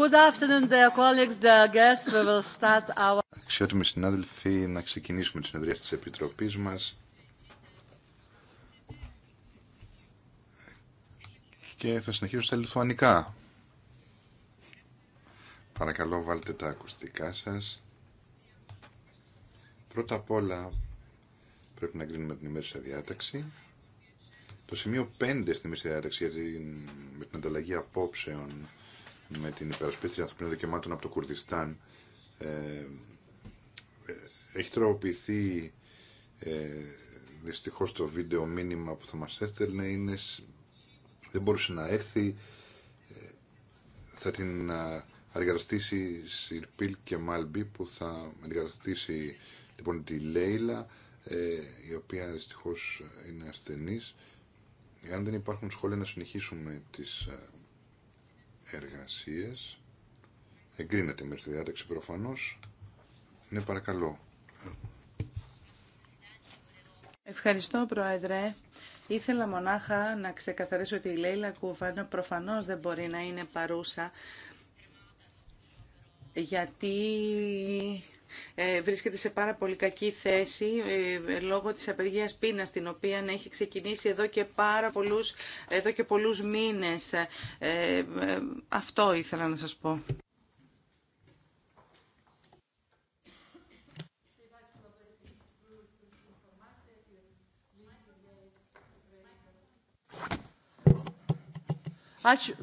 Good afternoon, dear colleagues, dear guests. We will start our... συνάδελφοι, να ξεκινήσουμε τις συνεδρίες της Επιτροπής μας. Και θα συνεχίσω στα λιθουανικά. Παρακαλώ βάλτε τα ακουστικά σας. Πρώτα απ' όλα πρέπει να κρίνουμε την ημέρησα διάταξη. Το σημείο 5 στην ημέρησα διάταξη για με την ανταλλαγή απόψεων με την υπερασπίστρια ανθρωπίνων δικαιωμάτων από το Κουρδιστάν. Ε, ε, έχει τροποποιηθεί ε, δυστυχώς το βίντεο μήνυμα που θα μας έστελνε είναι, δεν μπορούσε να έρθει ε, θα την ε, αργαστήσει Σιρπίλ και Μάλμπι που θα αντικαταστήσει λοιπόν τη Λέιλα ε, η οποία δυστυχώς είναι ασθενής εάν δεν υπάρχουν σχόλια να συνεχίσουμε τις εργασίες. Εγκρίνεται με στη διάταξη προφανώς. είναι παρακαλώ. Ευχαριστώ, Πρόεδρε. Ήθελα μονάχα να ξεκαθαρίσω ότι η Λέιλα Κουβάνο προφανώς δεν μπορεί να είναι παρούσα γιατί ε, βρίσκεται σε πάρα πολύ κακή θέση ε, λόγω της απεργίας πείνας την οποία έχει ξεκινήσει εδώ και πάρα πολλούς, εδώ και πολλούς μήνες. Ε, αυτό ήθελα να σας πω. Ačiū.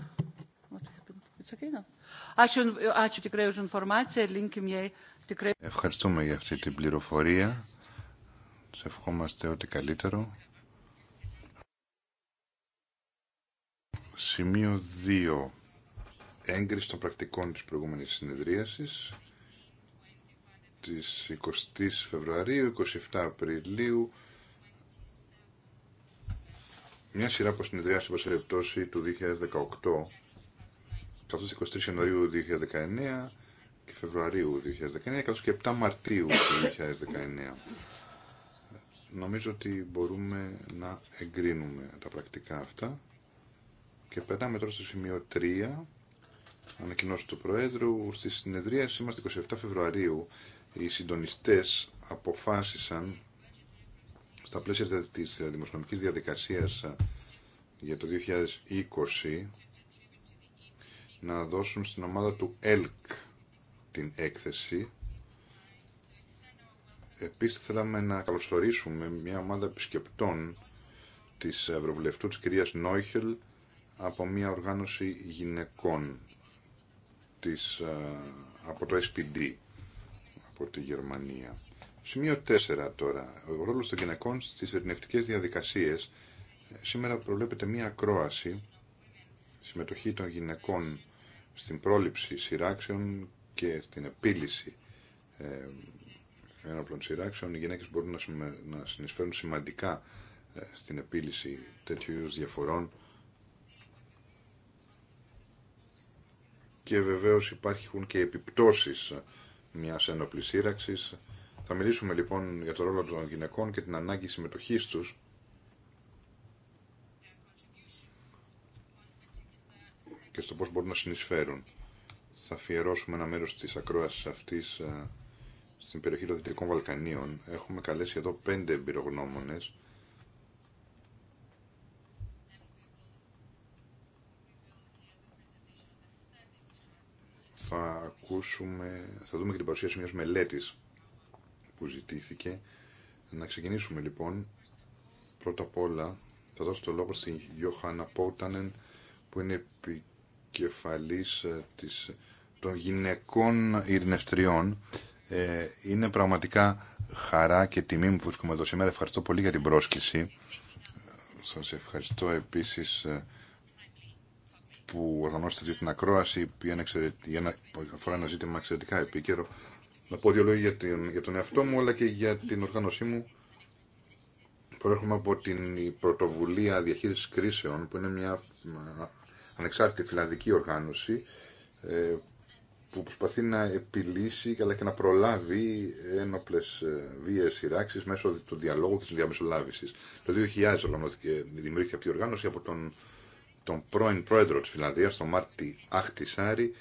Ačiū tikrai už informaciją, linkim jai Ευχαριστούμε για αυτή την πληροφορία. Σε ευχόμαστε ό,τι καλύτερο. Σημείο 2. Έγκριση των πρακτικών της προηγούμενης συνεδρίασης της 20 Φεβρουαρίου, 27 Απριλίου μια σειρά από συνεδριάσεις σε του 2018 καθώς 23 Ιανουαρίου 2019 Φεβρουαρίου 2019, καθώς και 7 Μαρτίου 2019. Νομίζω ότι μπορούμε να εγκρίνουμε τα πρακτικά αυτά. Και περνάμε τώρα στο σημείο 3, ανακοινώσει του Προέδρου. Στη συνεδρία είμαστε 27 Φεβρουαρίου. Οι συντονιστές αποφάσισαν στα πλαίσια της δημοσιονομικής διαδικασίας για το 2020 να δώσουν στην ομάδα του ΕΛΚ την έκθεση. Επίσης θέλαμε να καλωσορίσουμε μια ομάδα επισκεπτών της Ευρωβουλευτού της κυρίας Νόιχελ από μια οργάνωση γυναικών της, από το SPD από τη Γερμανία. Σημείο 4 τώρα. Ο ρόλος των γυναικών στις ειρηνευτικές διαδικασίες. Σήμερα προβλέπεται μία ακρόαση συμμετοχή των γυναικών στην πρόληψη σειράξεων και στην επίλυση ε, ένοπλων σειράξεων, οι γυναίκες μπορούν να συνεισφέρουν σημαντικά ε, στην επίλυση τέτοιου είδους διαφορών και βεβαίως υπάρχουν και επιπτώσεις μιας ένοπλης σύραξης. Θα μιλήσουμε λοιπόν για το ρόλο των γυναικών και την ανάγκη συμμετοχής τους και στο πώς μπορούν να συνεισφέρουν θα αφιερώσουμε ένα μέρος της ακρόασης αυτής ε, στην περιοχή των Δυτικών Βαλκανίων. Έχουμε καλέσει εδώ πέντε εμπειρογνώμονες. Θα ακούσουμε, θα δούμε και την παρουσίαση μιας μελέτης που ζητήθηκε. Να ξεκινήσουμε λοιπόν. Πρώτα απ' όλα θα δώσω το λόγο στην Γιώχανα Πότανεν που είναι επικεφαλής ε, της των γυναικών ειρηνευτριών. Ε, είναι πραγματικά χαρά και τιμή μου που βρίσκομαι εδώ σήμερα. Ευχαριστώ πολύ για την πρόσκληση. Σας ευχαριστώ επίσης ε, που οργανώσετε αυτή την ακρόαση για αφορά ένα ζήτημα εξαιρετικά επίκαιρο. Να πω δύο λόγια για, τον εαυτό μου αλλά και για την οργάνωσή μου. Προέρχομαι από την πρωτοβουλία διαχείρισης κρίσεων που είναι μια ανεξάρτητη φιλανδική οργάνωση ε, που προσπαθεί να επιλύσει αλλά και να προλάβει ένοπλε ε, βίες σειράξει μέσω του διαλόγου και τη διαμεσολάβηση. Το 2000 οργανώθηκε, δημιουργήθηκε αυτή η οργάνωση από τον, τον πρώην πρόεδρο τη Φιλανδία, τον Μάρτι Αχτισάρη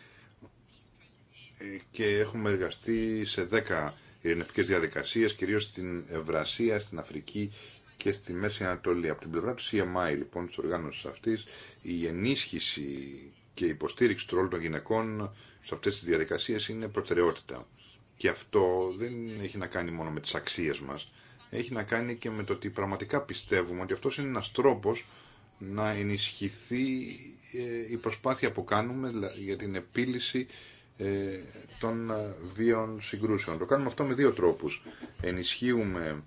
ε, και έχουμε εργαστεί σε 10 ειρηνευτικέ διαδικασίε κυρίω στην Ευρασία, στην Αφρική και στη Μέση Ανατολή. Από την πλευρά του CMI, λοιπόν, τη οργάνωση αυτή, η ενίσχυση και η υποστήριξη του ρόλου των γυναικών σε αυτές τις διαδικασίες είναι προτεραιότητα. Και αυτό δεν έχει να κάνει μόνο με τις αξίες μας, έχει να κάνει και με το ότι πραγματικά πιστεύουμε ότι αυτός είναι ένας τρόπος να ενισχυθεί ε, η προσπάθεια που κάνουμε για την επίλυση ε, των ε, βίων συγκρούσεων. Το κάνουμε αυτό με δύο τρόπους. Ενισχύουμε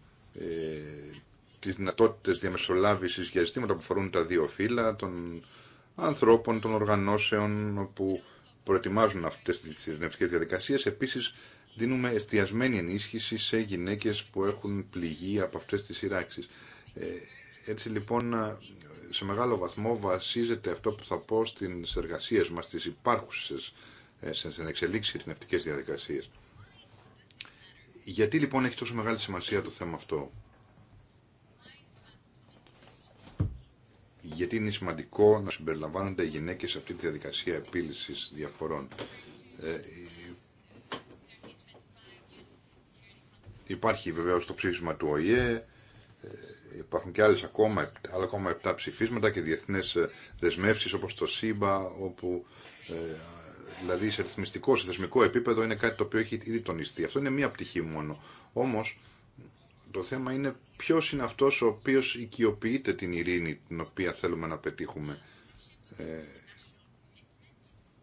τις δυνατότητες διαμεσολάβησης για ζητήματα που φορούν τα δύο φύλλα, των ανθρώπων, των οργανώσεων που προετοιμάζουν αυτές τις ειρηνευτικέ διαδικασίες. Επίσης, δίνουμε εστιασμένη ενίσχυση σε γυναίκες που έχουν πληγεί από αυτές τις σειράξει. Ε, έτσι λοιπόν, σε μεγάλο βαθμό βασίζεται αυτό που θα πω στις εργασίες μας, στις υπάρχουσες ε, εξελίξει ειρηνευτικέ διαδικασίε. Γιατί λοιπόν έχει τόσο μεγάλη σημασία το θέμα αυτό. γιατί είναι σημαντικό να συμπεριλαμβάνονται οι γυναίκες σε αυτή τη διαδικασία επίλυσης διαφορών. Ε, υπάρχει βεβαίως το ψήφισμα του ΟΗΕ, ε, υπάρχουν και άλλες ακόμα, άλλα ακόμα επτά ψηφίσματα και διεθνές ε, δεσμεύσεις όπως το ΣΥΜΠΑ, όπου ε, δηλαδή σε ρυθμιστικό, σε θεσμικό επίπεδο είναι κάτι το οποίο έχει ήδη τονιστεί. Αυτό είναι μία πτυχή μόνο. Όμως το θέμα είναι ποιος είναι αυτός ο οποίος οικειοποιείται την ειρήνη την οποία θέλουμε να πετύχουμε. Ε,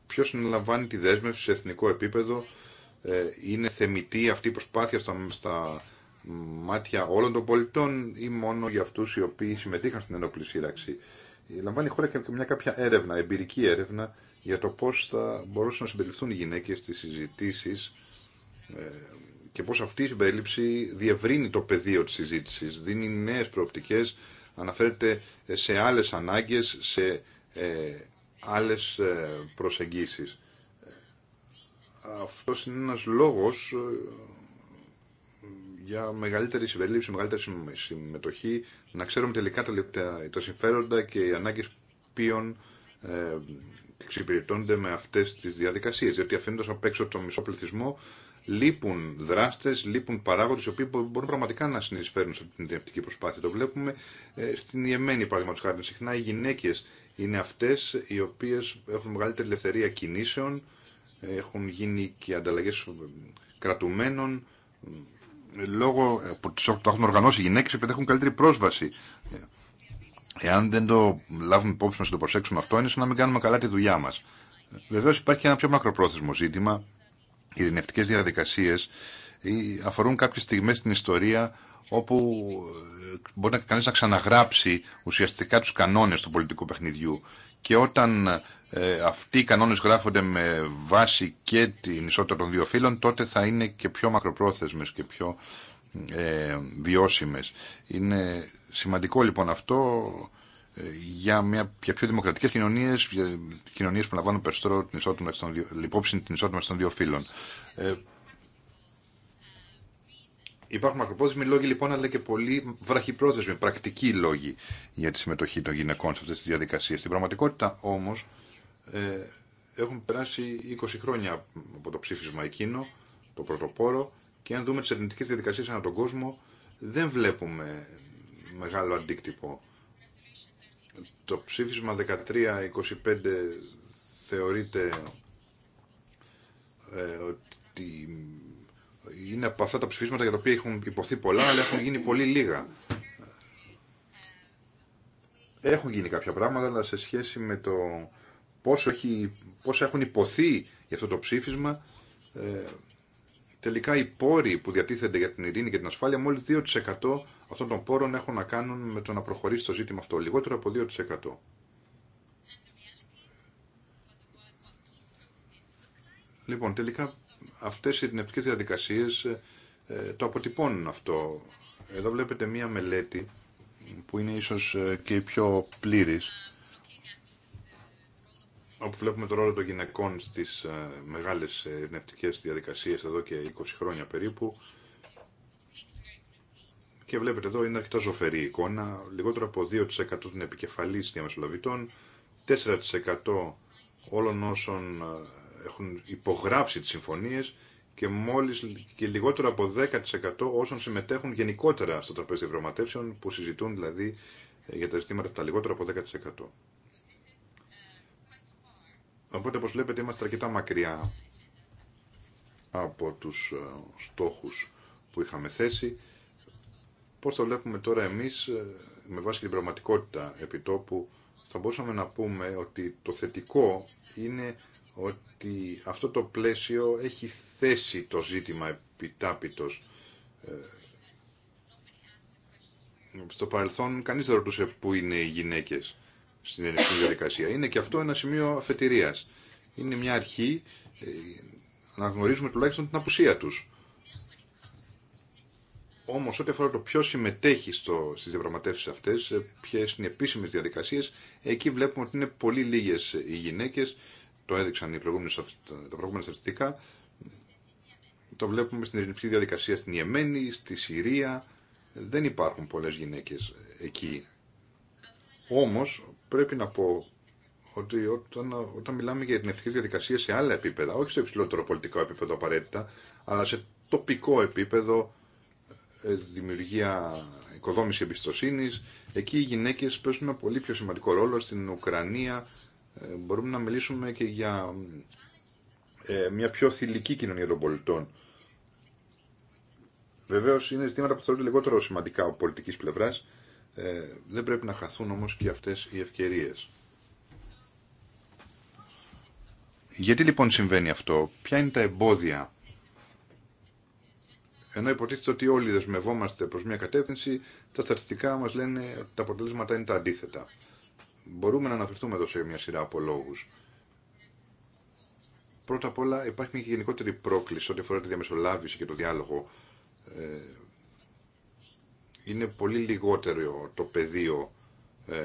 ποιος αναλαμβάνει τη δέσμευση σε εθνικό επίπεδο. Ε, είναι θεμητή αυτή η προσπάθεια στα, μάτια όλων των πολιτών ή μόνο για αυτούς οι οποίοι συμμετείχαν στην ενόπλη σύραξη. Ε, λαμβάνει η χώρα και μια κάποια έρευνα, εμπειρική έρευνα, για το πώς θα μπορούσαν να συμπεριληφθούν οι γυναίκες στις συζητήσεις ε, και πώς αυτή η συμπερίληψη διευρύνει το πεδίο της συζήτησης, δίνει νέες προοπτικές, αναφέρεται ε, σε άλλες ανάγκες, σε ε, άλλες ε, προσεγγίσεις. Αυτός είναι ένας λόγος ε, για μεγαλύτερη συμπερίληψη, μεγαλύτερη συμμετοχή, να ξέρουμε τελικά τα συμφέροντα και οι ανάγκες ποιων ε, εξυπηρετώνται με αυτές τις διαδικασίες, διότι αφήνοντας απ' έξω τον μισό πληθυσμό λείπουν δράστε, λείπουν παράγοντε οι οποίοι μπορούν πραγματικά να συνεισφέρουν σε την ειρηνευτική προσπάθεια. Το βλέπουμε ε, στην Ιεμένη, παραδείγματο χάρη. Συχνά οι γυναίκε είναι αυτέ οι οποίε έχουν μεγαλύτερη ελευθερία κινήσεων, έχουν γίνει και ανταλλαγέ ε, κρατουμένων ε, λόγω που το έχουν οργανώσει οι γυναίκε επειδή έχουν καλύτερη πρόσβαση. Εάν δεν το λάβουμε υπόψη μα και το προσέξουμε αυτό, είναι σαν να μην κάνουμε καλά τη δουλειά μα. Βεβαίω υπάρχει και ένα πιο μακροπρόθεσμο ζήτημα ειρηνευτικέ διαδικασίε αφορούν κάποιε στιγμές στην ιστορία όπου ε, μπορεί να κανείς να ξαναγράψει ουσιαστικά τους κανόνες του πολιτικού παιχνιδιού. Και όταν ε, αυτοί οι κανόνες γράφονται με βάση και την ισότητα των δύο φύλων, τότε θα είναι και πιο μακροπρόθεσμες και πιο ε, βιώσιμες. Είναι σημαντικό λοιπόν αυτό για, μια, για πιο δημοκρατικέ κοινωνίε, κοινωνίε κοινωνίες που λαμβάνουν περισσότερο την ισότητα των δύο, υπόψη την ισότητα των δύο φύλων. Ε, υπάρχουν μακροπρόθεσμοι λόγοι λοιπόν, αλλά και πολλοί βραχυπρόθεσμοι, πρακτικοί λόγοι για τη συμμετοχή των γυναικών σε αυτέ τι διαδικασίες. Στην πραγματικότητα όμω, ε, έχουν περάσει 20 χρόνια από το ψήφισμα εκείνο, το πρωτοπόρο, και αν δούμε τι ερευνητικέ διαδικασίε ανά τον κόσμο, δεν βλέπουμε μεγάλο αντίκτυπο το ψήφισμα 13-25 θεωρείται ε, ότι είναι από αυτά τα ψηφίσματα για τα οποία έχουν υποθεί πολλά, αλλά έχουν γίνει πολύ λίγα. Έχουν γίνει κάποια πράγματα, αλλά σε σχέση με το πόσο, έχει, πόσο έχουν υποθεί για αυτό το ψήφισμα, ε, Τελικά οι πόροι που διατίθενται για την ειρήνη και την ασφάλεια, μόλι 2% αυτών των πόρων έχουν να κάνουν με το να προχωρήσει το ζήτημα αυτό. Λιγότερο από 2%. Λοιπόν, τελικά αυτέ οι ειρηνευτικέ διαδικασίες ε, ε, το αποτυπώνουν αυτό. Εδώ βλέπετε μία μελέτη που είναι ίσως ε, και η πιο πλήρης όπου βλέπουμε το ρόλο των γυναικών στις ε, μεγάλες ερνευτικές διαδικασίες εδώ και 20 χρόνια περίπου και βλέπετε εδώ είναι αρκετά ζωφερή η εικόνα, λιγότερο από 2% των επικεφαλής διαμεσολαβητών, 4% όλων όσων ε, έχουν υπογράψει τις συμφωνίες και μόλις και λιγότερο από 10% όσων συμμετέχουν γενικότερα στα τραπέζι διαπραγματεύσεων που συζητούν δηλαδή ε, για τα ζητήματα αυτά. λιγότερα από 10%. Οπότε, όπως βλέπετε, είμαστε αρκετά μακριά από τους ε, στόχους που είχαμε θέσει. Πώς το βλέπουμε τώρα εμείς, ε, με βάση την πραγματικότητα επιτόπου, θα μπορούσαμε να πούμε ότι το θετικό είναι ότι αυτό το πλαίσιο έχει θέσει το ζήτημα επιτάπητος. Ε, στο παρελθόν κανείς δεν ρωτούσε πού είναι οι γυναίκες στην ελληνική διαδικασία. Είναι και αυτό ένα σημείο αφετηρίας. Είναι μια αρχή ε, να γνωρίζουμε τουλάχιστον την απουσία του. Όμω, ό,τι αφορά το ποιο συμμετέχει στι διαπραγματεύσει αυτέ, ε, ποιε είναι οι επίσημε διαδικασίε, εκεί βλέπουμε ότι είναι πολύ λίγε οι γυναίκε. Το έδειξαν οι τα προηγούμενα στατιστικά. Το βλέπουμε στην ειρηνική διαδικασία στην Ιεμένη, στη Συρία. Δεν υπάρχουν πολλέ γυναίκε εκεί. Όμω, πρέπει να πω ότι όταν, όταν μιλάμε για ειρηνευτικέ διαδικασίε σε άλλα επίπεδα, όχι στο υψηλότερο πολιτικό επίπεδο απαραίτητα, αλλά σε τοπικό επίπεδο, ε, δημιουργία, οικοδόμηση εμπιστοσύνη, εκεί οι γυναίκε παίζουν ένα πολύ πιο σημαντικό ρόλο. Στην Ουκρανία ε, μπορούμε να μιλήσουμε και για ε, μια πιο θηλυκή κοινωνία των πολιτών. Βεβαίω είναι ζητήματα που θεωρούνται λιγότερο σημαντικά από πολιτική πλευρά, ε, δεν πρέπει να χαθούν όμως και αυτές οι ευκαιρίες. Γιατί λοιπόν συμβαίνει αυτό, ποια είναι τα εμπόδια. Ενώ υποτίθεται ότι όλοι δεσμευόμαστε προς μια κατεύθυνση, τα στατιστικά μας λένε τα αποτελέσματα είναι τα αντίθετα. Μπορούμε να αναφερθούμε εδώ σε μια σειρά από λόγους. Πρώτα απ' όλα υπάρχει μια γενικότερη πρόκληση ό,τι αφορά τη διαμεσολάβηση και το διάλογο. Ε, είναι πολύ λιγότερο το πεδίο ε,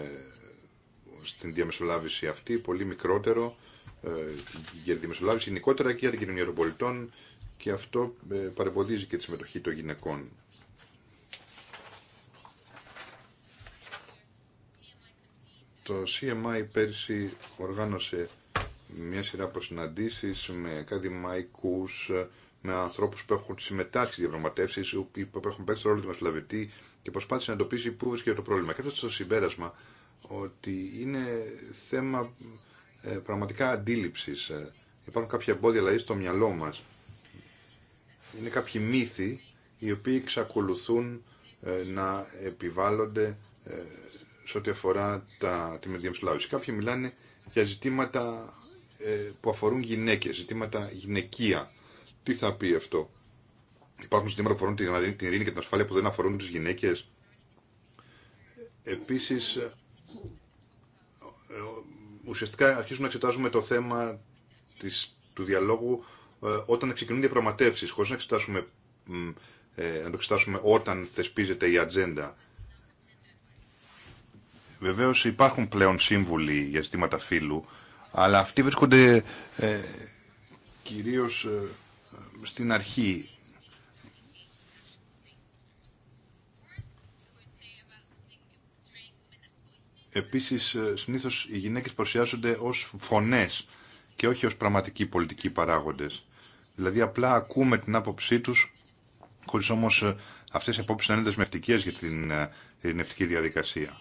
στην διαμεσολάβηση αυτή, πολύ μικρότερο ε, για τη διαμεσολάβηση γενικότερα και για την κοινωνία των πολιτών και αυτό ε, παρεμποδίζει και τη συμμετοχή των γυναικών. Το CMI πέρσι οργάνωσε μια σειρά από συναντήσεις με ακαδημαϊκούς, με ανθρώπου που έχουν συμμετάσχει στι διαπραγματεύσει ή που έχουν παίξει ρόλο του μεσολαβητή και προσπάθησε να εντοπίσει πού βρίσκεται το πρόβλημα. Και έφτασε στο συμπέρασμα ότι είναι θέμα ε, πραγματικά αντίληψη. Ε, υπάρχουν κάποια εμπόδια δηλαδή στο μυαλό μα. Είναι κάποιοι μύθοι οι οποίοι εξακολουθούν ε, να επιβάλλονται ε, σε ό,τι αφορά τα, τη μεσολαβηση Κάποιοι μιλάνε για ζητήματα που αφορούν γυναίκες, ζητήματα γυναικεία. Τι θα πει αυτό. Υπάρχουν ζητήματα που αφορούν την ειρήνη και την ασφάλεια που δεν αφορούν τις γυναίκες. Επίσης, ε, ε, ουσιαστικά αρχίζουμε να εξετάζουμε το θέμα της, του διαλόγου ε, όταν ξεκινούν διαπραγματεύσει, χωρίς να, να το εξετάσουμε όταν θεσπίζεται η ατζέντα. Βεβαίω υπάρχουν πλέον σύμβουλοι για ζητήματα φύλου, αλλά αυτοί βρίσκονται ε, στην αρχή Επίσης, ε, συνήθως οι γυναίκες παρουσιάζονται ως φωνές και όχι ως πραγματικοί πολιτικοί παράγοντες. Δηλαδή απλά ακούμε την άποψή τους, χωρίς όμως ε, αυτές οι απόψεις να είναι δεσμευτικές για την ε, ειρηνευτική διαδικασία.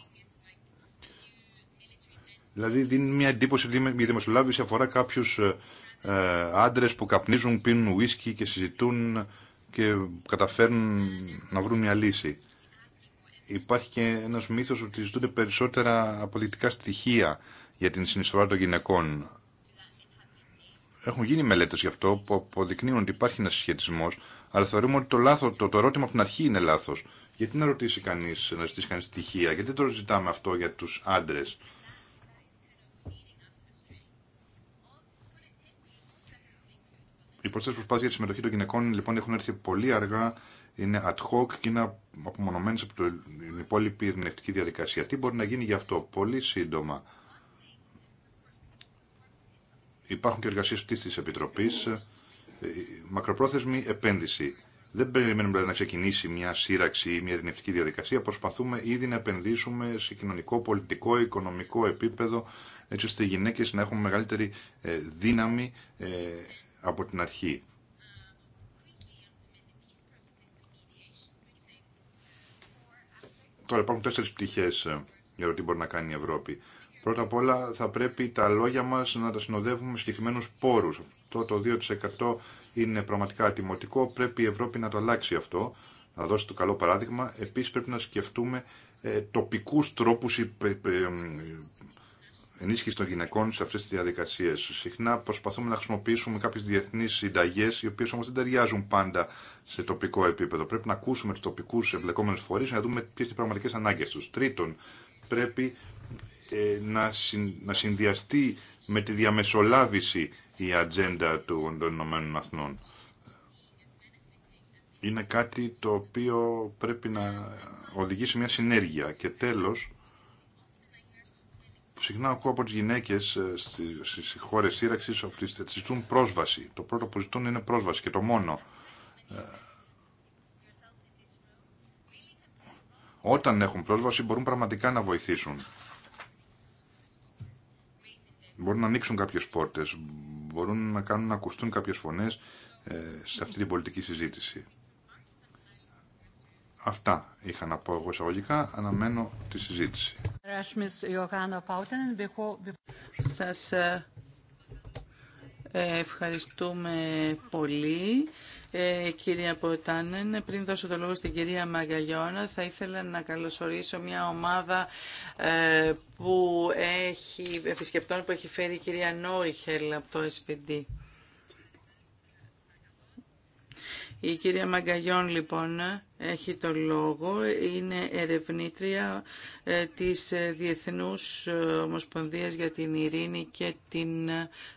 Δηλαδή δίνει μια εντύπωση ότι η δημοσιολάβηση αφορά κάποιους ε, άντρες που καπνίζουν, πίνουν ουίσκι και συζητούν και καταφέρνουν να βρουν μια λύση. Υπάρχει και ένας μύθος ότι ζητούνται περισσότερα απολυτικά στοιχεία για την συνεισφορά των γυναικών. Έχουν γίνει μελέτες γι' αυτό που αποδεικνύουν ότι υπάρχει ένας σχετισμός, αλλά θεωρούμε ότι το, λάθος, το, το ερώτημα από την αρχή είναι λάθος. Γιατί να ρωτήσει κανείς, να ζητήσει κανείς στοιχεία, γιατί το ζητάμε αυτό για τους άντρες. Οι πρώτε προσπάθειε για τη συμμετοχή των γυναικών λοιπόν έχουν έρθει πολύ αργά, είναι ad hoc και είναι απομονωμένε από την υπόλοιπη ειρηνευτική διαδικασία. Τι μπορεί να γίνει γι' αυτό, πολύ σύντομα. Υπάρχουν και εργασίε αυτή τη Επιτροπή. Ε, μακροπρόθεσμη επένδυση. Δεν περιμένουμε δηλαδή, να ξεκινήσει μια σύραξη ή μια ειρηνευτική διαδικασία. Προσπαθούμε ήδη να επενδύσουμε σε κοινωνικό, πολιτικό, οικονομικό επίπεδο, έτσι ώστε οι γυναίκε να έχουν μεγαλύτερη ε, δύναμη ε, από την αρχή. Τώρα υπάρχουν τέσσερις πτυχές ε, για το τι μπορεί να κάνει η Ευρώπη. Πρώτα απ' όλα θα πρέπει τα λόγια μας να τα συνοδεύουμε με συγκεκριμένους πόρους. Αυτό το 2% είναι πραγματικά ατιμωτικό, πρέπει η Ευρώπη να το αλλάξει αυτό, να δώσει το καλό παράδειγμα. Επίσης πρέπει να σκεφτούμε ε, τοπικούς τρόπους ε, ε, ενίσχυση των γυναικών σε αυτές τις διαδικασίες. Συχνά προσπαθούμε να χρησιμοποιήσουμε κάποιε διεθνείς συνταγέ, οι οποίες όμως δεν ταιριάζουν πάντα σε τοπικό επίπεδο. Πρέπει να ακούσουμε τους τοπικούς εμπλεκόμενους φορείς, να δούμε ποιε είναι οι πραγματικές ανάγκες τους. Τρίτον, πρέπει ε, να, να συνδυαστεί με τη διαμεσολάβηση η ατζέντα των Ηνωμένων Αθνών. Είναι κάτι το οποίο πρέπει να οδηγήσει μια συνέργεια. Και τέλος, συχνά ακούω από τι γυναίκε ε, στι χώρε σύραξη ότι ζητούν πρόσβαση. Το πρώτο που ζητούν είναι πρόσβαση και το μόνο. Ε, όταν έχουν πρόσβαση μπορούν πραγματικά να βοηθήσουν. Μπορούν να ανοίξουν κάποιες πόρτες, μπορούν να κάνουν να ακουστούν κάποιες φωνές ε, σε αυτή την πολιτική συζήτηση. Αυτά είχα να πω εγώ εισαγωγικά. Αναμένω τη συζήτηση. Σας ε, ευχαριστούμε πολύ. Ε, κυρία Ποτάνεν, πριν δώσω το λόγο στην κυρία Μαγκαγιώνα, θα ήθελα να καλωσορίσω μια ομάδα ε, που έχει, επισκεπτών που έχει φέρει η κυρία Νόιχελ από το SPD. Η κυρία Μαγκαγιόν λοιπόν έχει το λόγο, είναι ερευνήτρια ε, της ε, Διεθνούς ε, Ομοσπονδίας για την Ειρήνη και την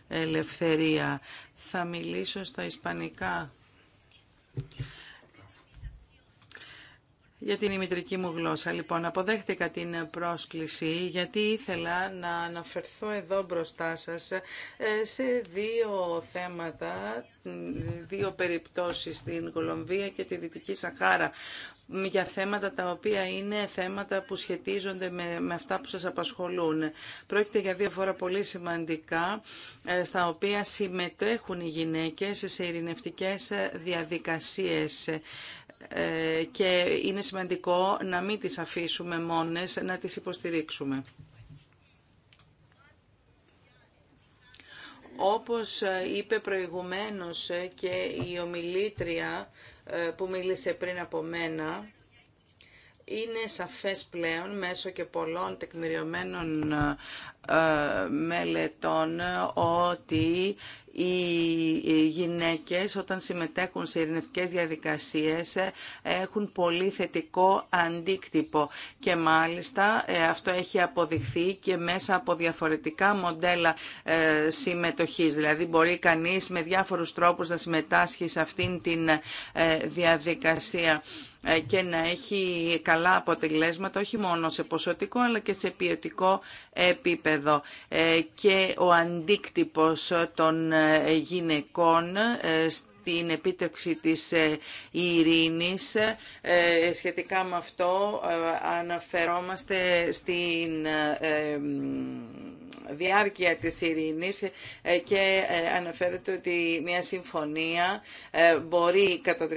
Ελευθερία. Θα μιλήσω στα Ισπανικά για την ημιτρική μου γλώσσα. Λοιπόν, αποδέχτηκα την πρόσκληση γιατί ήθελα να αναφερθώ εδώ μπροστά σας ε, σε δύο θέματα, δύο περιπτώσεις στην Κολομβία και τη Δυτική Σαχάρα για θέματα τα οποία είναι θέματα που σχετίζονται με, με αυτά που σας απασχολούν. Πρόκειται για δύο φορά πολύ σημαντικά, ε, στα οποία συμμετέχουν οι γυναίκες σε ειρηνευτικές διαδικασίες ε, και είναι σημαντικό να μην τις αφήσουμε μόνες, να τις υποστηρίξουμε. Όπως ε, είπε προηγουμένως ε, και η ομιλήτρια που μίλησε πριν από μένα, είναι σαφές πλέον μέσω και πολλών τεκμηριωμένων ε, μελετών ότι οι γυναίκες όταν συμμετέχουν σε ειρηνευτικές διαδικασίες ε, έχουν πολύ θετικό αντίκτυπο και μάλιστα ε, αυτό έχει αποδειχθεί και μέσα από διαφορετικά μοντέλα συμμετοχής. Δηλαδή μπορεί κανείς με διάφορους τρόπους να συμμετάσχει σε αυτήν την διαδικασία και να έχει καλά αποτελέσματα όχι μόνο σε ποσοτικό αλλά και σε ποιοτικό επίπεδο. Ε, και ο αντίκτυπος των ε, γυναικών ε, στην επίτευξη της ειρήνης. Σχετικά με αυτό αναφερόμαστε στην διάρκεια της ειρήνης ε, και ε, αναφέρεται ότι μια συμφωνία ε, μπορεί κατά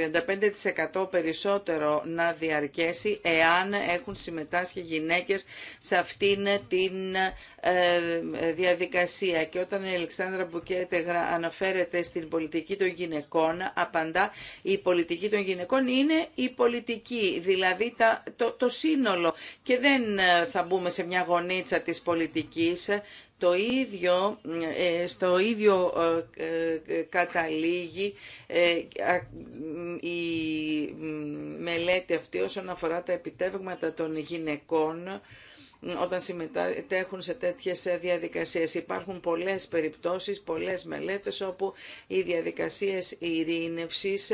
35% περισσότερο να διαρκέσει εάν έχουν συμμετάσχει γυναίκες σε αυτήν την διαδικασία. Και όταν η Αλεξάνδρα Μπουκέτε αναφέρεται στην πολιτική των γυναικών, απαντά η πολιτική των γυναικών είναι η πολιτική, δηλαδή το, το σύνολο. Και δεν θα μπούμε σε μια γωνίτσα της πολιτικής, το ίδιο, ε, στο ίδιο ε, ε, καταλήγει η μελέτη αυτή όσον αφορά τα επιτεύγματα των γυναικών όταν συμμετέχουν σε τέτοιες διαδικασίες. Υπάρχουν πολλές περιπτώσεις, πολλές μελέτες όπου οι διαδικασίες ειρήνευσης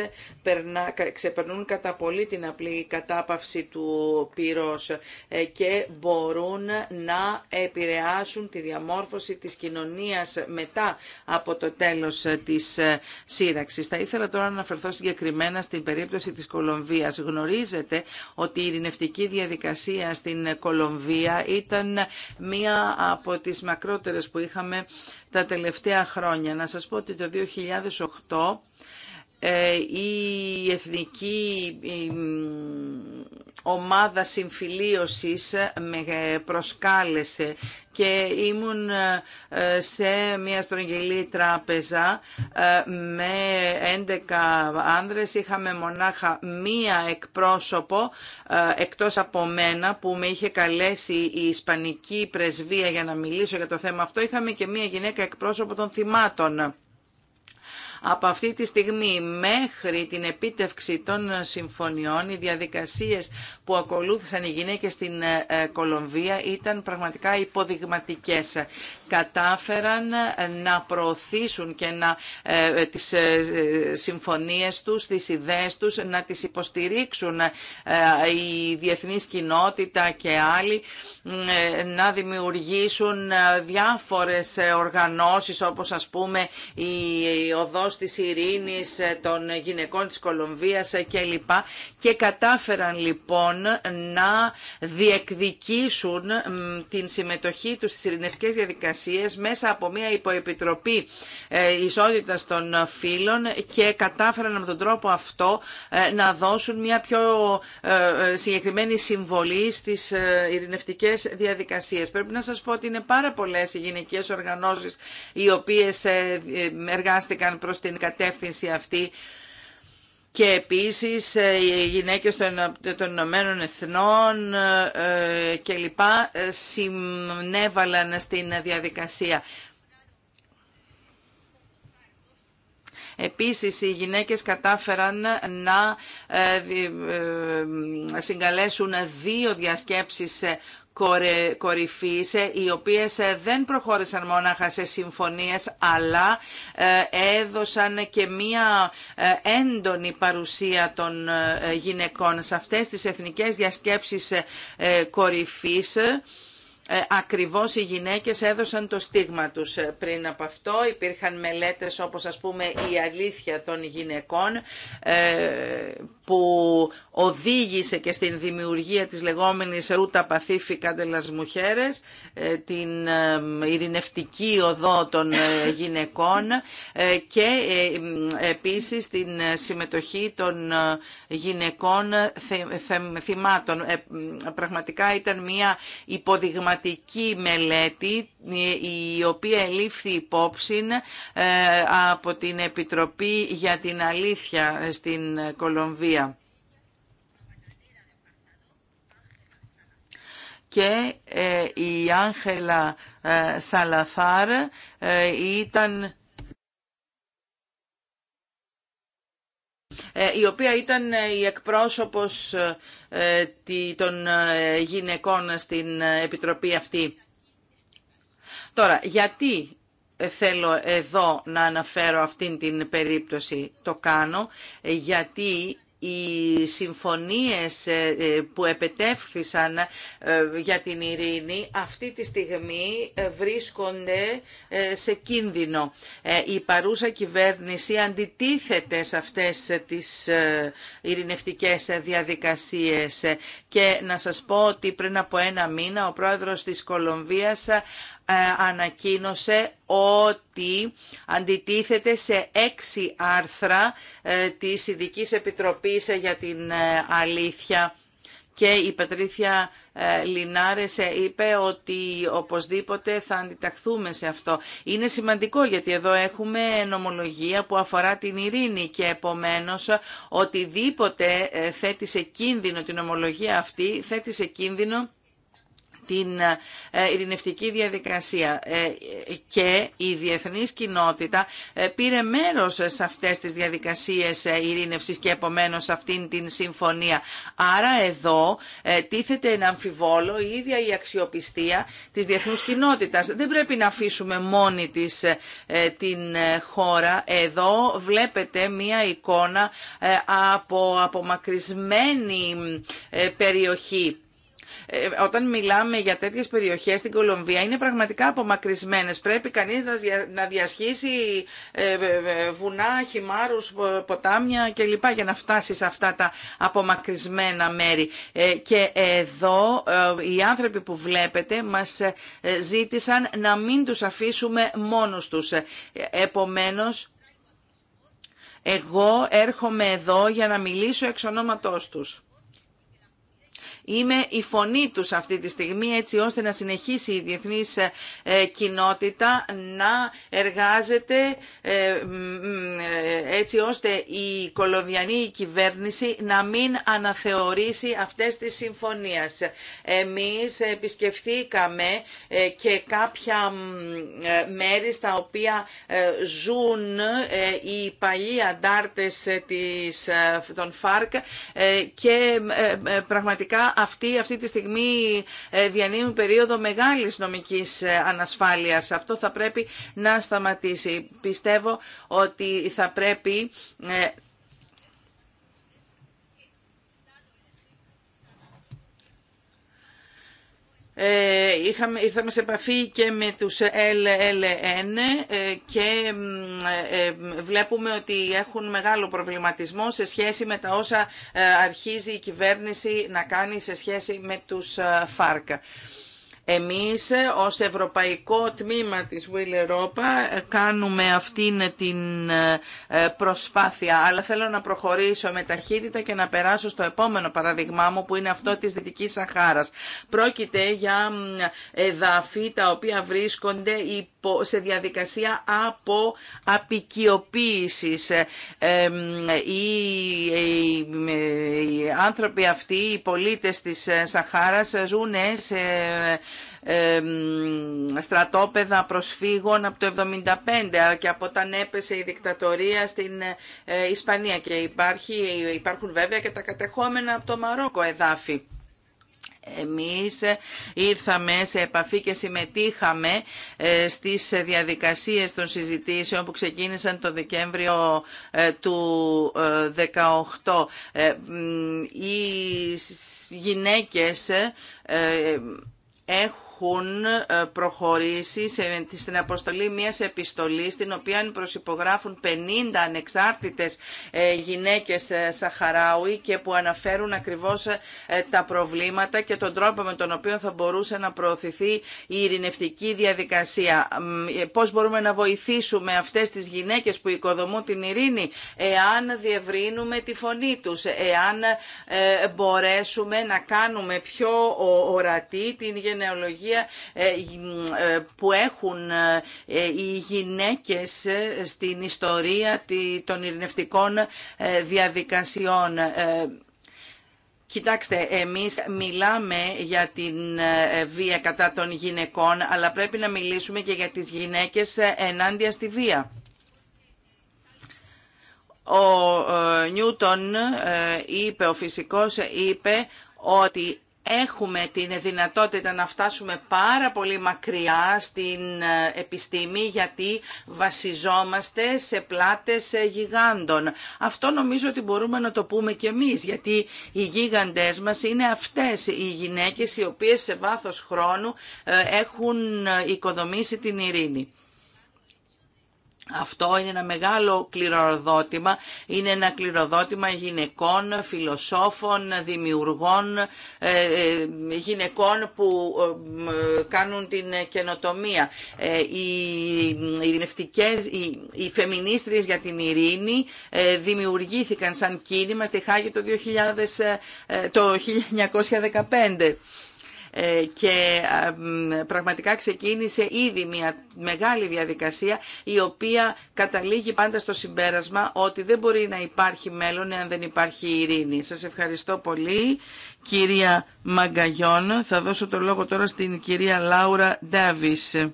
ξεπερνούν κατά πολύ την απλή κατάπαυση του πυρός ε, και μπορούν να επηρεάσουν τη διαμόρφωση της κοινωνίας μετά από το τέλος ε, της ε, σύραξης. Θα ήθελα τώρα να αναφερθώ συγκεκριμένα στην περίπτωση της Κολομβίας. Γνωρίζετε ότι η ειρηνευτική διαδικασία στην Κολομβία ήταν μία από τις μακρότερες που είχαμε τα τελευταία χρόνια. Να σας πω ότι το 2008 ε, η εθνική ομάδα συμφιλίωσης με προσκάλεσε και ήμουν ε, σε μια στρογγυλή τράπεζα ε, με 11 άνδρες. Είχαμε μονάχα μία εκπρόσωπο εκτός από μένα που με είχε καλέσει η Ισπανική Πρεσβεία για να μιλήσω για το θέμα αυτό. Είχαμε και μία γυναίκα εκπρόσωπο των θυμάτων. Από αυτή τη στιγμή μέχρι την επίτευξη των συμφωνιών, οι διαδικασίες που ακολούθησαν οι γυναίκες στην ε, ε, Κολομβία ήταν πραγματικά υποδειγματικές κατάφεραν να προωθήσουν και να ε, τις ε, συμφωνίες τους, τις ιδέες τους, να τις υποστηρίξουν ε, η διεθνής κοινότητα και άλλοι, ε, να δημιουργήσουν ε, διάφορες οργανώσεις όπως ας πούμε η, Οδός της Ειρήνης των Γυναικών της Κολομβίας κλπ. Και κατάφεραν λοιπόν να διεκδικήσουν την συμμετοχή τους στις ειρηνευτικές διαδικασίες μέσα από μια υποεπιτροπή ε, ισότητας των φύλων και κατάφεραν με τον τρόπο αυτό ε, να δώσουν μια πιο ε, συγκεκριμένη συμβολή στις ειρηνευτικές διαδικασίες. Πρέπει να σας πω ότι είναι πάρα πολλέ οι γυναικείες οργανώσεις οι οποίες εργάστηκαν προς την κατεύθυνση αυτή και επίσης ε, οι γυναίκες των Ηνωμένων Εθνών ε, και λοιπά ε, συνέβαλαν στην διαδικασία. Επίσης, οι γυναίκες κατάφεραν να συγκαλέσουν δύο διασκέψεις κορυφής ε, οι οποίες ε, δεν προχώρησαν μόναχα σε συμφωνίες αλλά ε, έδωσαν και μία έντονη παρουσία των γυναικών σε αυτές τις εθνικές διασκέψεις κορυφής ακριβώς οι γυναίκες έδωσαν το στίγμα τους πριν από αυτό. Υπήρχαν μελέτες όπως ας πούμε η αλήθεια των γυναικών που οδήγησε και στην δημιουργία της λεγόμενης Ρούτα Παθήφικα Μουχέρες», την ε, ειρηνευτική οδό των ε, γυναικών ε, και επίσης την συμμετοχή των γυναικών θυμάτων. Πραγματικά ήταν μια υποδειγματική μελέτη η οποία ελήφθη υπόψη από την Επιτροπή για την Αλήθεια στην Κολομβία. και ε, η Άγχελα ε, Σαλαφάρ ε, ήταν η οποία ήταν η εκπρόσωπος των γυναικών στην Επιτροπή αυτή. Τώρα, γιατί θέλω εδώ να αναφέρω αυτήν την περίπτωση. Το κάνω γιατί οι συμφωνίες ε, ε, που επετεύχθησαν ε, για την ειρήνη αυτή τη στιγμή βρίσκονται σε κίνδυνο. Η παρούσα κυβέρνηση αντιτίθεται σε αυτές τις ειρηνευτικές διαδικασίες και να σας πω ότι πριν από ένα μήνα ο πρόεδρος της Κολομβίας ε, ανακοίνωσε ότι αντιτίθεται σε έξι άρθρα ε, της ειδική Επιτροπής ε, για την Αλήθεια και η Πατρίθια Λινάρες είπε ότι οπωσδήποτε θα αντιταχθούμε σε αυτό. Είναι σημαντικό γιατί εδώ έχουμε νομολογία που αφορά την ειρήνη και επομένως οτιδήποτε θέτει σε κίνδυνο την νομολογία αυτή θέτει σε κίνδυνο την ε, ειρηνευτική διαδικασία ε, και η διεθνής κοινότητα ε, πήρε μέρος σε αυτές τις διαδικασίες ειρήνευσης και επομένως αυτήν την συμφωνία. Άρα εδώ τίθεται ένα αμφιβόλο η ίδια η αξιοπιστία της διεθνούς κοινότητας. Δεν πρέπει να αφήσουμε μόνη της την χώρα. Εδώ βλέπετε μία εικόνα από απομακρυσμένη περιοχή ε, όταν μιλάμε για τέτοιες περιοχές στην Κολομβία είναι πραγματικά απομακρυσμένες. Πρέπει κανείς να διασχίσει ε, βουνά, χυμάρους, ποτάμια κλπ. για να φτάσει σε αυτά τα απομακρυσμένα μέρη. Ε, και εδώ οι άνθρωποι που βλέπετε μας ζήτησαν να μην τους αφήσουμε μόνους τους. Επομένως, εγώ έρχομαι εδώ για να μιλήσω εξ ονόματός τους. Είμαι η φωνή τους αυτή τη στιγμή έτσι ώστε να συνεχίσει η διεθνής ε, κοινότητα να εργάζεται ε, ε, έτσι ώστε η Κολοβιανή κυβέρνηση να μην αναθεωρήσει αυτές τις συμφωνίες. Εμείς επισκεφθήκαμε και κάποια μέρη στα οποία ζουν οι παλιοί αντάρτες των ΦΑΡΚ και πραγματικά αυτή, αυτή τη στιγμή ε, διανύουν περίοδο μεγάλης νομικής ε, ανασφάλειας. Αυτό θα πρέπει να σταματήσει. Πιστεύω ότι θα πρέπει ε, Ε, είχαμε, ήρθαμε σε επαφή και με τους LLN ε, και ε, βλέπουμε ότι έχουν μεγάλο προβληματισμό σε σχέση με τα όσα αρχίζει η κυβέρνηση να κάνει σε σχέση με τους φάρκα. Εμείς ε, ως Ευρωπαϊκό Τμήμα της Will Europa ε, κάνουμε αυτήν την ε, προσπάθεια, αλλά θέλω να προχωρήσω με ταχύτητα και να περάσω στο επόμενο παραδειγμά μου που είναι αυτό της Δυτικής Σαχάρας. Πρόκειται για εδάφη τα οποία βρίσκονται σε διαδικασία από απικιοποίησης. Οι άνθρωποι αυτοί, οι πολίτες της Σαχάρας ζουν στρατόπεδα προσφύγων από το 1975 και από όταν έπεσε η δικτατορία στην ε, ε, Ισπανία και υπάρχει, υπάρχουν βέβαια και τα κατεχόμενα από το Μαρόκο εδάφη. Εμείς ε, ήρθαμε σε επαφή και συμμετείχαμε στις διαδικασίες των συζητήσεων που ξεκίνησαν το Δεκέμβριο του 2018. Οι γυναίκες έχουν έχουν ε, προχωρήσει στην αποστολή μιας επιστολής την οποία προσυπογράφουν 50 ανεξάρτητες ε, γυναίκες ε, Σαχαράουι και που αναφέρουν ακριβώς τα προβλήματα και τον τρόπο με τον οποίο θα μπορούσε να προωθηθεί η ειρηνευτική διαδικασία. Πώς μπορούμε να βοηθήσουμε αυτές τις γυναίκες που οικοδομούν την ειρήνη εάν διευρύνουμε τη φωνή τους, εάν μπορέσουμε να κάνουμε πιο ορατή την γενεολογία ε, ε, που έχουν ε, οι γυναίκες στην ιστορία των ειρηνευτικών διαδικασιών. Κοιτάξτε, εμείς μιλάμε για την βία κατά των γυναικών, αλλά πρέπει να μιλήσουμε και για τις γυναίκες ενάντια στη βία. Ο Νιούτον είπε, ο φυσικός είπε ότι έχουμε την δυνατότητα να φτάσουμε πάρα πολύ μακριά στην ε, επιστήμη γιατί βασιζόμαστε σε πλάτες ε, γιγάντων. Αυτό νομίζω ότι μπορούμε να το πούμε και εμείς γιατί οι γίγαντές μας είναι αυτές οι γυναίκες οι οποίες σε βάθος χρόνου ε, έχουν οικοδομήσει την ειρήνη. Αυτό είναι ένα μεγάλο κληροδότημα, είναι ένα κληροδότημα γυναικών, φιλοσόφων, δημιουργών, ε, ε, γυναικών που ε, κάνουν την καινοτομία. Οι ειρηνευτικές, οι, οι για την ειρήνη δημιουργήθηκαν σαν κίνημα στη Χάγη το, το 1915. Ε, και πραγματικά ξεκίνησε ήδη μια μεγάλη διαδικασία η οποία καταλήγει πάντα στο συμπέρασμα ότι δεν μπορεί να υπάρχει μέλλον εάν δεν υπάρχει ειρήνη. Σας ευχαριστώ πολύ κυρία Μαγκαγιόν. Θα δώσω το λόγο τώρα στην κυρία Λάουρα Ντάβις.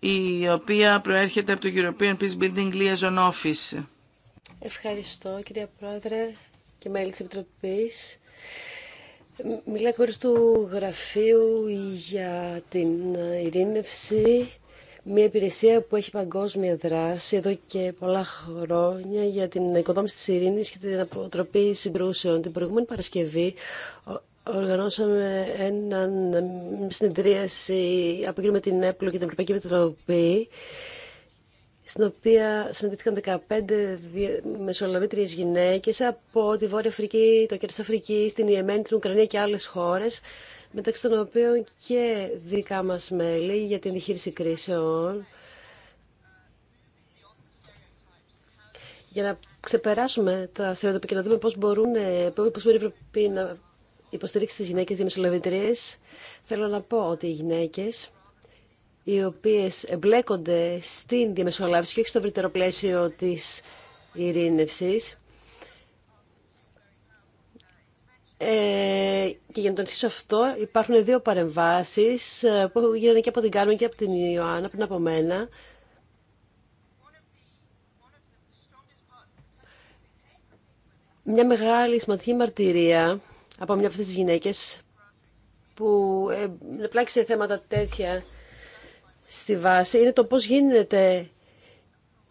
η οποία προέρχεται από το European Peace Building Liaison Office. Ευχαριστώ κυρία Πρόεδρε, και μέλη της Επιτροπής. Μιλάει εκ του Γραφείου για την ειρήνευση, μια υπηρεσία που έχει παγκόσμια δράση εδώ και πολλά χρόνια για την οικοδόμηση της ειρήνης και την αποτροπή συγκρούσεων. Την προηγούμενη Παρασκευή οργανώσαμε έναν συνεδρίαση από με την ΕΠΛΟ και την Ευρωπαϊκή Επιτροπή στην οποία συναντήθηκαν 15 μεσολαβήτριες γυναίκες από τη Βόρεια Αφρική, το τη Αφρική, την Ιεμένη, την Ουκρανία και άλλες χώρες, μεταξύ των οποίων και δικά μας μέλη για την διχείριση κρίσεων, για να ξεπεράσουμε τα στερεότυπα και να δούμε πώ μπορούν, πώς μπορεί η να υποστηρίξει τι γυναίκε διαμεσολαβητρίε, Θέλω να πω ότι οι γυναίκε οι οποίες εμπλέκονται στην διαμεσολάβηση και όχι στο ευρύτερο πλαίσιο της ειρήνευσης. Ε, και για να το αυτό υπάρχουν δύο παρεμβάσεις ε, που γίνανε και από την Κάρμεν και από την Ιωάννα πριν από μένα. Μια μεγάλη σημαντική μαρτυρία από μια από αυτές τις γυναίκες που ε, πλάκησε θέματα τέτοια στη βάση είναι το πώς γίνεται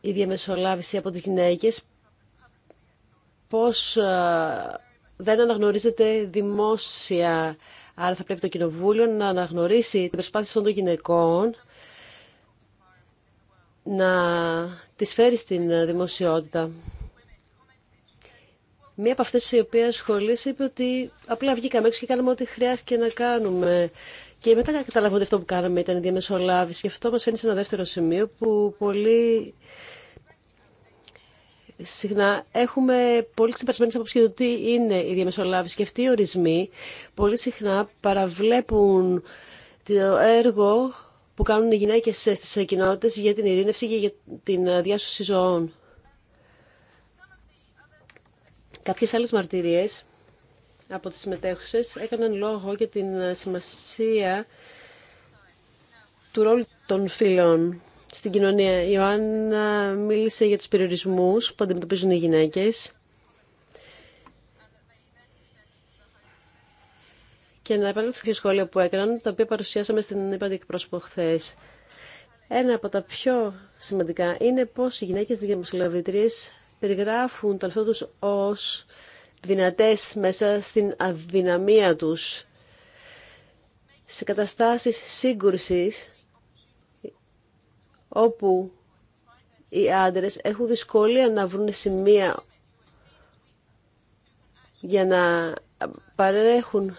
η διαμεσολάβηση από τις γυναίκες, πώς ε, δεν αναγνωρίζεται δημόσια. Άρα θα πρέπει το Κοινοβούλιο να αναγνωρίσει την προσπάθεια των γυναικών να τις φέρει στην δημοσιότητα. Μία από αυτές οι οποίες σχολείς είπε ότι απλά βγήκαμε έξω και κάναμε ό,τι χρειάστηκε να κάνουμε. Και μετά καταλαβαίνω ότι αυτό που κάναμε ήταν η διαμεσολάβηση. Και αυτό μας φαίνεται ένα δεύτερο σημείο που πολύ συχνά έχουμε πολύ ξεπερασμένε απόψει για το τι είναι η διαμεσολάβηση. Και αυτοί οι ορισμοί πολύ συχνά παραβλέπουν το έργο που κάνουν οι γυναίκε στι κοινότητε για την ειρήνευση και για την διάσωση ζωών. Κάποιες άλλες μαρτυρίες από τις συμμετέχουσες έκαναν λόγο για την σημασία του ρόλου των φίλων στην κοινωνία. Η Ιωάννα μίλησε για τους περιορισμούς που αντιμετωπίζουν οι γυναίκες και να επανέλθω σε σχόλια που έκαναν, τα οποία παρουσιάσαμε στην είπατε εκπρόσωπο χθε. Ένα από τα πιο σημαντικά είναι πώς οι γυναίκες δημοσιογραφητρίες περιγράφουν τον εαυτό τους ως δυνατές μέσα στην αδυναμία τους. Σε καταστάσεις σύγκρουσης όπου οι άντρες έχουν δυσκολία να βρουν σημεία για να παρέχουν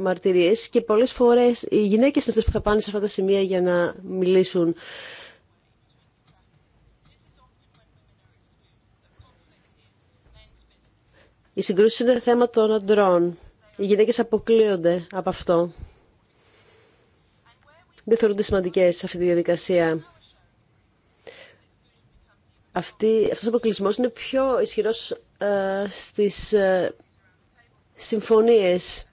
μαρτυρίες και πολλές φορές οι γυναίκες είναι αυτές που θα πάνε σε αυτά τα σημεία για να μιλήσουν Οι συγκρούσει είναι θέμα των αντρών. Οι γυναίκε αποκλείονται από αυτό. Δεν θεωρούνται σημαντικέ σε αυτή τη διαδικασία. Αυτή, αυτός ο αποκλεισμός είναι πιο ισχυρός ε, στις ε, συμφωνίες.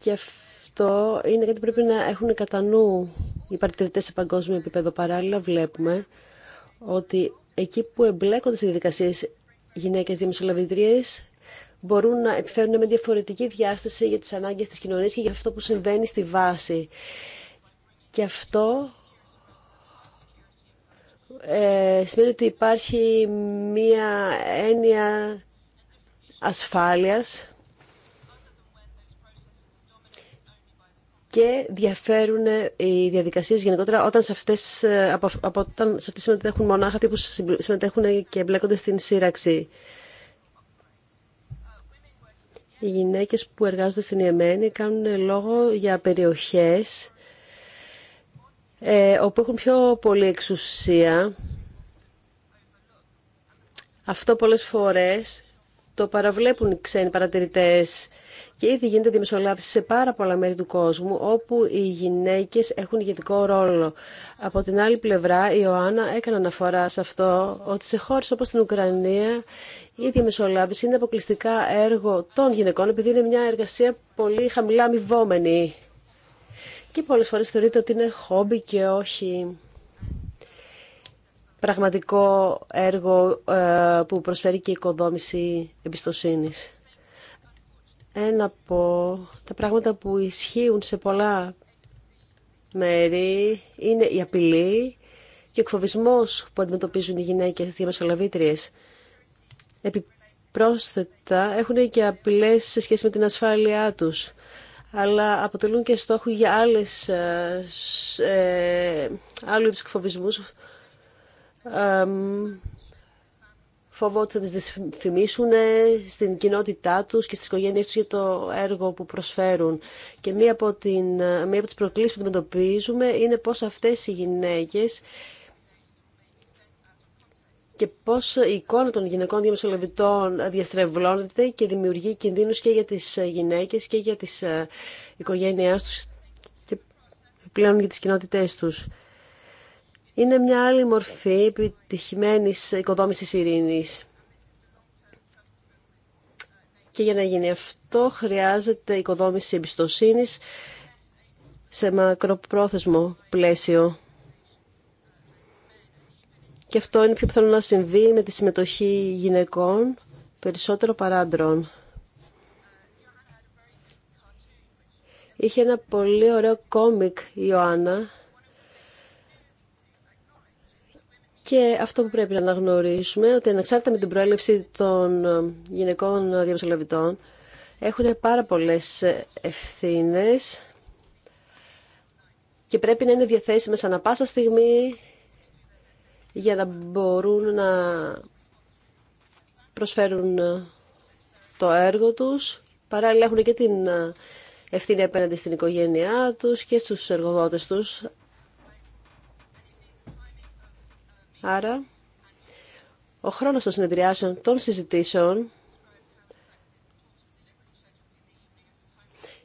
Και αυτό είναι κάτι που πρέπει να έχουν κατά νου οι παρατηρητέ σε παγκόσμιο επίπεδο. Παράλληλα βλέπουμε ότι εκεί που εμπλέκονται σε διαδικασίες γυναίκες διαμεσολαβητρίες μπορούν να επιφέρουν με διαφορετική διάσταση για τις ανάγκες της κοινωνίας και για αυτό που συμβαίνει στη βάση. Και αυτό ε, σημαίνει ότι υπάρχει μία έννοια ασφάλειας και διαφέρουν ε, οι διαδικασίες γενικότερα όταν σε αυτές, ε, από, από, όταν σε αυτές συμμετέχουν μονάχα τύπους που συμμετέχουν και εμπλέκονται στην σύραξη. Οι γυναίκες που εργάζονται στην Ιεμένη κάνουν λόγο για περιοχές ε, όπου έχουν πιο πολλή εξουσία. Αυτό πολλές φορές το παραβλέπουν οι ξένοι παρατηρητές και ήδη γίνεται διαμεσολάβηση σε πάρα πολλά μέρη του κόσμου όπου οι γυναίκες έχουν ηγετικό ρόλο. Από την άλλη πλευρά η Ιωάννα έκανε αναφορά σε αυτό ότι σε χώρες όπως την Ουκρανία η διαμεσολάβηση είναι αποκλειστικά έργο των γυναικών επειδή είναι μια εργασία πολύ χαμηλά αμοιβόμενη. Και πολλές φορές θεωρείται ότι είναι χόμπι και όχι πραγματικό έργο ε, που προσφέρει και η οικοδόμηση εμπιστοσύνης ένα από τα πράγματα που ισχύουν σε πολλά μέρη είναι η απειλή και ο εκφοβισμός που αντιμετωπίζουν οι γυναίκες διαμεσολαβήτριες. Επιπρόσθετα έχουν και απειλές σε σχέση με την ασφάλειά τους, αλλά αποτελούν και στόχο για άλλες, ε, ε άλλου εκφοβισμού φόβο ότι θα τις δυσφημίσουν στην κοινότητά τους και στις οικογένειές τους για το έργο που προσφέρουν. Και μία από, την, μία από τις προκλήσεις που αντιμετωπίζουμε είναι πώς αυτές οι γυναίκες και πώς η εικόνα των γυναικών διαμεσολαβητών διαστρεβλώνεται και δημιουργεί κινδύνους και για τις γυναίκες και για τις ε, οικογένειές τους και πλέον για τις κοινότητές τους είναι μια άλλη μορφή επιτυχημένη οικοδόμησης ειρήνη. Και για να γίνει αυτό χρειάζεται οικοδόμηση εμπιστοσύνη σε μακροπρόθεσμο πλαίσιο. Και αυτό είναι πιο πιθανό να συμβεί με τη συμμετοχή γυναικών περισσότερο παρά Είχε ένα πολύ ωραίο κόμικ η Ιωάννα Και αυτό που πρέπει να αναγνωρίσουμε, ότι ανεξάρτητα με την προέλευση των ε, γυναικών διαμεσολαβητών, έχουν πάρα πολλές ε, ευθύνες και πρέπει να είναι διαθέσιμες ανα πάσα στιγμή για να μπορούν να προσφέρουν ε, το έργο τους. Παράλληλα έχουν και την ευθύνη απέναντι στην οικογένειά τους και στους εργοδότες τους. Άρα, ο χρόνος των συνεδριάσεων, των συζητήσεων,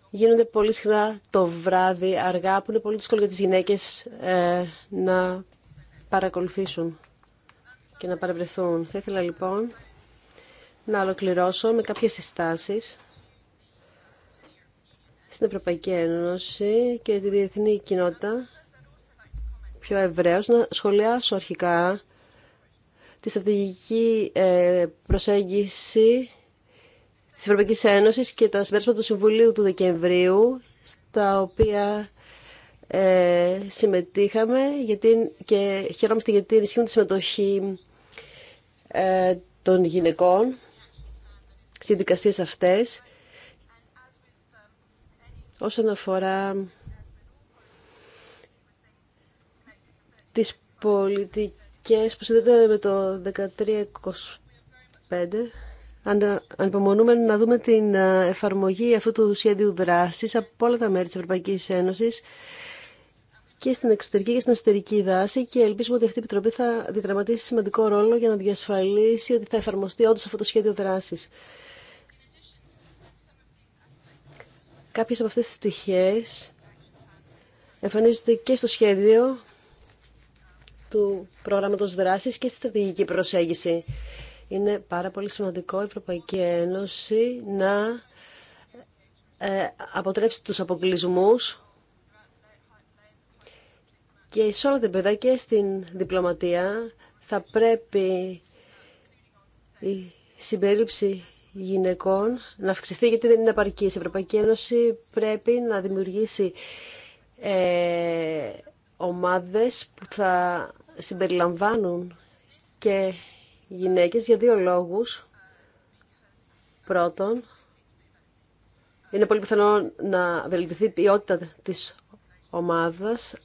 γίνονται πολύ συχνά το βράδυ, αργά, που είναι πολύ δύσκολο για τις γυναίκες ε, να παρακολουθήσουν και να παρευρεθούν. Θα ήθελα λοιπόν να ολοκληρώσω με κάποιες συστάσεις στην Ευρωπαϊκή Ένωση και τη διεθνή κοινότητα πιο ευρέως, να σχολιάσω αρχικά τη στρατηγική ε, προσέγγιση της Ευρωπαϊκή Ένωση και τα συμπέρασματα του Συμβουλίου του Δεκεμβρίου, στα οποία ε, συμμετείχαμε γιατί, και χαιρόμαστε γιατί ενισχύουμε τη συμμετοχή ε, των γυναικών στις δικασίες αυτές. Όσον αφορά τις πολιτικές που συνδέονται με το 1325 Αν υπομονούμε να δούμε την ε, εφαρμογή αυτού του σχέδιου δράσης από όλα τα μέρη της Ευρωπαϊκής Ένωσης και στην εξωτερική και στην εσωτερική δάση και ελπίζουμε ότι αυτή η Επιτροπή θα διδραματίσει σημαντικό ρόλο για να διασφαλίσει ότι θα εφαρμοστεί όντως αυτό το σχέδιο δράσης. Κάποιες από αυτές τις στοιχείες εμφανίζονται και στο σχέδιο του προγράμματος δράσης και στη στρατηγική προσέγγιση. Είναι πάρα πολύ σημαντικό η Ευρωπαϊκή Ένωση να ε, αποτρέψει τους αποκλεισμούς και σε όλα τα παιδά και στην διπλωματία θα πρέπει η συμπερίληψη γυναικών να αυξηθεί γιατί δεν είναι απαρκή. Η Ευρωπαϊκή Ένωση πρέπει να δημιουργήσει ε, ομάδες που θα συμπεριλαμβάνουν και γυναίκες για δύο λόγους. Πρώτον, είναι πολύ πιθανό να βελτιωθεί η ποιότητα της ομάδας,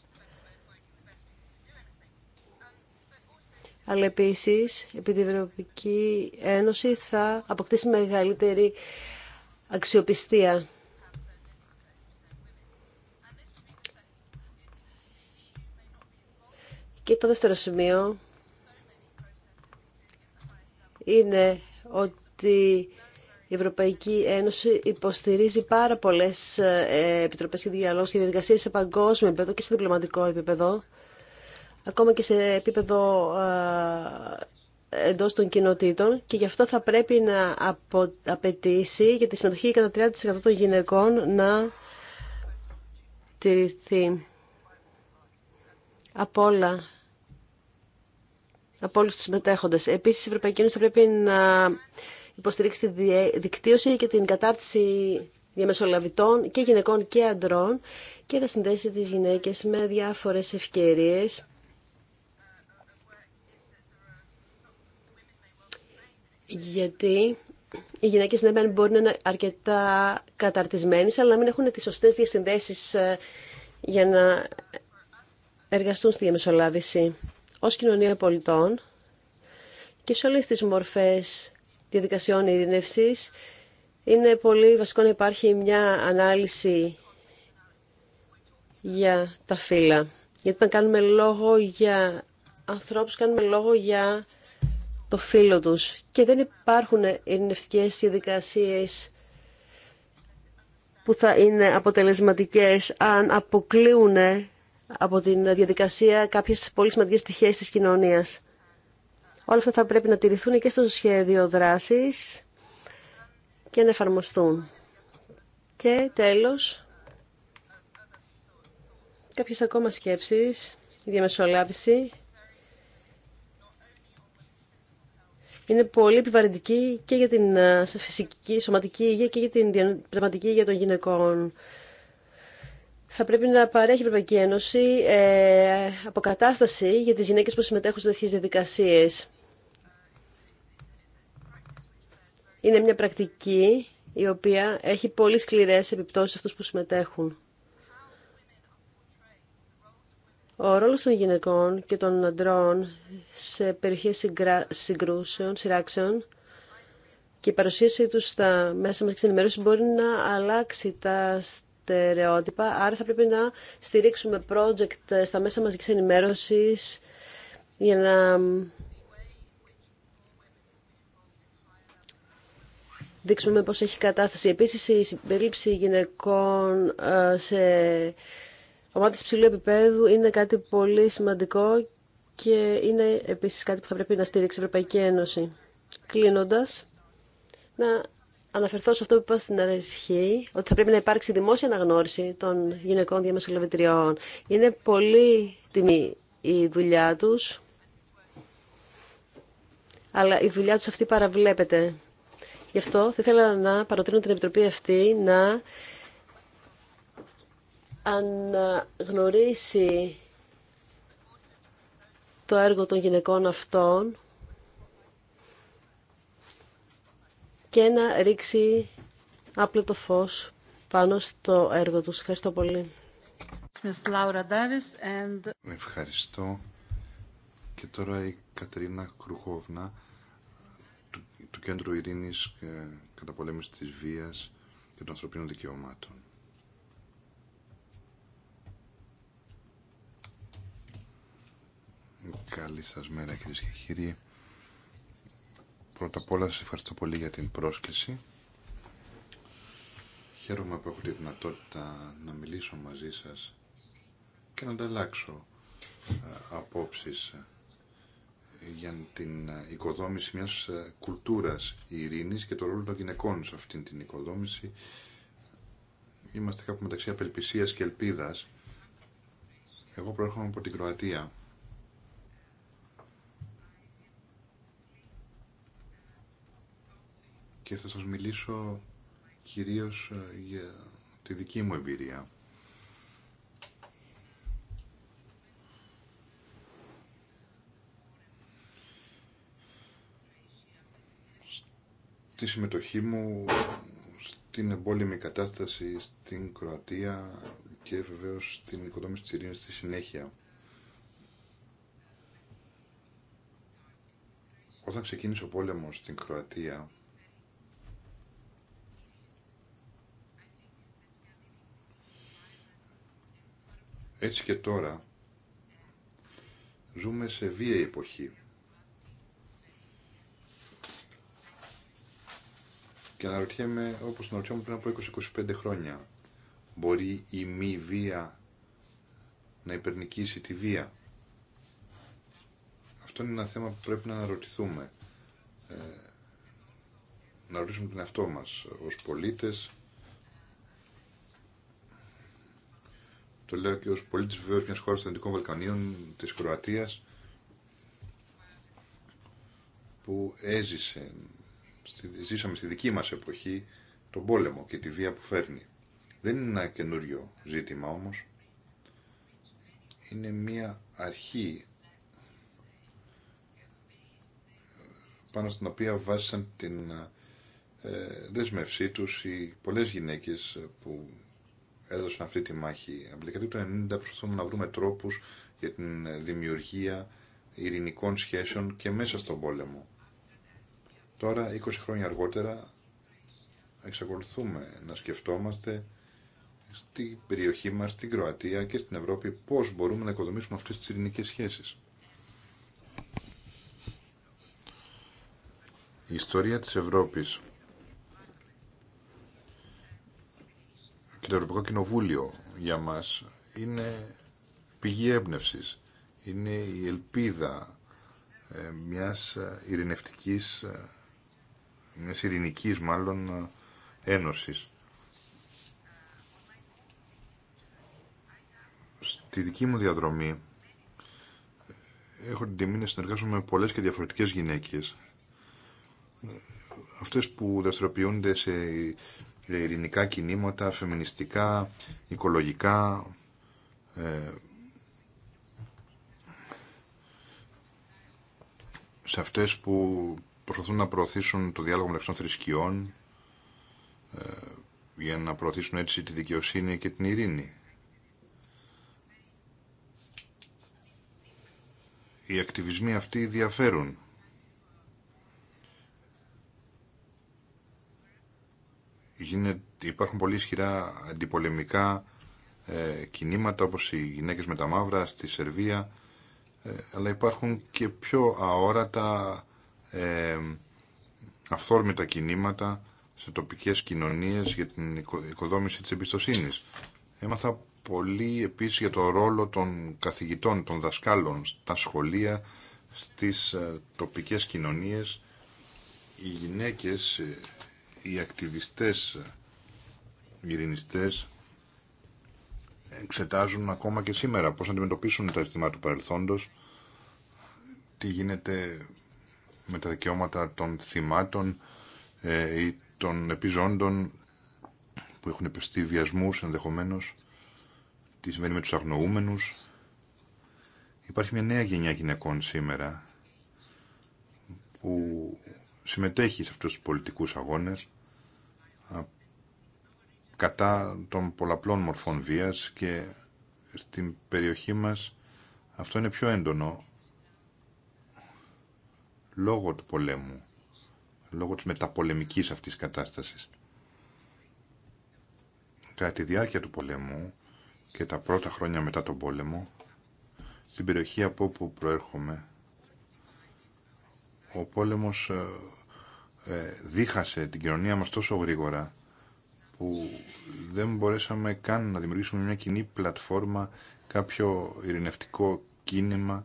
αλλά επίσης, επειδή η Ευρωπαϊκή Ένωση θα αποκτήσει μεγαλύτερη αξιοπιστία Και το δεύτερο σημείο είναι ότι η Ευρωπαϊκή Ένωση υποστηρίζει πάρα πολλέ ε, επιτροπέ και διαλόγου και διαδικασίε σε παγκόσμιο επίπεδο και σε διπλωματικό επίπεδο, ακόμα και σε επίπεδο ε, εντό των κοινοτήτων και γι' αυτό θα πρέπει να απαιτήσει για τη συμμετοχή κατά 30% των γυναικών να τηρηθεί από όλα από όλου του συμμετέχοντες. Επίσης, η Ευρωπαϊκή Ένωση θα πρέπει να υποστηρίξει τη δικτύωση και την κατάρτιση διαμεσολαβητών και γυναικών και αντρών και να συνδέσει τι γυναίκες με διάφορες ευκαιρίε. γιατί οι γυναίκες δεν ναι, μπορεί να είναι αρκετά καταρτισμένες αλλά να μην έχουν τις σωστέ διασυνδέσει ε, για να εργαστούν στη διαμεσολάβηση ως κοινωνία πολιτών και σε όλες τις μορφές διαδικασιών ειρήνευσης είναι πολύ βασικό να υπάρχει μια ανάλυση για τα φύλλα. Γιατί όταν κάνουμε λόγο για ανθρώπους, κάνουμε λόγο για το φύλλο τους. Και δεν υπάρχουν ειρηνευτικές διαδικασίες που θα είναι αποτελεσματικές αν αποκλείουν από την διαδικασία κάποιες πολύ σημαντικέ στοιχείες τη κοινωνία. Όλα αυτά θα πρέπει να τηρηθούν και στο σχέδιο δράσης και να εφαρμοστούν. Και τέλος, κάποιες ακόμα σκέψεις, η διαμεσολάβηση είναι πολύ επιβαρυντική και για την ε, φυσική, σωματική υγεία και για την πνευματική υγεία των γυναικών θα πρέπει να παρέχει η Ευρωπαϊκή Ένωση ε, αποκατάσταση για τις γυναίκες που συμμετέχουν σε τέτοιες διαδικασίες. Είναι μια πρακτική η οποία έχει πολύ σκληρές επιπτώσεις σε αυτούς που συμμετέχουν. Ο ρόλος των γυναικών και των αντρών σε περιοχές συγκρούσεων, σειράξεων και η παρουσίασή τους στα μέσα μας και στην ενημέρωση μπορεί να αλλάξει τα προτεραιότητα, άρα θα πρέπει να στηρίξουμε project στα μέσα μαζικής ενημέρωσης για να δείξουμε πώς έχει κατάσταση. Επίσης, η συμπερίληψη γυναικών ε, σε ομάδες υψηλού επίπεδου είναι κάτι πολύ σημαντικό και είναι επίσης κάτι που θα πρέπει να στηρίξει η Ευρωπαϊκή Ένωση. Κλείνοντας, να αναφερθώ σε αυτό που είπα στην αρχή, ότι θα πρέπει να υπάρξει δημόσια αναγνώριση των γυναικών διαμεσολαβητριών. Είναι πολύ τιμή η δουλειά τους, αλλά η δουλειά τους αυτή παραβλέπεται. Γι' αυτό θα ήθελα να παροτρύνω την Επιτροπή αυτή να αναγνωρίσει το έργο των γυναικών αυτών και να ρίξει το φως πάνω στο έργο τους. Ευχαριστώ πολύ. Ευχαριστώ. Και τώρα η Κατρίνα Κρουχόβνα του, Κέντρου Ειρήνης Κατά Καταπολέμησης της Βίας και των Ανθρωπίνων Δικαιωμάτων. Καλή σας μέρα κυρίες και κύριοι. Πρώτα απ' όλα σας ευχαριστώ πολύ για την πρόσκληση. Χαίρομαι που έχω τη δυνατότητα να μιλήσω μαζί σας και να ανταλλάξω ε, απόψεις ε, για την ε, οικοδόμηση μιας κουλτούρας ειρήνης και το ρόλο των γυναικών σε αυτήν την οικοδόμηση. Είμαστε κάπου μεταξύ απελπισίας και ελπίδας. Εγώ προέρχομαι από την Κροατία και θα σας μιλήσω κυρίως ε, για τη δική μου εμπειρία. Στη συμμετοχή μου στην εμπόλεμη κατάσταση στην Κροατία και βεβαίως στην οικοδόμηση της ειρήνης στη συνέχεια. Όταν ξεκίνησε ο πόλεμος στην Κροατία Έτσι και τώρα ζούμε σε βία εποχή. Και αναρωτιέμαι, όπως αναρωτιόμουν πριν από 20-25 χρόνια, μπορεί η μη βία να υπερνικήσει τη βία. Αυτό είναι ένα θέμα που πρέπει να αναρωτηθούμε. Ε, να ρωτήσουμε τον εαυτό μας ως πολίτες, Το λέω και ω πολίτη βεβαίω μια χώρα των Δυτικών Βαλκανίων, τη Κροατία, που έζησε, ζήσαμε στη δική μας εποχή τον πόλεμο και τη βία που φέρνει. Δεν είναι ένα καινούριο ζήτημα όμως. Είναι μία αρχή πάνω στην οποία βάσισαν την ε, δεσμευσή τους οι πολλές γυναίκες που έδωσαν αυτή τη μάχη. Από την δεκαετία του 1990 προσπαθούμε να βρούμε τρόπους για την δημιουργία ειρηνικών σχέσεων και μέσα στον πόλεμο. Τώρα, 20 χρόνια αργότερα, εξακολουθούμε να σκεφτόμαστε στην περιοχή μας, στην Κροατία και στην Ευρώπη πώς μπορούμε να οικοδομήσουμε αυτές τις ειρηνικές σχέσεις. Η ιστορία της Ευρώπης και το Ευρωπαϊκό Κοινοβούλιο για μας είναι πηγή έμπνευση. Είναι η ελπίδα ε, μιας ειρηνευτικής, ε, μιας ειρηνικής μάλλον ε, ένωσης. Στη δική μου διαδρομή έχω την τιμή να συνεργάζομαι με πολλές και διαφορετικές γυναίκες αυτές που δραστηριοποιούνται σε ειρηνικά κινήματα, φεμινιστικά, οικολογικά. Ε, σε αυτές που προσπαθούν να προωθήσουν το διάλογο μεταξύ των θρησκειών ε, για να προωθήσουν έτσι τη δικαιοσύνη και την ειρήνη. Οι ακτιβισμοί αυτοί διαφέρουν γίνεται, υπάρχουν πολύ ισχυρά αντιπολεμικά ε, κινήματα όπως οι γυναίκες με τα μαύρα στη Σερβία ε, αλλά υπάρχουν και πιο αόρατα ε, αυθόρμητα κινήματα σε τοπικές κοινωνίες για την οικοδόμηση της εμπιστοσύνης. Έμαθα πολύ επίσης για το ρόλο των καθηγητών, των δασκάλων στα σχολεία, στις ε, τοπικές κοινωνίες. Οι γυναίκες οι ακτιβιστές ειρηνιστές εξετάζουν ακόμα και σήμερα πώς να αντιμετωπίσουν τα αισθήματα του παρελθόντος, τι γίνεται με τα δικαιώματα των θυμάτων ε, ή των επιζώντων που έχουν επιστεί βιασμούς ενδεχομένως, τι συμβαίνει με τους αγνοούμενους. Υπάρχει μια νέα γενιά γυναικών σήμερα που συμμετέχει σε αυτούς τους πολιτικούς αγώνες κατά των πολλαπλών μορφών βίας και στην περιοχή μας αυτό είναι πιο έντονο λόγω του πολέμου, λόγω της μεταπολεμικής αυτής κατάστασης. Κατά τη διάρκεια του πολέμου και τα πρώτα χρόνια μετά τον πόλεμο, στην περιοχή από όπου προέρχομαι, ο πόλεμος ε, ε, δίχασε την κοινωνία μας τόσο γρήγορα που δεν μπορέσαμε καν να δημιουργήσουμε μια κοινή πλατφόρμα, κάποιο ειρηνευτικό κίνημα.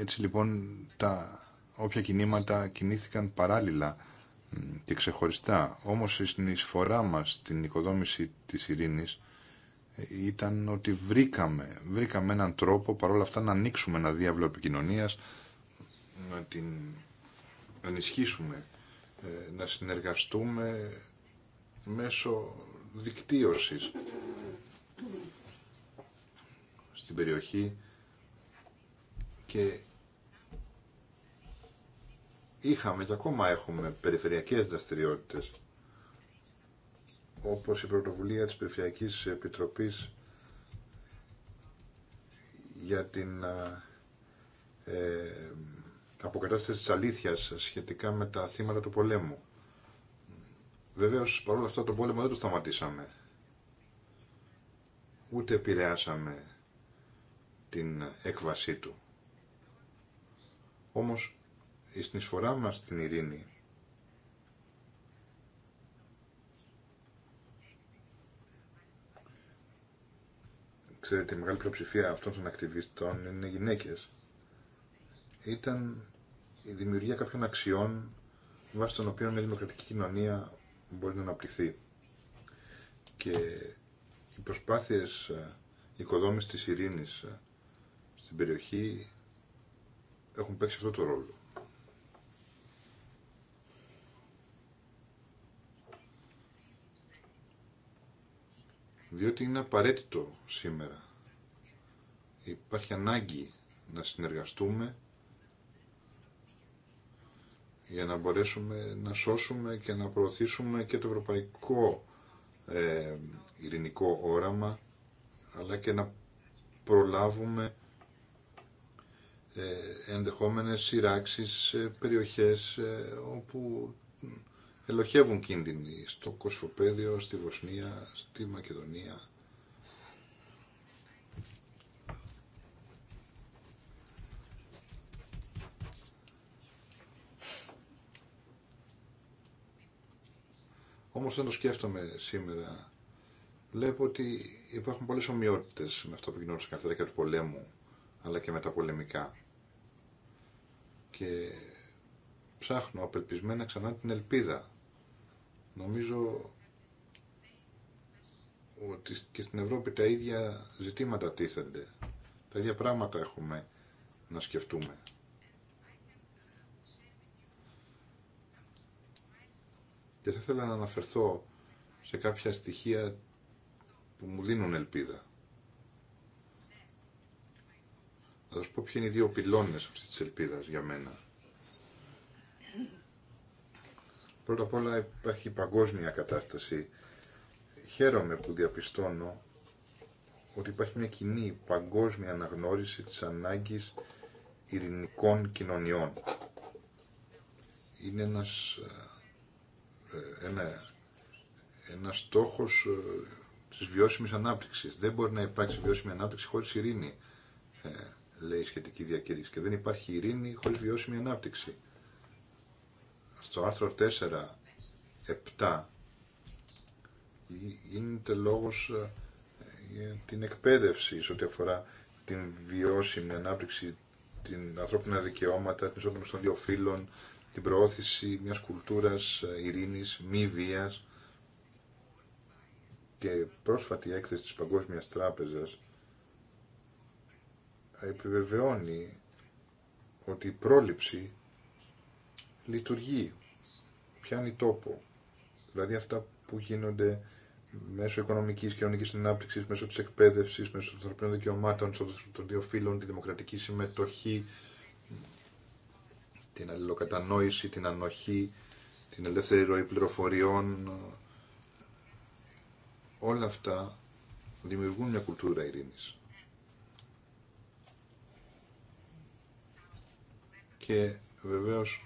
Έτσι λοιπόν τα όποια κινήματα κινήθηκαν παράλληλα και ξεχωριστά. Όμως η συνεισφορά μας στην οικοδόμηση της ειρήνης ε, ήταν ότι βρήκαμε, βρήκαμε έναν τρόπο παρόλα αυτά να ανοίξουμε ένα διάβλο επικοινωνίας, να την ενισχύσουμε ε, να συνεργαστούμε μέσω δικτύωσης στην περιοχή και είχαμε και ακόμα έχουμε περιφερειακές δραστηριότητες όπως η πρωτοβουλία της Περιφερειακής Επιτροπής για την ε, αποκατάσταση της αλήθειας σχετικά με τα θύματα του πολέμου. Βεβαίως, παρόλα αυτά, τον πόλεμο δεν το σταματήσαμε. Ούτε επηρεάσαμε την έκβασή του. Όμως, η συνεισφορά μας στην ειρήνη Ξέρετε, η μεγάλη πλειοψηφία αυτών των ακτιβιστών είναι γυναίκες ήταν η δημιουργία κάποιων αξιών βάσει των οποίων μια δημοκρατική κοινωνία μπορεί να αναπτυχθεί. Και οι προσπάθειες οικοδόμησης της ειρήνης στην περιοχή έχουν παίξει αυτό το ρόλο. Διότι είναι απαραίτητο σήμερα. Υπάρχει ανάγκη να συνεργαστούμε για να μπορέσουμε να σώσουμε και να προωθήσουμε και το ευρωπαϊκό ε, ειρηνικό όραμα αλλά και να προλάβουμε ε, ενδεχόμενες σειράξεις σε περιοχές ε, όπου ελοχεύουν κίνδυνοι στο Κοσφοπέδιο, στη Βοσνία, στη Μακεδονία Όμως δεν το σκέφτομαι σήμερα. Βλέπω ότι υπάρχουν πολλές ομοιότητες με αυτό που γινόταν κατά τη του πολέμου, αλλά και με τα πολεμικά. Και ψάχνω απελπισμένα ξανά την ελπίδα. Νομίζω ότι και στην Ευρώπη τα ίδια ζητήματα τίθενται. Τα ίδια πράγματα έχουμε να σκεφτούμε. και θα ήθελα να αναφερθώ σε κάποια στοιχεία που μου δίνουν ελπίδα. Θα σας πω ποιοι είναι οι δύο πυλώνες αυτής της ελπίδας για μένα. Πρώτα απ' όλα υπάρχει παγκόσμια κατάσταση. Χαίρομαι που διαπιστώνω ότι υπάρχει μια κοινή παγκόσμια αναγνώριση της ανάγκης ειρηνικών κοινωνιών. Είναι ένας ε, ένα, ένα στόχος ε, της βιώσιμης ανάπτυξης. Δεν μπορεί να υπάρξει βιώσιμη ανάπτυξη χωρίς ειρήνη, ε, λέει η σχετική διακήρυξη. Και δεν υπάρχει ειρήνη χωρίς βιώσιμη ανάπτυξη. Στο άρθρο 4, 7, γίνεται λόγος ε, για την εκπαίδευση σε ό,τι αφορά την βιώσιμη ανάπτυξη, την ανθρώπινα δικαιώματα, την ισότητα των δύο φύλων, την προώθηση μιας κουλτούρας ε, ειρήνης, μη βίας και πρόσφατη έκθεση της Παγκόσμιας Τράπεζας ε, επιβεβαιώνει ότι η πρόληψη λειτουργεί, πιάνει τόπο. Δηλαδή αυτά που γίνονται μέσω οικονομικής και κοινωνικής ανάπτυξης, μέσω της εκπαίδευσης, μέσω των ανθρωπίνων δικαιωμάτων, των δύο φύλων, τη δημοκρατική συμμετοχή, την αλληλοκατανόηση, την ανοχή, την ελεύθερη ροή πληροφοριών. Όλα αυτά δημιουργούν μια κουλτούρα ειρήνης. Και βεβαίως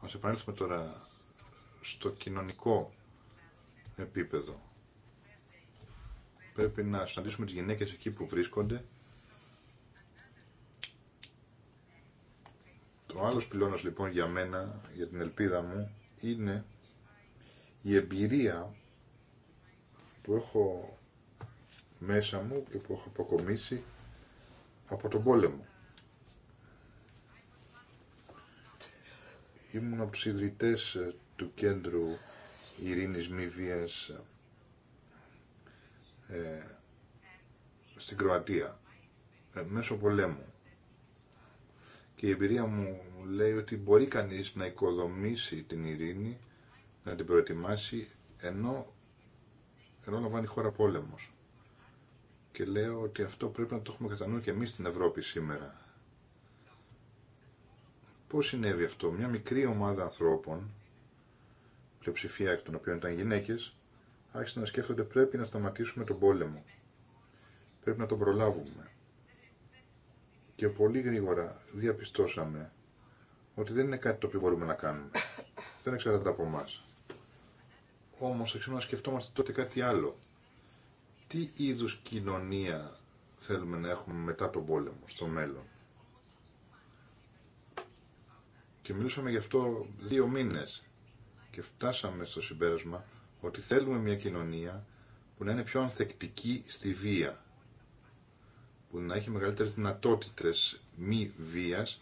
ας επανέλθουμε τώρα στο κοινωνικό επίπεδο. Πρέπει να συναντήσουμε τις γυναίκες εκεί που βρίσκονται Το άλλος πυλώνας λοιπόν για μένα, για την ελπίδα μου, είναι η εμπειρία που έχω μέσα μου και που έχω αποκομίσει από τον πόλεμο. Ήμουν από τους ιδρυτές ε, του κέντρου ειρήνης μη βίας ε, στην Κροατία, ε, μέσω πολέμου και η εμπειρία μου λέει ότι μπορεί κανείς να οικοδομήσει την ειρήνη, να την προετοιμάσει, ενώ, ενώ λαμβάνει χώρα πόλεμος. Και λέω ότι αυτό πρέπει να το έχουμε κατά και εμείς στην Ευρώπη σήμερα. Πώς συνέβη αυτό. Μια μικρή ομάδα ανθρώπων, πλειοψηφία εκ των οποίων ήταν γυναίκες, άρχισαν να σκέφτονται πρέπει να σταματήσουμε τον πόλεμο. Πρέπει να τον προλάβουμε και πολύ γρήγορα διαπιστώσαμε ότι δεν είναι κάτι το οποίο μπορούμε να κάνουμε. Δεν εξαρτάται από εμά. Όμω αξίζει να σκεφτόμαστε τότε κάτι άλλο. Τι είδου κοινωνία θέλουμε να έχουμε μετά τον πόλεμο, στο μέλλον. Και μιλούσαμε γι' αυτό δύο μήνες και φτάσαμε στο συμπέρασμα ότι θέλουμε μια κοινωνία που να είναι πιο ανθεκτική στη βία που να έχει μεγαλύτερες δυνατότητες μη βίας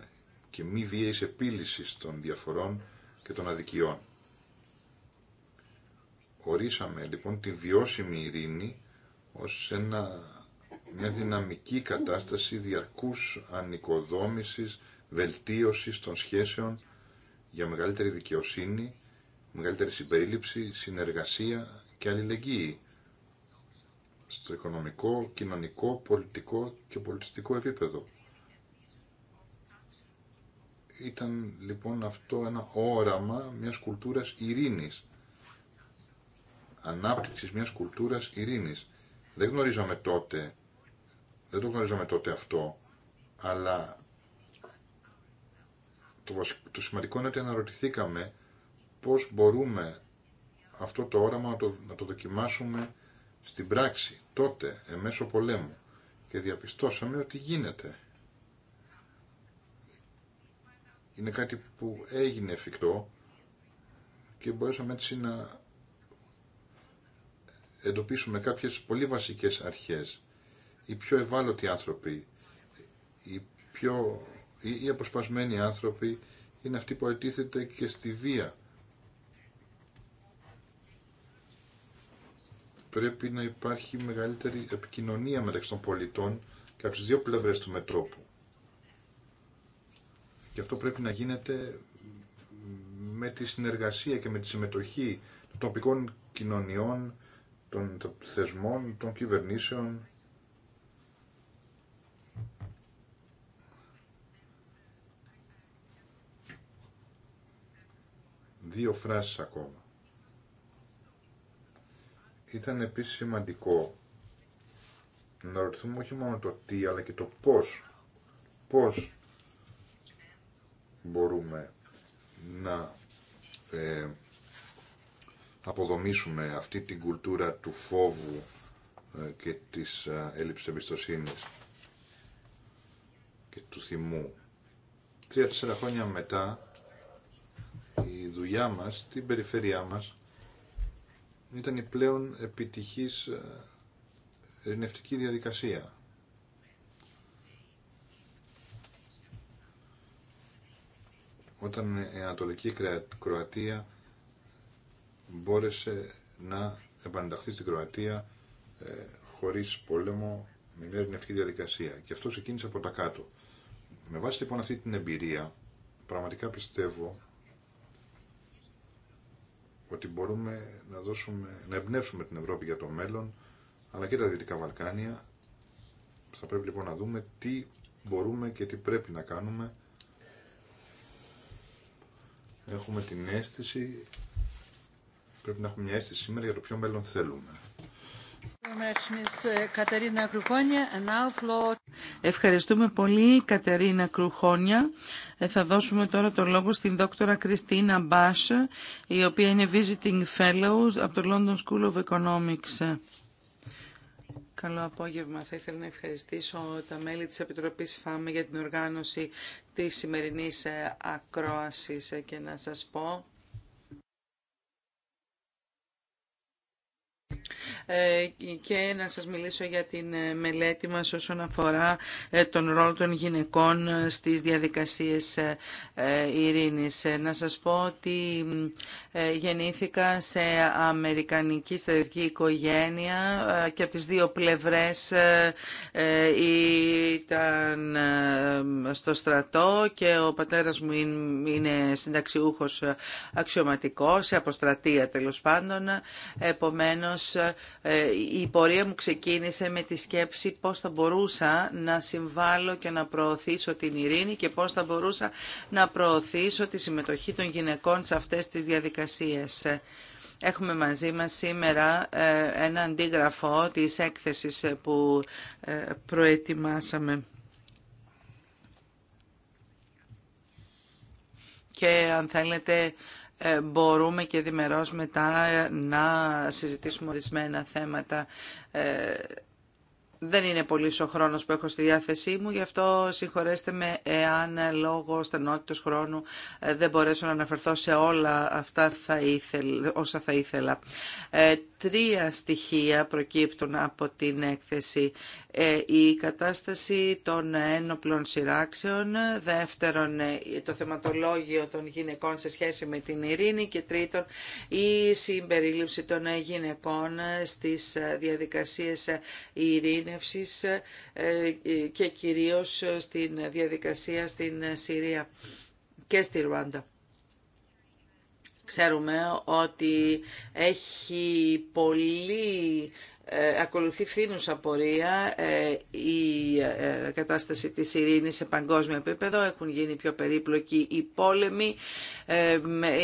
ε, και μη βίαιης επίλυσης των διαφορών και των αδικιών. Ορίσαμε λοιπόν τη βιώσιμη ειρήνη ως ένα, μια δυναμική κατάσταση διαρκούς ανοικοδόμησης, βελτίωσης των σχέσεων για μεγαλύτερη δικαιοσύνη, μεγαλύτερη συμπερίληψη, συνεργασία και αλληλεγγύη στο οικονομικό, κοινωνικό, πολιτικό και πολιτιστικό επίπεδο. Ήταν λοιπόν αυτό ένα όραμα μιας κουλτούρας ειρήνης. Ανάπτυξης μιας κουλτούρας ειρήνης. Δεν γνωρίζαμε τότε, δεν το γνωρίζαμε τότε αυτό, αλλά το, το σημαντικό είναι ότι αναρωτηθήκαμε πώς μπορούμε αυτό το όραμα να το, να το δοκιμάσουμε στην πράξη, τότε, εμέσω πολέμου και διαπιστώσαμε ότι γίνεται. Είναι κάτι που έγινε εφικτό και μπορέσαμε έτσι να εντοπίσουμε κάποιες πολύ βασικές αρχές. Οι πιο ευάλωτοι άνθρωποι, οι πιο οι αποσπασμένοι άνθρωποι είναι αυτοί που αιτήθεται και στη βία πρέπει να υπάρχει μεγαλύτερη επικοινωνία μεταξύ των πολιτών και από τις δύο πλευρές του μετρόπου. Και αυτό πρέπει να γίνεται με τη συνεργασία και με τη συμμετοχή των τοπικών κοινωνιών, των θεσμών, των κυβερνήσεων. Δύο φράσεις ακόμα. Ήταν επίσης σημαντικό να ρωτηθούμε όχι μόνο το τι, αλλά και το πώς. Πώς μπορούμε να ε, αποδομήσουμε αυτή την κουλτούρα του φόβου ε, και της ε, έλλειψης εμπιστοσύνης και του θυμού. Τρία-τέσσερα χρόνια μετά η δουλειά μας, την περιφέρειά μας, ήταν η πλέον επιτυχής ε, ειρηνευτική διαδικασία. Όταν η Ανατολική Κροατία μπόρεσε να επανενταχθεί στην Κροατία ε, χωρίς πόλεμο με μια ειρηνευτική διαδικασία. Και αυτό ξεκίνησε από τα κάτω. Με βάση λοιπόν αυτή την εμπειρία, πραγματικά πιστεύω ότι μπορούμε να, δώσουμε, να εμπνεύσουμε την Ευρώπη για το μέλλον, αλλά και τα Δυτικά Βαλκάνια. Θα πρέπει λοιπόν να δούμε τι μπορούμε και τι πρέπει να κάνουμε. Έχουμε την αίσθηση, πρέπει να έχουμε μια αίσθηση σήμερα για το ποιο μέλλον θέλουμε. Ευχαριστούμε πολύ Κατερίνα Κρουχόνια. Ε, θα δώσουμε τώρα το λόγο στην δόκτωρα Κριστίνα Μπάσ, η οποία είναι Visiting Fellow από το London School of Economics. Καλό απόγευμα. Θα ήθελα να ευχαριστήσω τα μέλη της Επιτροπής ΦΑΜΕ για την οργάνωση της σημερινής ε, ακρόασης ε, και να σας πω Ε, και να σας μιλήσω για την ε, μελέτη μας όσον αφορά ε, τον ρόλο των γυναικών στις διαδικασίες ειρήνης. Να σας πω ότι γεννήθηκα σε αμερικανική στρατηγική οικογένεια και από τις δύο πλευρές ήταν στο στρατό και ο πατέρας μου είναι συνταξιούχος αξιωματικός, σε αποστρατεία τέλος πάντων. Επομένως ε, η πορεία μου ξεκίνησε με τη σκέψη πώς θα μπορούσα να συμβάλλω και να προωθήσω την ειρήνη και πώς θα μπορούσα να προωθήσω τη συμμετοχή των γυναικών σε αυτές τις διαδικασίες. Έχουμε μαζί μας σήμερα ε, ένα αντίγραφο της έκθεσης που ε, προετοιμάσαμε. Και αν θέλετε ε, μπορούμε και διμερώς μετά ε, να συζητήσουμε ορισμένα θέματα. Ε, δεν είναι πολύ ο χρόνος που έχω στη διάθεσή μου, γι' αυτό συγχωρέστε με εάν λόγω στενότητος χρόνου δεν μπορέσω να αναφερθώ σε όλα αυτά θα ήθελα, όσα θα ήθελα. Ε, τρία στοιχεία προκύπτουν από την έκθεση. Ε, η κατάσταση των ένοπλων σειράξεων, δεύτερον ε, το θεματολόγιο των γυναικών σε σχέση με την ειρήνη και τρίτον η συμπερίληψη των γυναικών στις διαδικασίες ειρήνευσης ε, και κυρίως στην διαδικασία στην Συρία και στη Ρουάντα. Ξέρουμε ότι έχει πολύ ε, ακολουθεί φθήνουσα πορεία ε, η ε, κατάσταση της ειρήνης σε παγκόσμιο επίπεδο. Έχουν γίνει πιο περίπλοκοι οι πόλεμοι.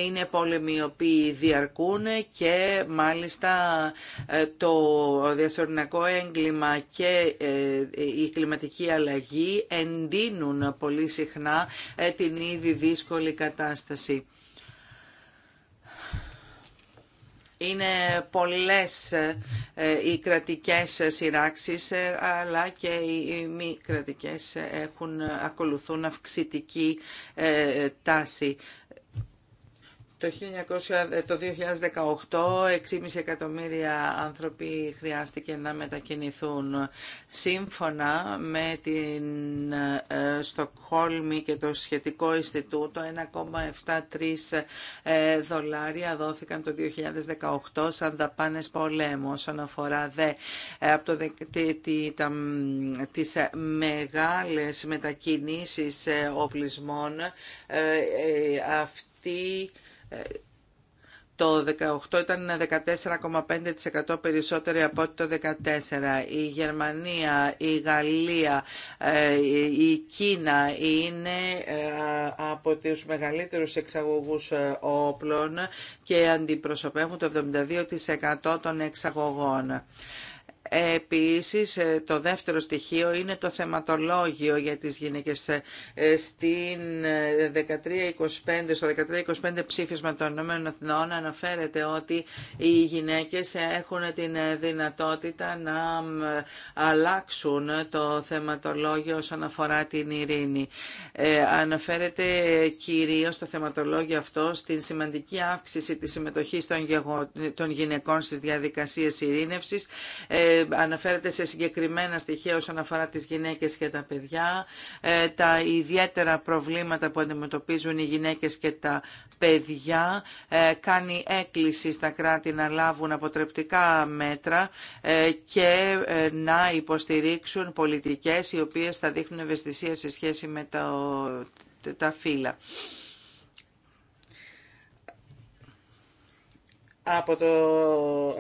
είναι πόλεμοι οι οποίοι διαρκούν και μάλιστα το διασωρινακό έγκλημα και η κλιματική αλλαγή εντείνουν πολύ συχνά την ήδη δύσκολη κατάσταση. Είναι πολλές ε, οι κρατικές σειράξεις, ε, αλλά και οι μη κρατικές έχουν, ε, ακολουθούν αυξητική τάση. Το, 2018 6,5 ε, εκατομμύρια άνθρωποι χρειάστηκε να μετακινηθούν. Σύμφωνα με την ε, Στοκχόλμη και το σχετικό Ινστιτούτο, 1,73 ε, δολάρια δόθηκαν το 2018 σαν δαπάνες πολέμου. Όσον αφορά δε, από το, τι, τι, τα, μεγάλες μετακινήσεις οπλισμών, αυτή το 18 ήταν 14,5% περισσότερο από ό,τι το 14. Η Γερμανία, η Γαλλία, ε, η Κίνα είναι ε, από τους μεγαλύτερους εξαγωγούς ε, όπλων και αντιπροσωπεύουν το 72% των εξαγωγών. Επίσης, ε, το δεύτερο στοιχείο είναι το θεματολόγιο για τις γυναίκες ε, στην 1325, ε, στο 1325 ψήφισμα των Ηνωμένων Εθνών αναφέρεται ότι οι γυναίκες έχουν την δυνατότητα να αλλάξουν το θεματολόγιο όσον αφορά την ειρήνη. Αναφέρεται κυρίως το θεματολόγιο αυτό στην σημαντική αύξηση της συμμετοχής των γυναικών στις διαδικασίες ειρήνευσης, αναφέρεται σε συγκεκριμένα στοιχεία όσον αφορά τις γυναίκες και τα παιδιά, ε, τα ιδιαίτερα προβλήματα που αντιμετωπίζουν οι γυναίκες και τα παιδιά, ε, κάνει έκκληση στα κράτη να λάβουν αποτρεπτικά μέτρα ε, και να υποστηρίξουν πολιτικές οι οποίες θα δείχνουν ευαισθησία σε σχέση με τα φύλλα. από, το,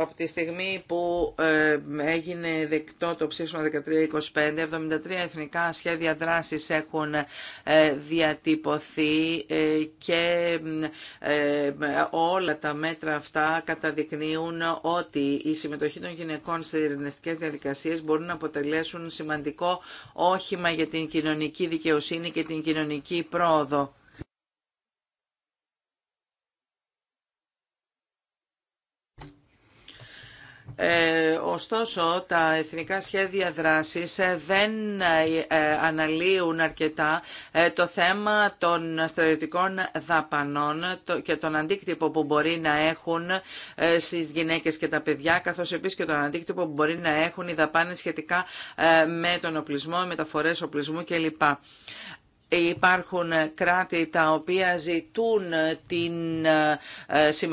από τη στιγμή που ε, έγινε δεκτό το ψήφισμα 1325, 73 εθνικά σχέδια δράσης έχουν ε, διατυπωθεί ε, και όλα τα μέτρα αυτά καταδεικνύουν ότι η συμμετοχή των γυναικών σε ειρηνευτικές διαδικασίες μπορεί να αποτελέσουν σημαντικό όχημα για την κοινωνική δικαιοσύνη και την κοινωνική πρόοδο. Ε, ωστόσο, τα εθνικά σχέδια δράσης ε, δεν ε, αναλύουν αρκετά το θέμα των στρατιωτικών δαπανών και τον αντίκτυπο που μπορεί να έχουν στις γυναίκες και τα παιδιά, καθώς επίσης και τον αντίκτυπο που μπορεί να έχουν οι δαπάνες σχετικά με τον οπλισμό, μεταφορές οπλισμού κλπ. Υπάρχουν κράτη τα οποία ζητούν την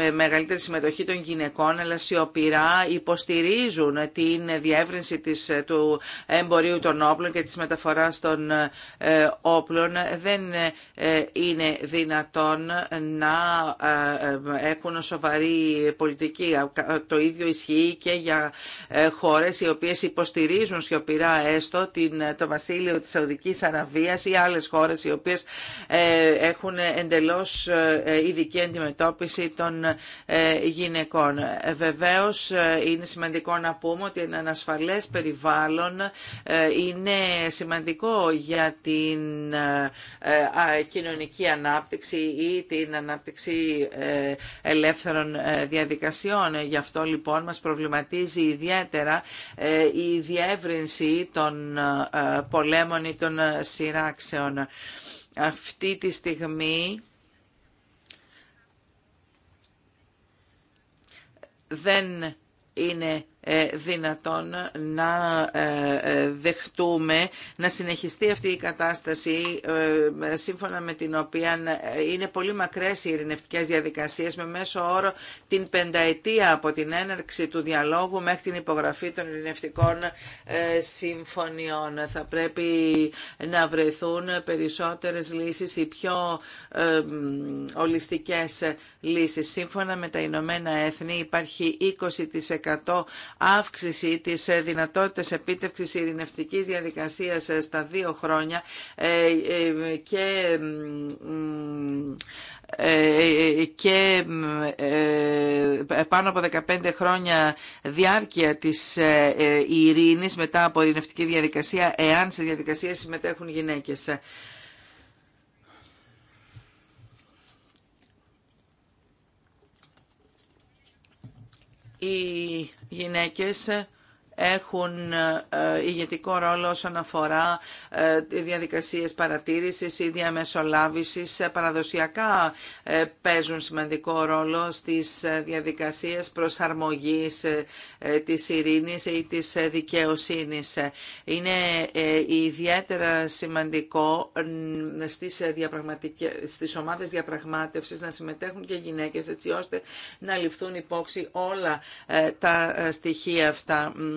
ε, μεγαλύτερη συμμετοχή των γυναικών, αλλά σιωπηρά υποστηρίζουν την διεύρυνση της, του εμπορίου των όπλων και της μεταφοράς των ε, όπλων. Δεν ε, είναι δυνατόν να έχουν σοβαρή πολιτική. Το ίδιο ισχύει και για χώρες οι οποίες υποστηρίζουν σιωπηρά έστω την, το βασίλειο της Σαουδικής Αραβίας ή άλλες χώρες χώρες οι οποίες ε, έχουν εντελώς ε, ειδική αντιμετώπιση των ε, γυναικών. Βεβαίως είναι σημαντικό να πούμε ότι ένα ασφαλές περιβάλλον είναι σημαντικό για την κοινωνική ανάπτυξη ή την ανάπτυξη ελεύθερων διαδικασιών. Γι' αυτό λοιπόν μας προβληματίζει ιδιαίτερα η διεύρυνση των πολέμων ή των σειράξεων. Αυτή τη στιγμή δεν είναι ε, δυνατόν να ε, ε, δεχτούμε να συνεχιστεί αυτή η κατάσταση σύμφωνα με την οποία είναι πολύ μακρές οι ειρηνευτικές διαδικασίες με μέσο όρο την πενταετία από την έναρξη του διαλόγου μέχρι την υπογραφή των ειρηνευτικών συμφωνιών. Θα πρέπει να βρεθούν περισσότερες λύσεις ή πιο ολιστικές λύσεις. Σύμφωνα με τα Ηνωμένα Έθνη υπάρχει 20% αύξηση της ε, δυνατότητας επίτευξης ειρηνευτικής διαδικασίας ε, στα δύο χρόνια ε, και και πάνω από 15 χρόνια διάρκεια της ειρήνης μετά από ειρηνευτική διαδικασία εάν σε διαδικασία συμμετέχουν γυναίκες. οι γυναίκες έχουν ε, ε, ηγετικό ρόλο όσον αφορά ε, διαδικασίες παρατήρησης ή διαμεσολάβησης. Παραδοσιακά παίζουν σημαντικό ρόλο στις διαδικασίες προσαρμογής της ειρήνης ή της δικαιοσύνης. Είναι ιδιαίτερα σημαντικό στις, στις ομάδες διαπραγμάτευσης να συμμετέχουν και γυναίκες έτσι ώστε να ληφθούν υπόψη όλα τα στοιχεία αυτά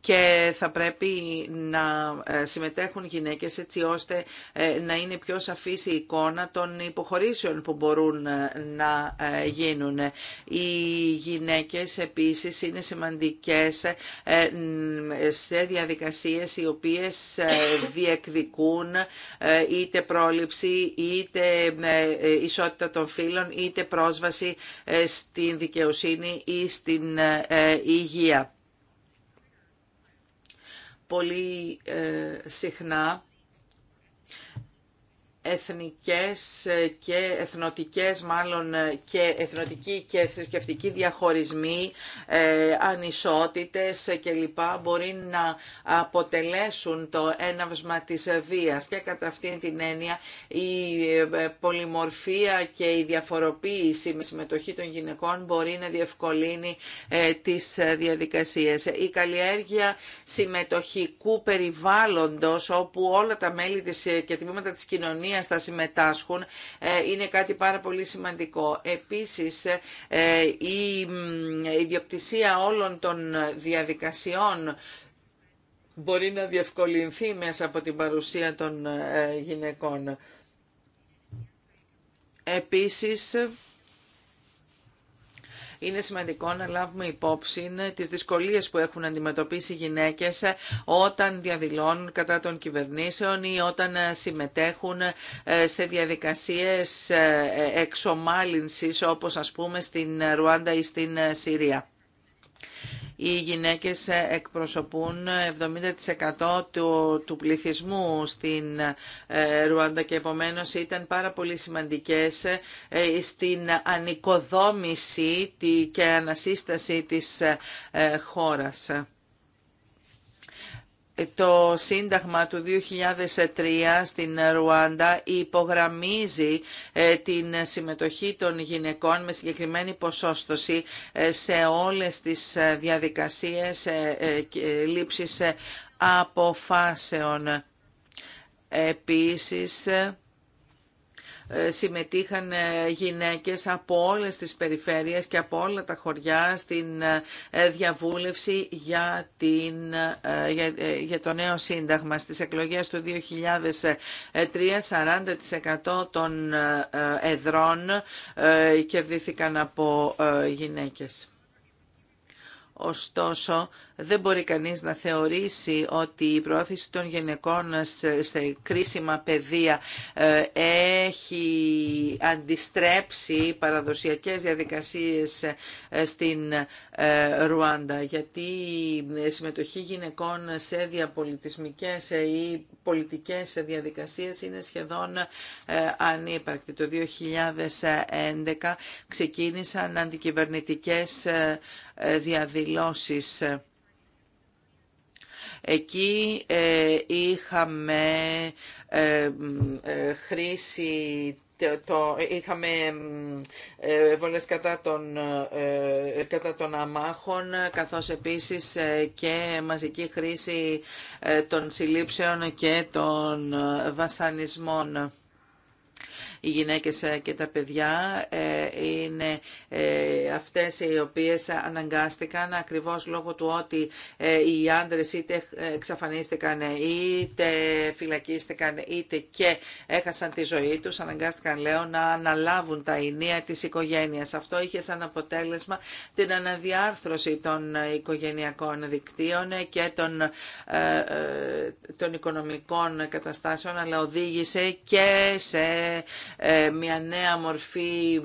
και θα πρέπει να ε, συμμετέχουν γυναίκες έτσι ώστε ε, να είναι πιο σαφής η εικόνα των υποχωρήσεων που μπορούν ε, να γίνουν. Οι γυναίκες επίσης είναι σημαντικές σε διαδικασίες οι οποίες διεκδικούν είτε πρόληψη είτε ισότητα των φύλων είτε πρόσβαση στην δικαιοσύνη ή στην υγεία πολύ ε, συχνά εθνικές ε, και εθνοτικές μάλλον ε, και εθνοτικοί και θρησκευτικοί διαχωρισμοί, ε, ανισότητες και λοιπά μπορεί να αποτελέσουν το έναυσμα της βίας και κατά αυτήν την έννοια η ε, πολυμορφία και η διαφοροποίηση με συμμετοχή των γυναικών μπορεί να διευκολύνει ε, τις διαδικασίες. Η καλλιέργεια συμμετοχικού περιβάλλοντος όπου όλα τα μέλη της, και τμήματα της κοινωνίας κοινωνίας θα συμμετάσχουν ε, είναι κάτι πάρα πολύ σημαντικό. Επίσης ε, η ιδιοκτησία όλων των διαδικασιών μπορεί να διευκολυνθεί μέσα από την παρουσία των ε, γυναικών. Επίσης είναι σημαντικό να λάβουμε υπόψη ε, τις δυσκολίες που έχουν αντιμετωπίσει οι γυναίκες ε, όταν διαδηλώνουν κατά των κυβερνήσεων ή όταν ε, συμμετέχουν σε διαδικασίες εξομάλυνσης όπως ας πούμε στην Ρουάντα ή στην Συρία οι γυναίκες εκπροσωπούν 70% του, του πληθυσμού στην ε, Ρουάντα και επομένως ήταν πάρα πολύ σημαντικές ε, στην ανοικοδόμηση και ανασύσταση της ε, χώρας το Σύνταγμα του 2003 στην Ρουάντα υπογραμμίζει ε, την συμμετοχή των γυναικών με συγκεκριμένη ποσόστοση ε, σε όλες τις ε, διαδικασίες λήψης αποφάσεων. Επίσης, ε, συμμετείχαν ε, γυναίκες από όλες τις περιφέρειες και από όλα τα χωριά στην ε, διαβούλευση για, την, για, το νέο σύνταγμα. Στις εκλογές του 2003, 40% των εδρών κερδίθηκαν από γυναίκες. Ωστόσο, δεν μπορεί κανείς να θεωρήσει ότι η προώθηση των γυναικών σε κρίσιμα πεδία ε, έχει αντιστρέψει παραδοσιακές διαδικασίες ε, στην ε, Ρουάντα, γιατί η συμμετοχή γυναικών σε διαπολιτισμικές ή πολιτικές διαδικασίες είναι σχεδόν ανύπαρκτη. Το 2011 ξεκίνησαν αντικυβερνητικές διαδηλώσεις Εκεί ε, είχαμε ε, ε, χρήση το, είχαμε βολές κατά των, κατά των αμάχων, καθώς επίσης και μαζική χρήση των συλλήψεων και των βασανισμών οι γυναίκες ε, και τα παιδιά ε, είναι ε, αυτές οι οποίες αναγκάστηκαν ακριβώς λόγω του ότι οι άντρες είτε εξαφανίστηκαν είτε φυλακίστηκαν είτε και έχασαν τη ζωή τους, αναγκάστηκαν λέω να αναλάβουν τα ενία της οικογένειας. Αυτό είχε σαν αποτέλεσμα την αναδιάρθρωση των οικογενειακών δικτύων και των, των οικονομικών καταστάσεων, αλλά οδήγησε και σε ε, μια νέα μορφή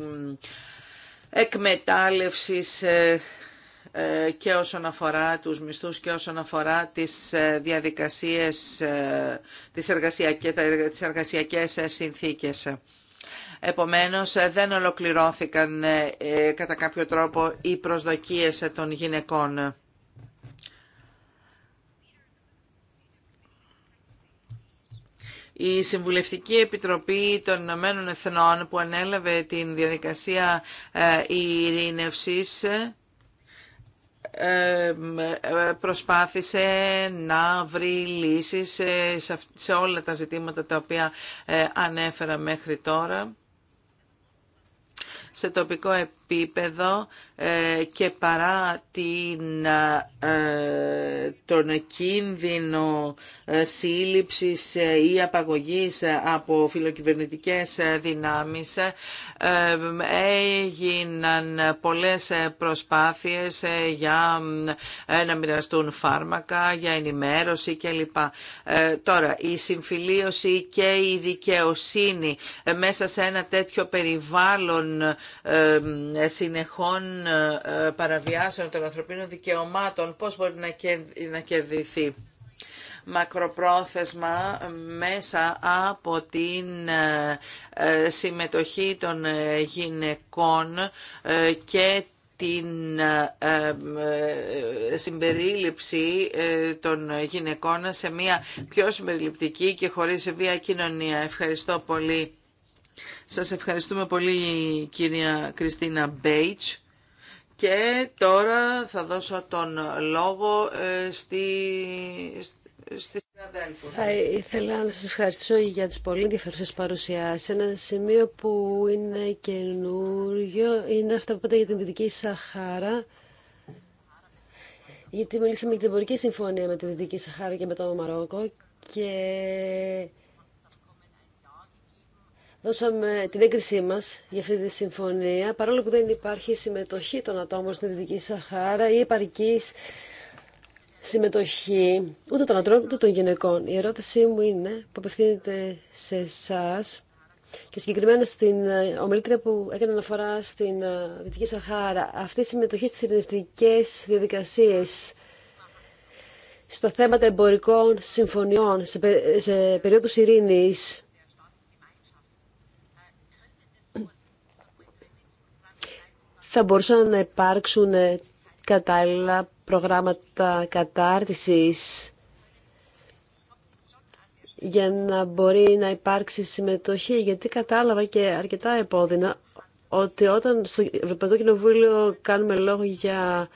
εκμετάλλευσης ε, ε, και όσον αφορά τους μισθούς και όσον αφορά τις διαδικασίες, εργασίας και τις εργασιακές συνθήκες. Επομένως δεν ολοκληρώθηκαν κατά κάποιο τρόπο οι προσδοκίες των γυναικών. Η Συμβουλευτική Επιτροπή των Ηνωμένων Εθνών που ανέλαβε την διαδικασία ε, ειρήνευσης ε, ε, προσπάθησε να βρει λύσεις σε όλα τα ζητήματα τα οποία ανέφερα μέχρι τώρα. Σε τοπικό επίπεδο επίπεδο ε, και παρά την, ε, τον κίνδυνο ε, σύλληψης ή απαγωγής από φιλοκυβερνητικές δυνάμεις έγιναν πολλές προσπάθειες για να μοιραστούν φάρμακα, για ενημέρωση κλπ. Τώρα, η συμφιλίωση και η δικαιοσύνη μέσα σε ένα τέτοιο περιβάλλον ε, συνεχών ε, ε, παραβιάσεων των ανθρωπίνων δικαιωμάτων, πώς μπορεί να κερδιθεί μακροπρόθεσμα μέσα από την συμμετοχή των γυναικών και την συμπερίληψη των γυναικών σε μια πιο συμπεριληπτική και χωρίς βία κοινωνία. Ευχαριστώ πολύ. Σας ευχαριστούμε πολύ κυρία Κριστίνα Μπέιτς. Και τώρα θα δώσω τον λόγο ε, στη, στη Θα ήθελα να σας ευχαριστήσω για τις πολύ ενδιαφέρουσες παρουσιάσεις. Ένα σημείο που είναι καινούριο είναι αυτά που είπατε για την Δυτική Σαχάρα. Γιατί μιλήσαμε για την εμπορική συμφωνία με τη Δυτική Σαχάρα και με το Μαρόκο και δώσαμε την έγκρισή μα για αυτή τη συμφωνία, παρόλο που δεν υπάρχει συμμετοχή των ατόμων στην Δυτική Σαχάρα ή επαρκής συμμετοχή ούτε των ανθρώπων ούτε των γυναικών. Η ερώτησή μου είναι που απευθύνεται σε εσά και συγκεκριμένα στην ε, ομιλήτρια που έκανε αναφορά στην ε, Δυτική Σαχάρα. Αυτή η συμμετοχή στις ειρηνευτικές διαδικασίες στα θέματα εμπορικών συμφωνιών σε, περίοδους η συμμετοχη στι ειρηνευτικε διαδικασίε στα θεματα εμπορικων συμφωνιων σε περιοδους ειρηνης θα μπορούσαν να υπάρξουν ε, κατάλληλα προγράμματα κατάρτισης για να μπορεί να υπάρξει συμμετοχή, γιατί κατάλαβα και αρκετά επώδυνα ότι όταν στο Ευρωπαϊκό Κοινοβούλιο κάνουμε λόγο για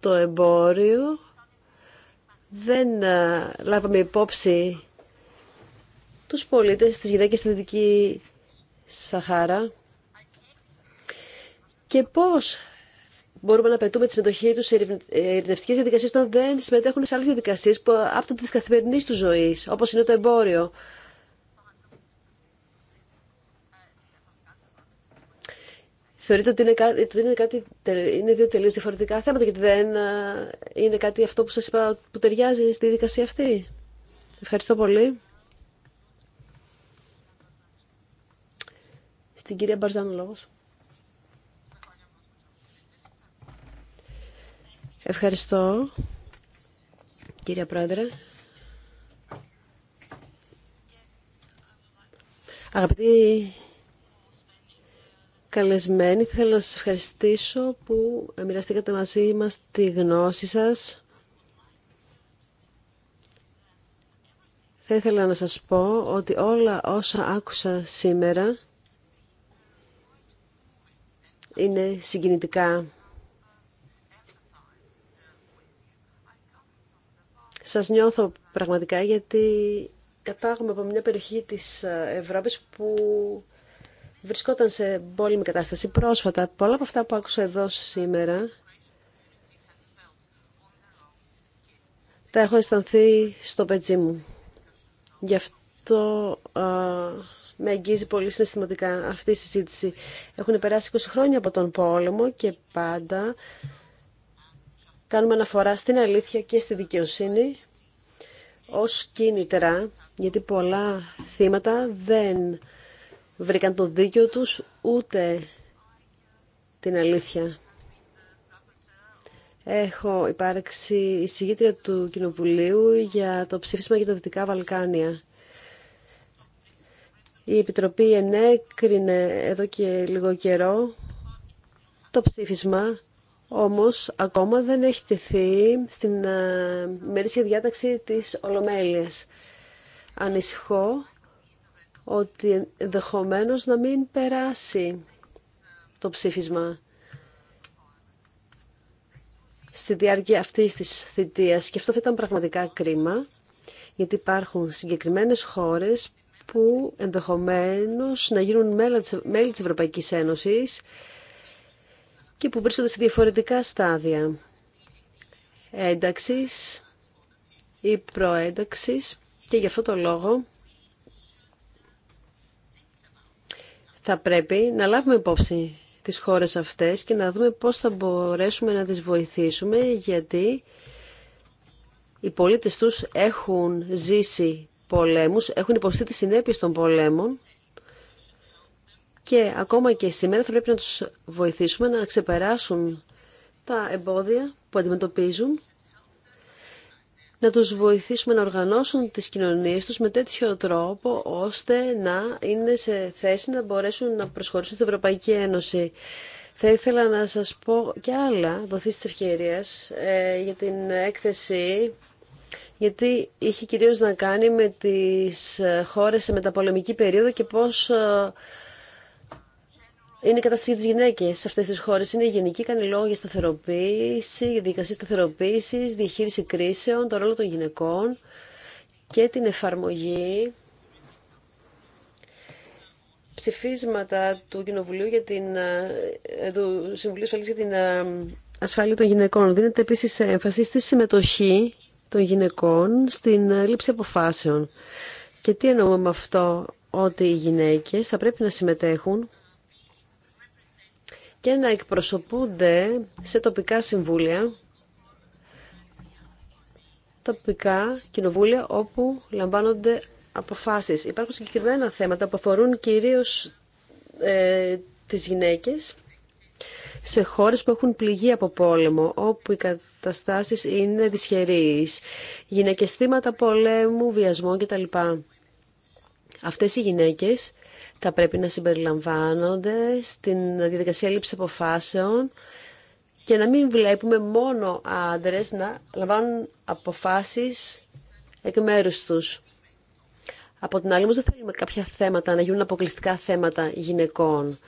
το εμπόριο, δεν ε, λάβαμε υπόψη τους πολίτες, τις γυναίκες στη Δυτική Σαχάρα και πώς μπορούμε να πετούμε τη συμμετοχή του σε ε, ερευνητικέ διαδικασίε όταν δεν συμμετέχουν σε άλλε διαδικασίε που άπτονται τη καθημερινή του ζωή, όπω είναι το εμπόριο. Θεωρείτε ότι είναι, κάτι, είναι, κάτι, είναι δύο τελείω διαφορετικά θέματα, γιατί δεν ε, είναι κάτι αυτό που σα είπα που ταιριάζει στη δικασία αυτή. Ευχαριστώ πολύ. Στην κυρία Μπαρζάνου λόγος. Ευχαριστώ, κύριε Πρόεδρε. Αγαπητοί καλεσμένοι, θέλω να σας ευχαριστήσω που μοιραστήκατε μαζί μας τη γνώση σας. Θα ήθελα να σας πω ότι όλα όσα άκουσα σήμερα είναι συγκινητικά. Σας νιώθω πραγματικά γιατί κατάγομαι από μια περιοχή της ε, Ευρώπης που βρισκόταν σε πόλεμη κατάσταση πρόσφατα. Πολλά από αυτά που άκουσα εδώ σήμερα τα έχω αισθανθεί στο πετσί μου. Γι' αυτό ε, με αγγίζει πολύ συναισθηματικά αυτή η συζήτηση. Έχουν περάσει 20 χρόνια από τον πόλεμο και πάντα κάνουμε αναφορά στην αλήθεια και στη δικαιοσύνη ως κίνητρα, γιατί πολλά θύματα δεν βρήκαν το δίκιο τους ούτε την αλήθεια. Έχω υπάρξει εισηγήτρια του Κοινοβουλίου για το ψήφισμα για τα Δυτικά Βαλκάνια. Η Επιτροπή ενέκρινε εδώ και λίγο καιρό το ψήφισμα όμως ακόμα δεν έχει τεθεί στην ε, μερίσια διάταξη της Ολομέλειας. Ανησυχώ ότι ενδεχομένω να μην περάσει το ψήφισμα στη διάρκεια αυτής της θητείας και αυτό θα ήταν πραγματικά κρίμα γιατί υπάρχουν συγκεκριμένες χώρες που ενδεχομένως να γίνουν μέλη της Ευρωπαϊκής Ένωσης και που βρίσκονται σε διαφορετικά στάδια ένταξης ή προένταξης και γι' αυτό το λόγο θα πρέπει να λάβουμε υπόψη τις χώρες αυτές και να δούμε πώς θα μπορέσουμε να τις βοηθήσουμε γιατί οι πολίτες τους έχουν ζήσει πολέμους, έχουν υποστεί τις συνέπειες των πολέμων και ακόμα και σήμερα θα πρέπει να τους βοηθήσουμε να ξεπεράσουν τα εμπόδια που αντιμετωπίζουν, να τους βοηθήσουμε να οργανώσουν τις κοινωνίες τους με τέτοιο τρόπο, ώστε να είναι σε θέση να μπορέσουν να προσχωρήσουν στην Ευρωπαϊκή Ένωση. Θα ήθελα να σας πω και άλλα, δοθείς της ευκαιρίας, ε, για την έκθεση γιατί είχε κυρίως να κάνει με τις ε, χώρες σε μεταπολεμική περίοδο και πώς ε, είναι η κατάσταση τη γυναίκε σε αυτέ τι χώρε. Είναι γενική, κάνει λόγο για σταθεροποίηση, διαδικασία σταθεροποίηση, διαχείριση κρίσεων, το ρόλο των γυναικών και την εφαρμογή ψηφίσματα του Κοινοβουλίου για την, ε, του Συμβουλίου Ασφαλής για την ε, ασφάλεια των γυναικών. Δίνεται επίσης έμφαση στη συμμετοχή των γυναικών στην ε, λήψη αποφάσεων. Και τι εννοούμε με αυτό, ότι οι γυναίκες θα πρέπει να συμμετέχουν και να εκπροσωπούνται σε τοπικά συμβούλια, τοπικά κοινοβούλια όπου λαμβάνονται αποφάσεις. Υπάρχουν συγκεκριμένα θέματα που αφορούν κυρίως ε, τις γυναίκες σε χώρες που έχουν πληγεί από πόλεμο, όπου οι καταστάσεις είναι δυσχερείς, γυναικες θύματα πολέμου, βιασμών κτλ. Αυτές οι καταστασεις ειναι δυσχερεις γυναικέστήματα θυματα πολεμου βιασμων κτλ αυτες οι γυναικες θα πρέπει να συμπεριλαμβάνονται στην διαδικασία λήψη αποφάσεων και να μην βλέπουμε μόνο άντρε να λαμβάνουν αποφάσεις εκ μέρους τους. Από την άλλη όμως δεν θέλουμε κάποια θέματα να γίνουν αποκλειστικά θέματα γυναικών.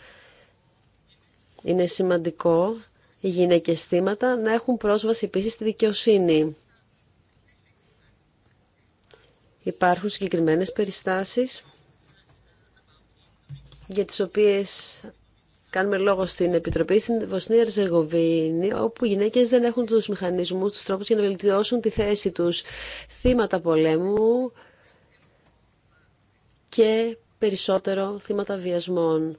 Είναι σημαντικό οι γυναίκες θύματα να έχουν πρόσβαση επίσης στη δικαιοσύνη. Υπάρχουν συγκεκριμένες περιστάσεις για τις οποίες κάνουμε λόγο στην Επιτροπή στην Βοσνία Ερζεγοβίνη, όπου οι γυναίκες δεν έχουν τους μηχανισμούς, τους τρόπους για να βελτιώσουν τη θέση τους θύματα πολέμου και περισσότερο θύματα βιασμών.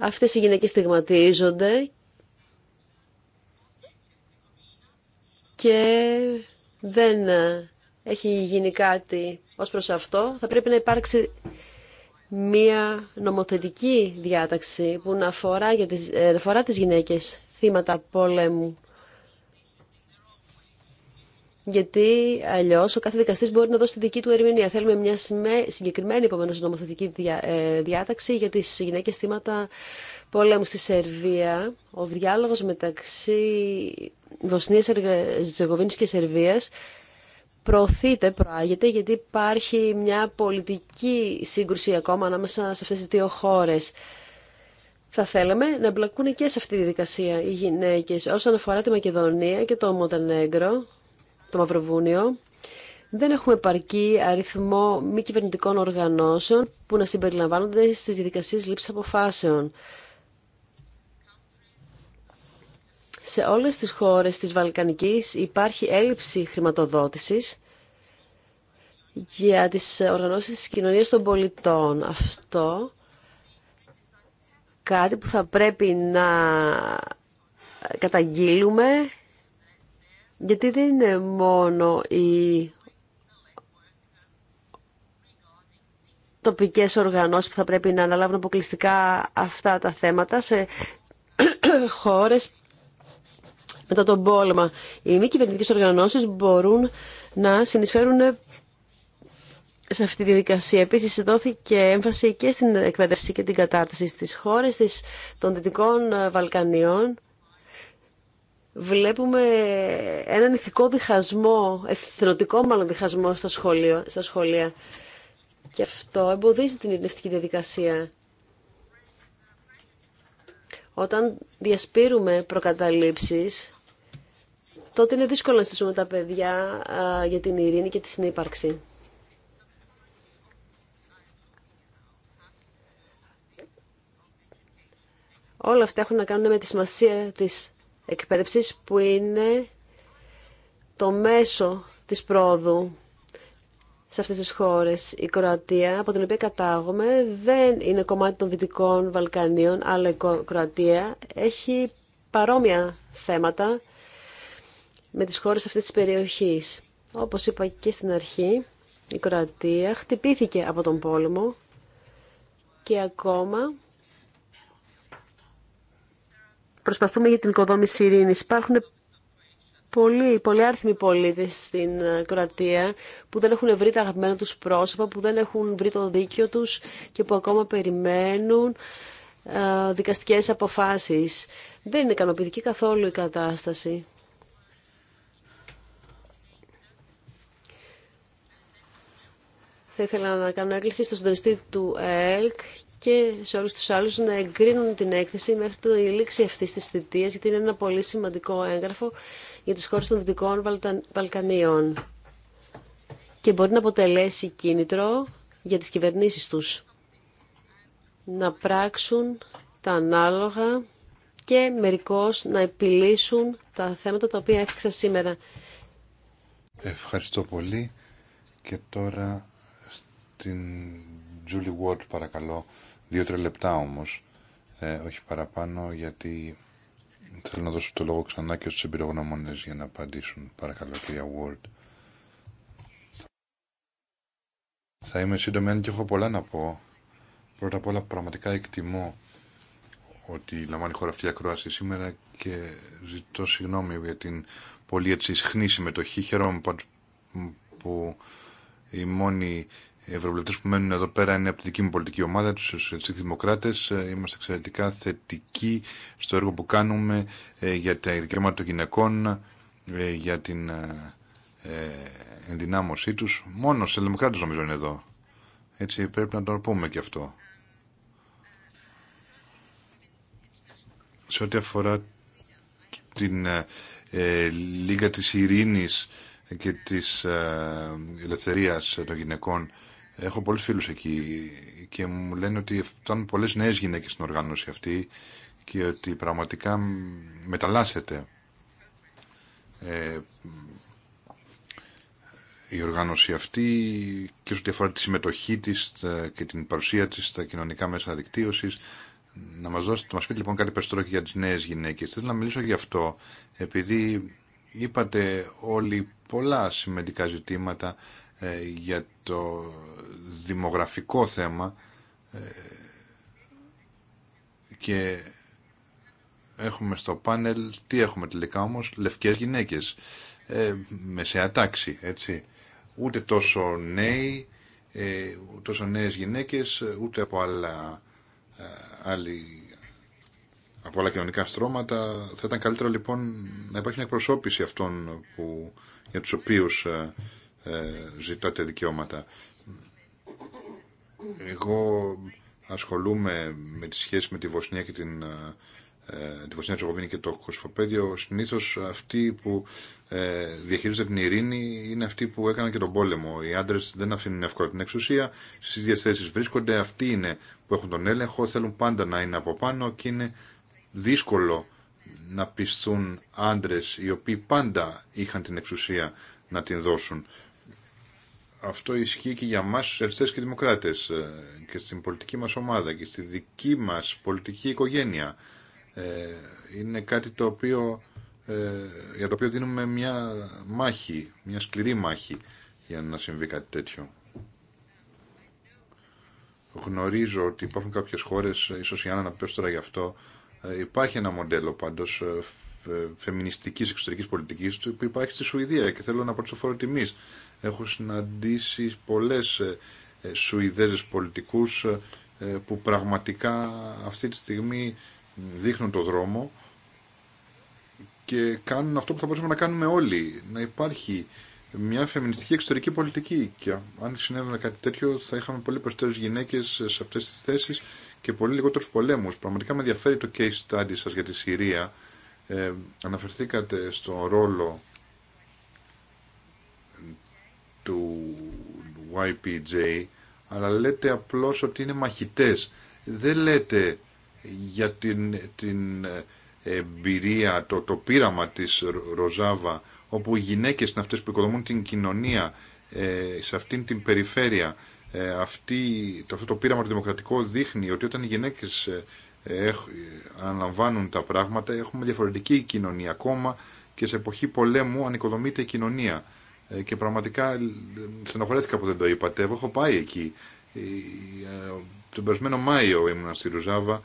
Αυτές οι γυναίκες στιγματίζονται και δεν ε, έχει γίνει κάτι ως προς αυτό. Θα πρέπει να υπάρξει μία νομοθετική διάταξη που να αφορά, για τις, ε, αφορά τις γυναίκες θύματα πολέμου. Γιατί αλλιώ ο κάθε δικαστή μπορεί να δώσει τη δική του ερμηνεία. Θέλουμε μια συγκεκριμένη επομένω νομοθετική ε, διάταξη για τι γυναίκε θύματα πολέμου στη Σερβία. Ο διάλογο μεταξύ Βοσνίας, Ζεγοβίνης και Σερβίας προωθείται, προάγεται, γιατί υπάρχει μια πολιτική σύγκρουση ακόμα ανάμεσα σε αυτές τις δύο χώρες. Θα θέλαμε να εμπλακούν και σε αυτή τη δικασία οι γυναίκες. Όσον αφορά τη Μακεδονία και το Μοντανέγκρο, το Μαυροβούνιο, δεν έχουμε επαρκή αριθμό μη κυβερνητικών οργανώσεων που να συμπεριλαμβάνονται στις διαδικασίες λήψης αποφάσεων. Σε όλες τις χώρες της Βαλκανικής υπάρχει έλλειψη χρηματοδότησης για τις οργανώσεις της κοινωνίας των πολιτών. Αυτό κάτι που θα πρέπει να καταγγείλουμε γιατί δεν είναι μόνο οι τοπικές οργανώσεις που θα πρέπει να αναλάβουν αποκλειστικά αυτά τα θέματα σε χώρες μετά τον πόλεμο. Οι μη κυβερνητικέ οργανώσεις μπορούν να συνεισφέρουν σε αυτή τη διαδικασία. Επίση, δόθηκε έμφαση και στην εκπαίδευση και την κατάρτιση στι χώρε των Δυτικών ε, Βαλκανίων. Βλέπουμε έναν ηθικό διχασμό, εθνοτικό μάλλον διχασμό στα, σχολείο, στα σχολεία. Και αυτό εμποδίζει την ειρηνευτική διαδικασία. Όταν διασπείρουμε προκαταλήψεις, τότε είναι δύσκολο να στήσουμε τα παιδιά για την ειρήνη και τη συνύπαρξη. Όλα αυτά έχουν να κάνουν με τη σημασία της εκπαίδευσης που είναι το μέσο της πρόοδου σε αυτές τις χώρες. Η Κροατία, από την οποία κατάγομαι, δεν είναι κομμάτι των Δυτικών Βαλκανίων, αλλά η Κροατία έχει παρόμοια θέματα με τις χώρες αυτής της περιοχής. Όπως είπα και στην αρχή, η Κροατία χτυπήθηκε από τον πόλεμο και ακόμα προσπαθούμε για την οικοδόμηση ειρήνης. Υπάρχουν πολλοί, πολλοί άρθιμοι πολίτες στην ε, Κροατία που δεν έχουν βρει τα αγαπημένα τους πρόσωπα, που δεν έχουν βρει το δίκιο τους και που ακόμα περιμένουν ε, δικαστικές αποφάσεις. Δεν είναι ικανοποιητική καθόλου η κατάσταση. Θα ήθελα να κάνω έκκληση στον συντονιστή του ΕΛΚ και σε όλους τους άλλους να εγκρίνουν την έκθεση μέχρι το λήξη αυτή της θητείας, γιατί είναι ένα πολύ σημαντικό έγγραφο για τις χώρες των Δυτικών Βαλκανίων και μπορεί να αποτελέσει κίνητρο για τις κυβερνήσεις τους να πράξουν τα ανάλογα και μερικώς να επιλύσουν τα θέματα τα οποία έφτιαξα σήμερα. Ευχαριστώ πολύ και τώρα την Julie Ward παρακαλώ. Δύο-τρία λεπτά όμως, ε, όχι παραπάνω, γιατί θέλω να δώσω το λόγο ξανά και στους εμπειρογνώμονες για να απαντήσουν. Παρακαλώ κυρία Ward. Θα είμαι σύντομη, αν και έχω πολλά να πω. Πρώτα απ' όλα πραγματικά εκτιμώ ότι λαμβάνει η χώρα αυτή η ακρόαση σήμερα και ζητώ συγγνώμη για την πολύ έτσι συχνή συμμετοχή. Χαίρομαι που η μόνη οι ευρωβουλευτέ που μένουν εδώ πέρα είναι από τη δική μου πολιτική ομάδα, του Δημοκράτε. Ε, είμαστε εξαιρετικά θετικοί στο έργο που κάνουμε ε, για τα δικαιώματα των γυναικών, ε, για την ενδυνάμωσή του. Μόνο σε δημοκράτε νομίζω είναι εδώ. Έτσι πρέπει να το πούμε και αυτό. Σε ό,τι αφορά την Λίγα της Ειρήνης και της ε, Ελευθερίας των Γυναικών Έχω πολλούς φίλους εκεί και μου λένε ότι φτάνουν πολλές νέες γυναίκες στην οργάνωση αυτή και ότι πραγματικά μεταλλάσσεται ε, η οργάνωση αυτή και ό,τι αφορά τη συμμετοχή της ε, και την παρουσία της στα κοινωνικά μέσα δικτύωσης. Να μας, δώσετε, να μας πείτε λοιπόν κάτι περισσότερο για τις νέες γυναίκες. Θέλω να μιλήσω γι' αυτό, επειδή είπατε όλοι πολλά σημαντικά ζητήματα ε, για το δημογραφικό θέμα ε, και έχουμε στο πάνελ, τι έχουμε τελικά όμως, λευκές γυναίκες, με μεσαία τάξη, έτσι. Ούτε τόσο νέοι, ε, τόσο νέες γυναίκες, ούτε από άλλα, ε, από άλλα κοινωνικά στρώματα. Θα ήταν καλύτερο λοιπόν να υπάρχει μια εκπροσώπηση αυτών που, για τους οποίους... Ε, ζητάτε δικαιώματα. Εγώ ασχολούμαι με τις σχέσεις με τη Βοσνία και την ε, τη Βοσνία Τσογοβίνη και το Κοσφοπέδιο, συνήθω αυτοί που ε, διαχειρίζονται την ειρήνη είναι αυτοί που έκαναν και τον πόλεμο. Οι άντρε δεν αφήνουν εύκολα την εξουσία, στι διαθέσει βρίσκονται, αυτοί είναι που έχουν τον έλεγχο, θέλουν πάντα να είναι από πάνω και είναι δύσκολο να πιστούν άντρε οι οποίοι πάντα είχαν την εξουσία να την δώσουν. Αυτό ισχύει και για εμά, του αριστερές και δημοκράτε ε, και στην πολιτική μα ομάδα και στη δική μα πολιτική οικογένεια. Ε, είναι κάτι το οποίο, ε, για το οποίο δίνουμε μια μάχη, μια σκληρή μάχη για να συμβεί κάτι τέτοιο. Γνωρίζω ότι υπάρχουν κάποιε χώρε ίσω η Άννα να πει τώρα γι' αυτό, υπάρχει ένα μοντέλο πάντως φεμινιστικής εξωτερικής πολιτικής που υπάρχει στη Σουηδία και θέλω να πω τιμής Έχω συναντήσει πολλές ε, ε, Σουηδέζες πολιτικούς ε, που πραγματικά αυτή τη στιγμή δείχνουν το δρόμο και κάνουν αυτό που θα μπορούσαμε να κάνουμε όλοι. Να υπάρχει μια φεμινιστική εξωτερική πολιτική. Και αν συνέβαινε κάτι τέτοιο, θα είχαμε πολύ περισσότερες γυναίκες σε αυτές τις θέσεις και πολύ λιγότερους πολέμους. Πραγματικά με ενδιαφέρει το case study σας για τη Συρία. αναφερθήκατε στον ρόλο του YPJ, αλλά λέτε απλώς ότι είναι μαχητές. Δεν λέτε για την, την ε, εμπειρία, το, το πείραμα της Ροζάβα, όπου οι γυναίκες είναι αυτές που οικοδομούν την κοινωνία ε, σε αυτήν την περιφέρεια. Ε, αυτή, το, αυτό το πείραμα το δημοκρατικό δείχνει ότι όταν οι γυναίκες αναλαμβάνουν τα πράγματα έχουμε διαφορετική κοινωνία ακόμα και σε εποχή πολέμου αν η κοινωνία. Ε, και πραγματικά ε, στενοχωρέθηκα που δεν το είπατε. Εγώ έχω πάει εκεί. Ε, τον περασμένο Μάιο ήμουν στη Ρουζάβα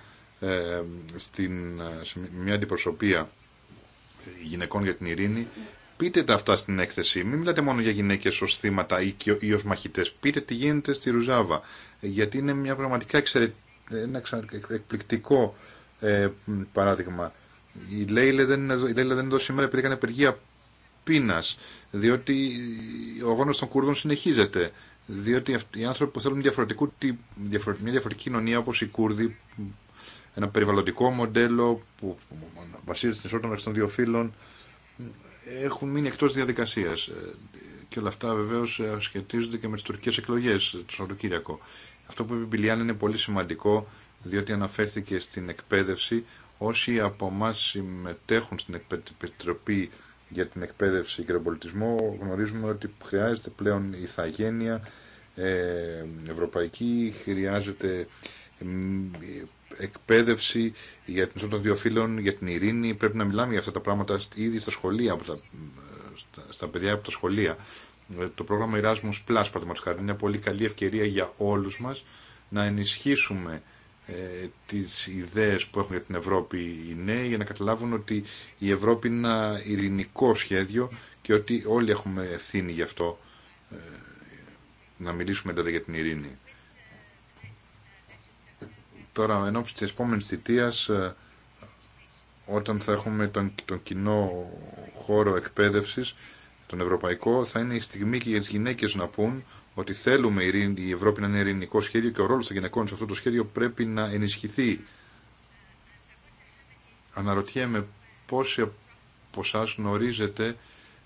στην, σε μια αντιπροσωπεία γυναικών για την ειρήνη. Πείτε τα αυτά στην έκθεση. Μην μιλάτε μόνο για γυναίκε ω θύματα ή, ή ως μαχητές. Πείτε τι γίνεται στη Ρουζάβα. Γιατί είναι μια πραγματικά εξαιρε... ένα εκπληκτικό ε, παράδειγμα. Η Λέιλε δεν είναι εδώ, η Λέιλε δεν είναι εδώ σήμερα επειδή έκανε απεργία διότι ο αγώνα των Κούρδων συνεχίζεται, διότι οι άνθρωποι που θέλουν διαφορετικού, μια διαφορετική κοινωνία όπω οι Κούρδοι, ένα περιβαλλοντικό μοντέλο που βασίζεται στην ισότητα μεταξύ των δύο φύλων, έχουν μείνει εκτό διαδικασία. Ε, και όλα αυτά βεβαίω ε, σχετίζονται και με τις τουρκικέ εκλογές το Σαββατοκύριακο. Αυτό που είπε η Μπιλιάν είναι πολύ σημαντικό, διότι αναφέρθηκε στην εκπαίδευση. Όσοι από εμά συμμετέχουν στην Επιτροπή για την εκπαίδευση και τον πολιτισμό γνωρίζουμε ότι χρειάζεται πλέον ηθαγένεια ε, ευρωπαϊκή, χρειάζεται εκπαίδευση για την ισότητα των δύο φύλων, για την ειρήνη. Πρέπει να μιλάμε για αυτά τα πράγματα ήδη στα σχολεία, τα, στα, παιδιά από τα σχολεία. Ε, το πρόγραμμα Erasmus Plus, παραδείγματο χάρη, είναι μια πολύ καλή ευκαιρία για όλου μα να ενισχύσουμε ε, τις ιδέες που έχουν για την Ευρώπη οι νέοι για να καταλάβουν ότι η Ευρώπη είναι ένα ειρηνικό σχέδιο και ότι όλοι έχουμε ευθύνη γι' αυτό ε, να μιλήσουμε τότε δηλαδή για την ειρήνη. Τώρα, εν ώψη της επόμενης ε, όταν θα έχουμε τον, τον κοινό χώρο εκπαίδευσης, τον ευρωπαϊκό, θα είναι η στιγμή και για τις γυναίκες να πούν ότι θέλουμε η Ευρώπη να είναι ειρηνικό σχέδιο και ο ρόλος των γυναικών σε αυτό το σχέδιο πρέπει να ενισχυθεί. Αναρωτιέμαι πόσοι από εσά γνωρίζετε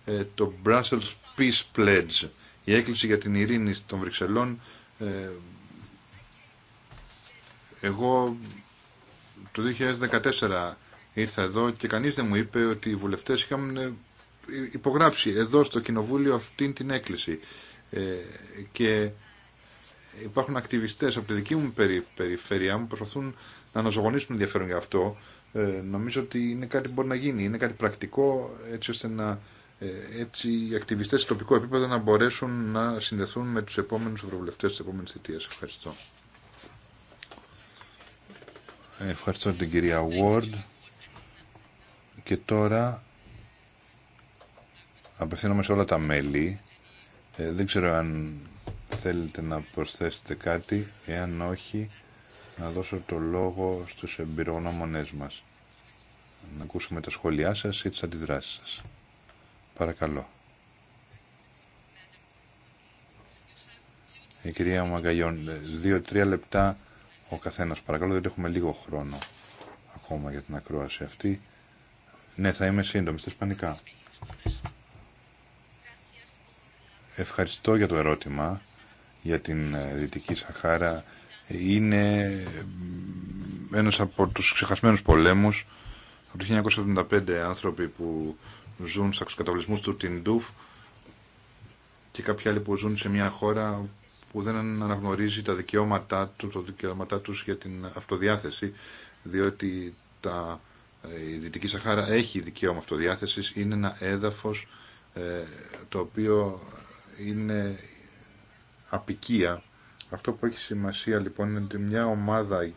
ε, το Brussels Peace Pledge, η έκκληση για την ειρήνη των Βρυξελών. Ε, εγώ το 2014 ήρθα εδώ και κανείς δεν μου είπε ότι οι βουλευτές είχαν ε, υπογράψει εδώ στο Κοινοβούλιο αυτή την έκκληση. Ε, και υπάρχουν ακτιβιστές από τη δική μου περιφέρεια που προσπαθούν να αναζωογονήσουν ενδιαφέρον για αυτό. Ε, νομίζω ότι είναι κάτι που μπορεί να γίνει, είναι κάτι πρακτικό έτσι ώστε να ε, έτσι οι ακτιβιστές σε τοπικό επίπεδο να μπορέσουν να συνδεθούν με τους επόμενους ευρωβουλευτές της επόμενης θητείας. Ευχαριστώ. Ευχαριστώ την κυρία Ward. Και τώρα απευθύνομαι σε όλα τα μέλη ε, δεν ξέρω αν θέλετε να προσθέσετε κάτι. Εάν όχι, να δώσω το λόγο στους εμπειρογνώμονές μας. Να ακούσουμε τα σχόλιά σας ή τις αντιδράσεις σας. Παρακαλώ. Η κυρία Μαγκαγιών, ε, δύο-τρία λεπτά ο καθένας παρακαλώ, διότι έχουμε λίγο χρόνο ακόμα για την ακρόαση αυτή. Ναι, θα είμαι σύντομη στα ισπανικά. Ευχαριστώ για το ερώτημα για την ε, Δυτική Σαχάρα. Είναι ένας από τους ξεχασμένους πολέμους. Από το 1975 άνθρωποι που ζουν στους καταβλισμούς του Τιντούφ και κάποιοι άλλοι που ζουν σε μια χώρα που δεν αναγνωρίζει τα δικαιώματά τους, τα δικαιώματά τους για την αυτοδιάθεση, διότι τα, ε, η Δυτική Σαχάρα έχει δικαίωμα αυτοδιάθεσης, είναι ένα έδαφος ε, το οποίο είναι απικία. Αυτό που έχει σημασία λοιπόν είναι ότι μια ομάδα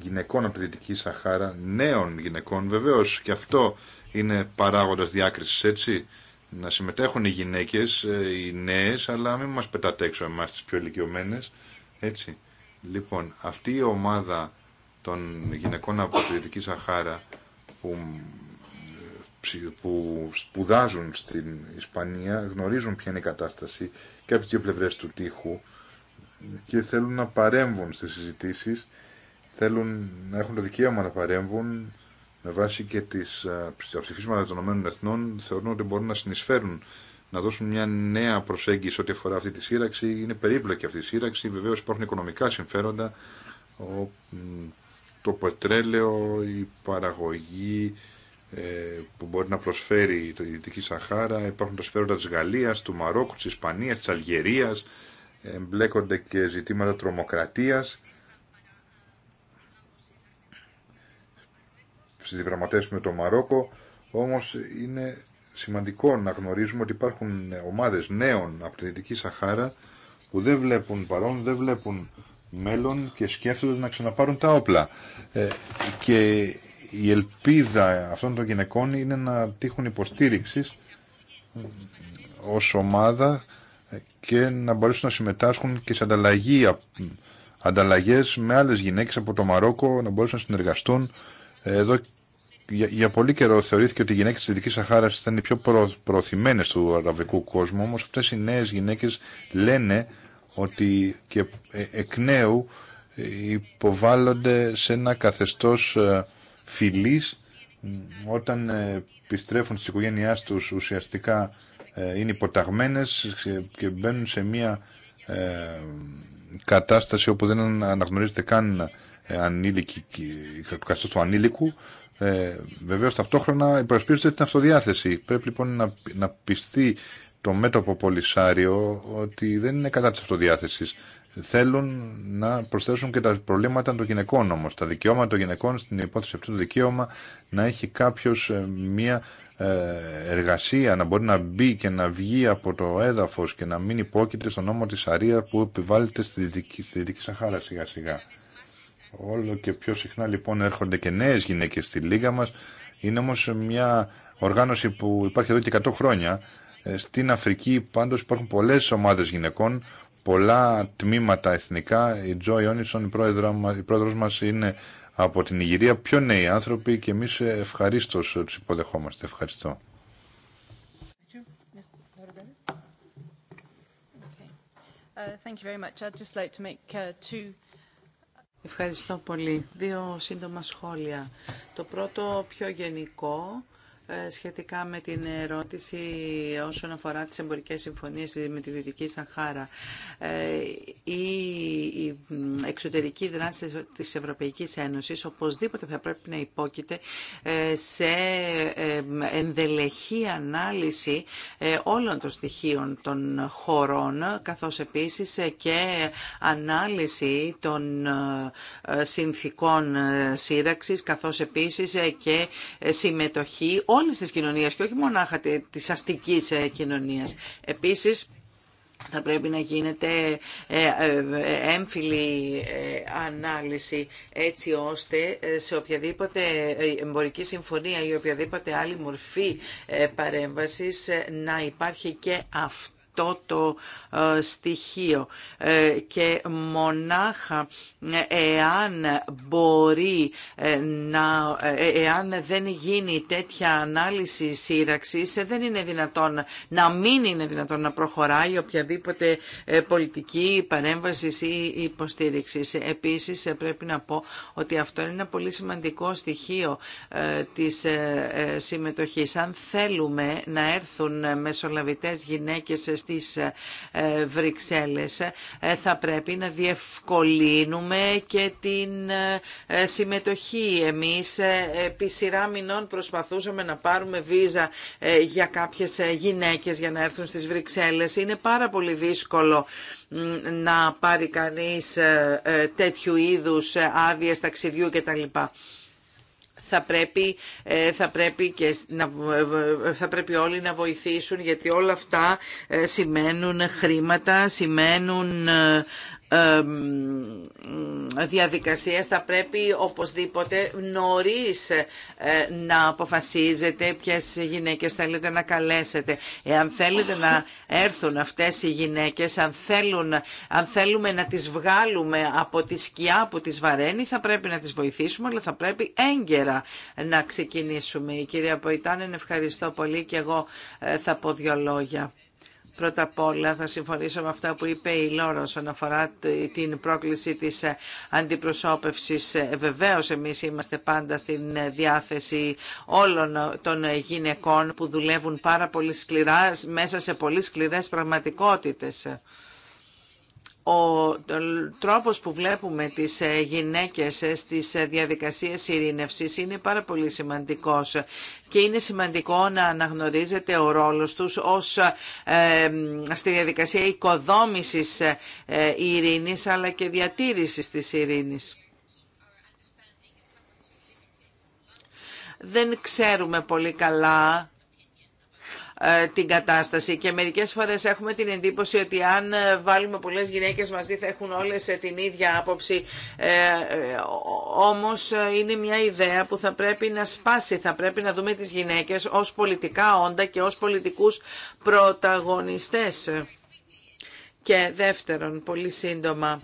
γυναικών από τη Δυτική Σαχάρα, νέων γυναικών βεβαίως και αυτό είναι παράγοντας διάκρισης έτσι, να συμμετέχουν οι γυναίκες, ε, οι νέες, αλλά μην μας πετάτε έξω εμάς τις πιο ηλικιωμένε. έτσι. Λοιπόν, αυτή η ομάδα των γυναικών από τη Δυτική Σαχάρα που που σπουδάζουν στην Ισπανία γνωρίζουν ποια είναι η κατάσταση και από τις δύο πλευρές του τείχου και θέλουν να παρέμβουν στις συζητήσεις, θέλουν να έχουν το δικαίωμα να παρέμβουν με βάση και τις, ψηφίσματα των Εθνών θεωρούν ότι μπορούν να συνεισφέρουν να δώσουν μια νέα προσέγγιση ό,τι αφορά αυτή τη σύραξη. Είναι περίπλοκη αυτή η σύραξη. Βεβαίω υπάρχουν οικονομικά συμφέροντα. το πετρέλαιο, η παραγωγή, ε, που μπορεί να προσφέρει η Δυτική Σαχάρα. Υπάρχουν τα σφαίροντα της Γαλλίας, του Μαρόκου, της Ισπανίας, της Αλγερίας. Εμπλέκονται και ζητήματα τρομοκρατίας. Στις με το Μαρόκο. Όμως είναι σημαντικό να γνωρίζουμε ότι υπάρχουν ομάδες νέων από τη Δυτική Σαχάρα που δεν βλέπουν παρόν, δεν βλέπουν μέλλον και σκέφτονται να ξαναπάρουν τα όπλα. Ε, και η ελπίδα αυτών των γυναικών είναι να τύχουν υποστήριξη ως ομάδα και να μπορέσουν να συμμετάσχουν και σε ανταλλαγή, ανταλλαγές με άλλες γυναίκες από το Μαρόκο, να μπορέσουν να συνεργαστούν. Εδώ για, για πολύ καιρό θεωρήθηκε ότι οι γυναίκες της Δυτικής Σαχάρας ήταν οι πιο προ, του αραβικού κόσμου, όμως αυτέ οι νέες γυναίκες λένε ότι και ε, εκ νέου ε, υποβάλλονται σε ένα καθεστώς ε, φιλής όταν ε, επιστρέφουν στις οικογένειάς τους ουσιαστικά ε, είναι υποταγμένες και μπαίνουν σε μια ε, κατάσταση όπου δεν αναγνωρίζεται καν ανήλικη, το του ανήλικου ε, βεβαίως ταυτόχρονα υπερασπίζεται την αυτοδιάθεση πρέπει λοιπόν να, να πιστεί το μέτωπο πολυσάριο ότι δεν είναι κατά της αυτοδιάθεσης θέλουν να προσθέσουν και τα προβλήματα των γυναικών όμως. Τα δικαιώματα των γυναικών στην υπόθεση αυτού του δικαίωμα να έχει κάποιος ε, μία ε, εργασία, να μπορεί να μπει και να βγει από το έδαφος και να μην υπόκειται στον νόμο της Σαρία που επιβάλλεται στη Δυτική, στη Σαχάρα σιγά σιγά. Όλο και πιο συχνά λοιπόν έρχονται και νέες γυναίκες στη Λίγα μας. Είναι όμως μια οργάνωση που υπάρχει εδώ και 100 χρόνια. Ε, στην Αφρική πάντως υπάρχουν πολλές ομάδες γυναικών πολλά τμήματα εθνικά. Η Τζο Ιόνισον, η, η πρόεδρος μας, είναι από την Ιγυρία. Πιο νέοι άνθρωποι και εμείς ευχαρίστως τους υποδεχόμαστε. Ευχαριστώ. Ευχαριστώ πολύ. Δύο σύντομα σχόλια. Το πρώτο πιο γενικό ε, σχετικά με την ερώτηση όσον αφορά τις εμπορικές συμφωνίες με τη Δυτική Σαχάρα. Ε, η εξωτερική δράση της Ευρωπαϊκής Ένωσης οπωσδήποτε θα πρέπει να υπόκειται ε, σε ενδελεχή ανάλυση όλων των στοιχείων των χωρών, καθώς επίσης και ανάλυση των συνθήκων σύραξης, καθώς επίσης και συμμετοχή Όλη τη κοινωνία και όχι μονάχα της αστικής ε, κοινωνία. Επίσης, θα πρέπει να γίνεται ε, ε, έμφυλη ανάλυση έτσι ώστε σε οποιαδήποτε εμπορική συμφωνία ή οποιαδήποτε άλλη μορφή παρέμβασης να υπάρχει και αυτό το ε, στοιχείο ε, και μονάχα ε, εάν μπορεί να, εάν δεν γίνει τέτοια ανάλυση σύραξης δεν είναι δυνατόν να μην είναι δυνατόν να προχωράει οποιαδήποτε πολιτική παρέμβαση ή υποστήριξη. Επίσης πρέπει να πω ότι αυτό είναι ένα πολύ σημαντικό στοιχείο της συμμετοχής. Αν θέλουμε να έρθουν μεσολαβητές γυναίκες στις ε, ε, Βρυξέλλες. Ε, θα πρέπει να διευκολύνουμε και την συμμετοχή. Εμείς επί σειρά μηνών προσπαθούσαμε να πάρουμε βίζα για κάποιες γυναίκες για να έρθουν στις Βρυξέλλες. Είναι πάρα πολύ δύσκολο να πάρει κανείς τέτοιου είδους άδειες ταξιδιού κτλ θα πρέπει, ε, θα πρέπει, και ε, ε, θα πρέπει όλοι να βοηθήσουν γιατί όλα αυτά σημαίνουν χρήματα, σημαίνουν διαδικασίες θα πρέπει οπωσδήποτε νωρίς ε, να αποφασίζετε ποιες γυναίκες θέλετε να καλέσετε. Εάν θέλετε να έρθουν αυτές οι γυναίκες, αν, θέλουν, αν θέλουμε να τις βγάλουμε από τη σκιά που τις βαραίνει, θα πρέπει να τις βοηθήσουμε, αλλά θα πρέπει έγκαιρα να ξεκινήσουμε. Η κυρία Ποητάνεν, ευχαριστώ πολύ και εγώ ε, θα πω δύο λόγια. Πρώτα απ' όλα θα συμφωνήσω με αυτά που είπε η Λόρα όσον αφορά την πρόκληση της ε, αντιπροσώπευσης. Ε, βεβαίως εμείς είμαστε πάντα στην ε, διάθεση όλων των γυναικών που δουλεύουν πάρα πολύ σκληρά μέσα σε πολύ σκληρές πραγματικότητες ο τρόπος που βλέπουμε τις ε, γυναίκες ε, στις ε, διαδικασίες ειρήνευσης είναι πάρα πολύ σημαντικός και είναι σημαντικό να αναγνωρίζεται ο ρόλος τους ως στη διαδικασία οικοδόμησης ε, ειρήνης αλλά και διατήρησης της ειρήνης. Δεν ξέρουμε πολύ καλά ε, την κατάσταση και μερικές φορές έχουμε την εντύπωση ότι αν ε, βάλουμε πολλές γυναίκες μαζί θα έχουν όλες ε, την ίδια άποψη όμως είναι μια ιδέα που θα πρέπει να σπάσει θα πρέπει να δούμε τις γυναίκες ως πολιτικά όντα και ως πολιτικούς πρωταγωνιστές και δεύτερον πολύ σύντομα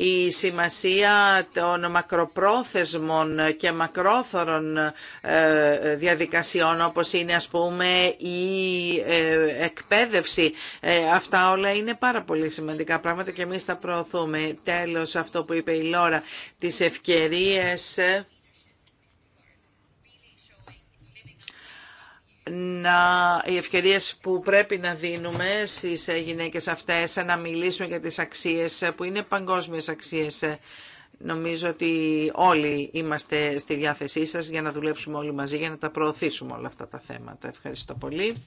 η σημασία των μακροπρόθεσμων και μακρόθωρων ε, διαδικασιών όπως είναι ας πούμε η ε, εκπαίδευση. Ε, αυτά όλα είναι πάρα πολύ σημαντικά πράγματα και εμείς τα προωθούμε. Τέλος αυτό που είπε η Λόρα, τις ευκαιρίες να, οι ευκαιρίες που πρέπει να δίνουμε στις ε, γυναίκες αυτές να μιλήσουμε για τις αξίες ε, που είναι παγκόσμιες αξίες. Ε. Νομίζω ότι όλοι είμαστε στη διάθεσή σας για να δουλέψουμε όλοι μαζί, για να τα προωθήσουμε όλα αυτά τα θέματα. Ευχαριστώ πολύ.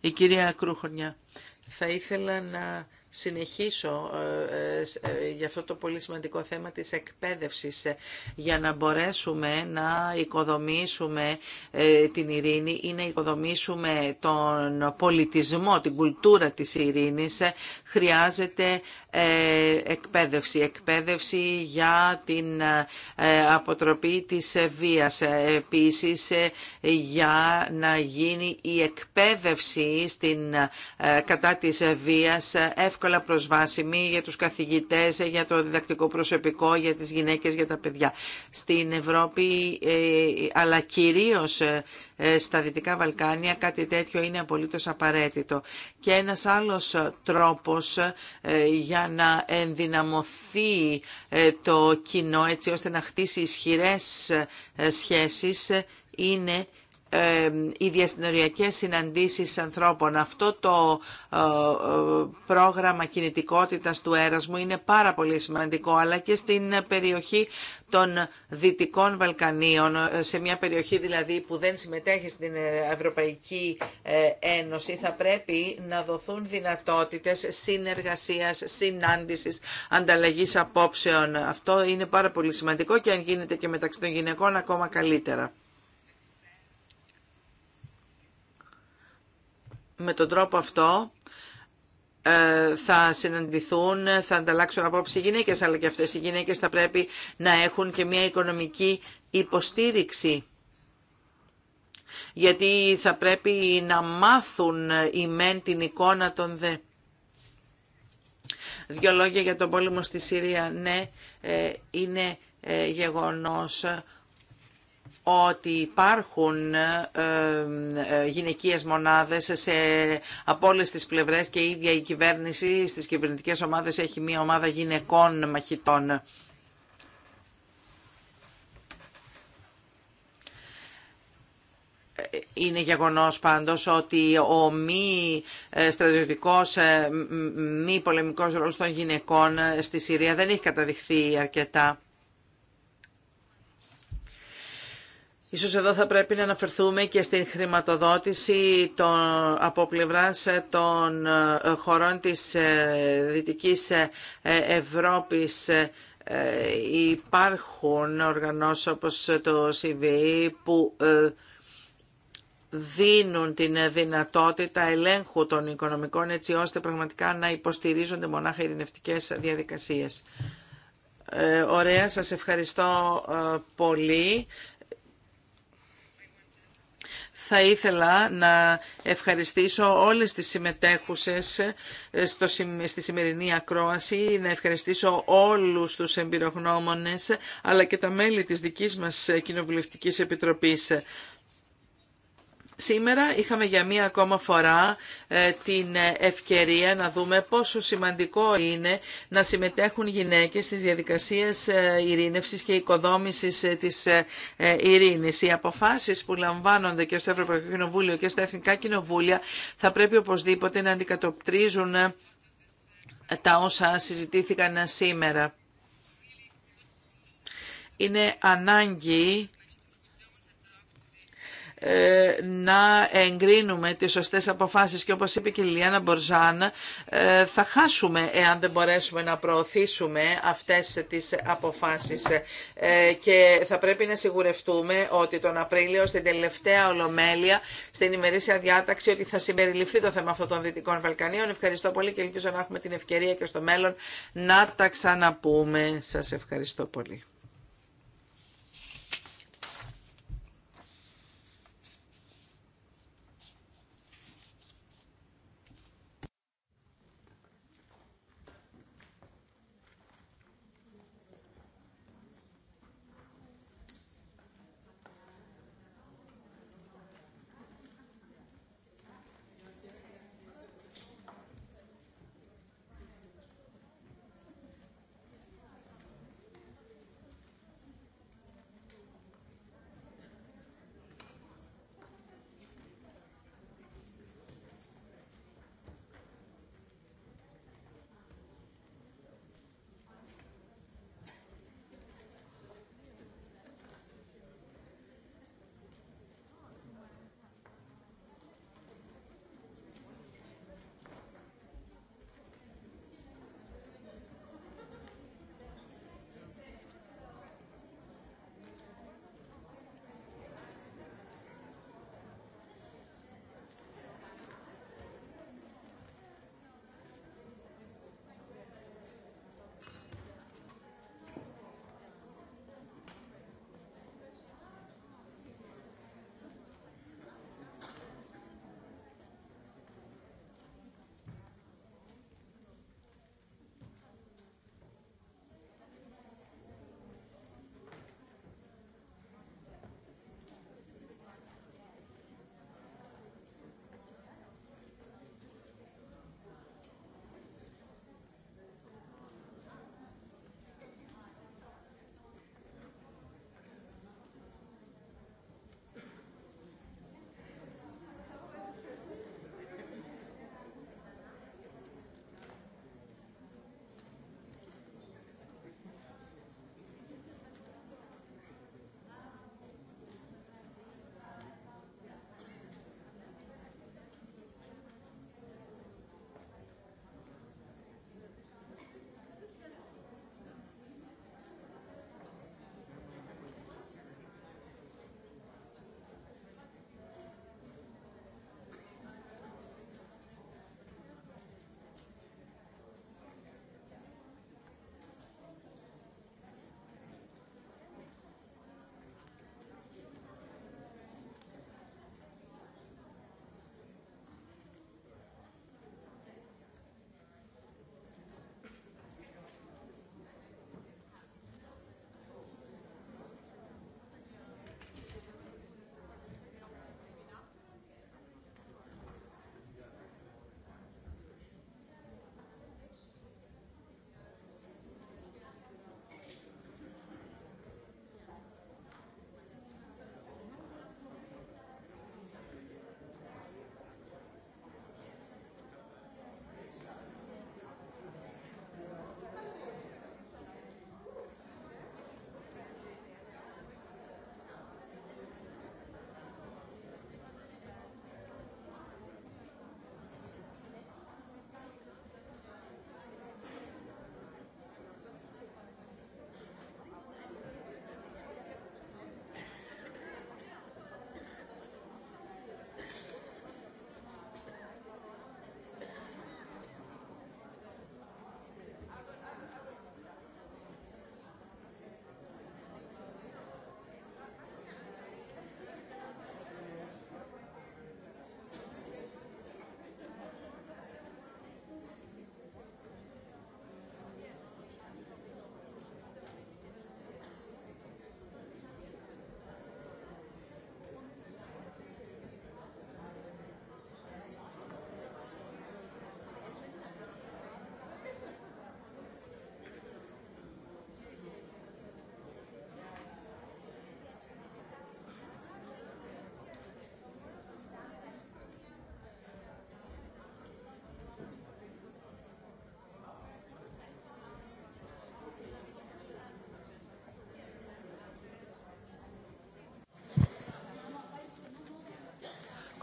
Η κυρία Κρούχωνια. θα ήθελα να συνεχίσω ε, ε, ε, για αυτό το πολύ σημαντικό θέμα της εκπαίδευσης για να μπορέσουμε να οικοδομήσουμε την ειρήνη ή να οικοδομήσουμε τον πολιτισμό, την κουλτούρα της ειρήνης χρειάζεται ε, εκπαίδευση. Εκπαίδευση για την ε, αποτροπή της βίας. Ε, επίσης, για να γίνει η εκπαίδευση στην, κατά της βίας εύκολα προσβάσιμη για τους καθηγητές, για το διδακτικό προσωπικό, για τις γυναίκες, για τα παιδιά. Στην Ευρώπη, αλλά κυρίως ε, στα Δυτικά Βαλκάνια, κάτι τέτοιο είναι απολύτως απαραίτητο. Και ένας άλλος τρόπος ε, για να ενδυναμωθεί ε, το κοινό έτσι ώστε να χτίσει ισχυρές σχέσεις είναι οι διασυνοριακές συναντήσεις ανθρώπων. Αυτό το ε, ε, πρόγραμμα κινητικότητας του έρασμου είναι πάρα πολύ σημαντικό, αλλά και στην περιοχή των Δυτικών Βαλκανίων, σε μια περιοχή δηλαδή που δεν συμμετέχει στην ε, Ευρωπαϊκή Ένωση, θα πρέπει να δοθούν δυνατότητες συνεργασίας, συνάντησης, ανταλλαγής απόψεων. Αυτό είναι πάρα πολύ σημαντικό και αν γίνεται και μεταξύ των γυναικών ακόμα καλύτερα. Με τον τρόπο αυτό ε, θα συναντηθούν, θα ανταλλάξουν απόψη οι γυναίκες, αλλά και αυτές οι γυναίκες θα πρέπει να έχουν και μια οικονομική υποστήριξη. Γιατί θα πρέπει να μάθουν οι μεν την εικόνα των δε. Δύο λόγια για τον πόλεμο στη Συρία. Ναι, ε, είναι ε, γεγονός ότι υπάρχουν ε, ε, γυναικείες μονάδες σε, από όλες τις πλευρές και η ίδια η κυβέρνηση στις κυβερνητικές ομάδες έχει μία ομάδα γυναικών μαχητών. Είναι γεγονός πάντως ότι ο μη ε, στρατιωτικός, μη πολεμικός ρόλος των γυναικών στη Συρία δεν έχει καταδειχθεί αρκετά. Ίσως εδώ θα πρέπει να αναφερθούμε και στην χρηματοδότηση από πλευράς ε, των ε, χωρών της ε, Δυτικής Ευρώπης υπάρχουν οργανώσεις όπως το CVE που δίνουν την δυνατότητα ελέγχου των οικονομικών έτσι ώστε πραγματικά να υποστηρίζονται μονάχα ειρηνευτικές διαδικασίες. Ωραία, σας ευχαριστώ πολύ θα ήθελα να ευχαριστήσω όλες τις συμμετέχουσες ε, στο, στη σημερινή ακρόαση, να ευχαριστήσω όλους τους εμπειρογνώμονες, αλλά και τα μέλη της δικής μας ε, Κοινοβουλευτικής Επιτροπής. Σήμερα είχαμε για μία ακόμα φορά ε, την ε, ευκαιρία να δούμε πόσο σημαντικό είναι να συμμετέχουν γυναίκες στις διαδικασίες ε, ειρήνευσης και οικοδόμησης της ειρήνης. Οι αποφάσεις που λαμβάνονται και στο Ευρωπαϊκό Κοινοβούλιο και στα Εθνικά Κοινοβούλια θα πρέπει οπωσδήποτε να αντικατοπτρίζουν τα όσα συζητήθηκαν σήμερα. Είναι ανάγκη ε, να εγκρίνουμε τις σωστές αποφάσεις και όπως είπε και η Λιάννα Μπορζάν ε, θα χάσουμε εάν δεν μπορέσουμε να προωθήσουμε αυτές τις αποφάσεις ε, και θα πρέπει να σιγουρευτούμε ότι τον Απρίλιο στην τελευταία ολομέλεια στην ημερήσια διάταξη ότι θα συμπεριληφθεί το θέμα αυτό των Δυτικών Βαλκανίων. Ευχαριστώ πολύ και ελπίζω να έχουμε την ευκαιρία και στο μέλλον να τα ξαναπούμε. Σας ευχαριστώ πολύ.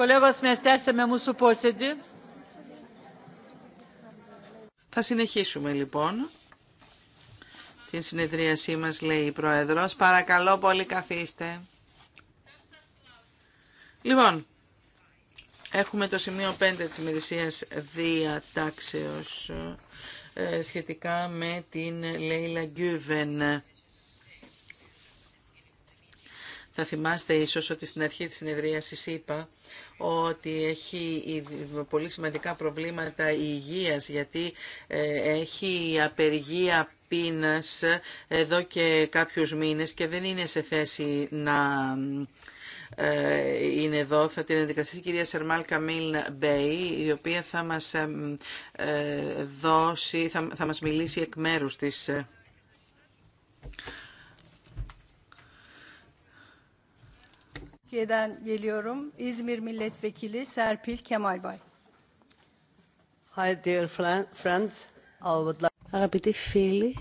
με Θα συνεχίσουμε λοιπόν την συνεδρίασή μας, λέει η Πρόεδρος. Παρακαλώ πολύ καθίστε. Λοιπόν, έχουμε το σημείο 5 της ημερησίας διατάξεως ε, σχετικά με την Λέιλα Γκιούβεν Θα θυμάστε ίσως ότι στην αρχή της συνεδρίασης είπα ότι έχει πολύ σημαντικά προβλήματα υγείας γιατί ε, έχει απεργία πείνας εδώ και κάποιους μήνες και δεν είναι σε θέση να ε, είναι εδώ. Θα την αντικαταστήσει η κυρία Σερμάλ Καμίλ Μπέι, η οποία θα μας ε, δώσει, θα, θα μας μιλήσει εκ μέρους της. Türkiye'den geliyorum. İzmir Milletvekili Serpil Kemalbay. Hi dear friends. I would like... Αγαπητοί φίλοι,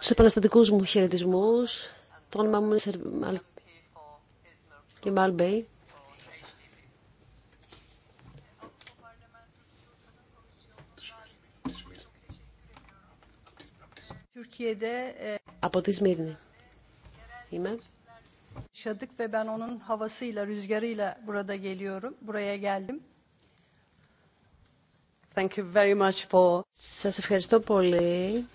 τους επαναστατικούς μου χαιρετισμού, το όνομά μου είναι Κεμάλ E, Από τη Σμύρνη. Είμαι. Yaşadık ve ben onun havasıyla, rüzgarıyla burada geliyorum, buraya geldim. Thank you very much for... Σας ευχαριστώ πολύ.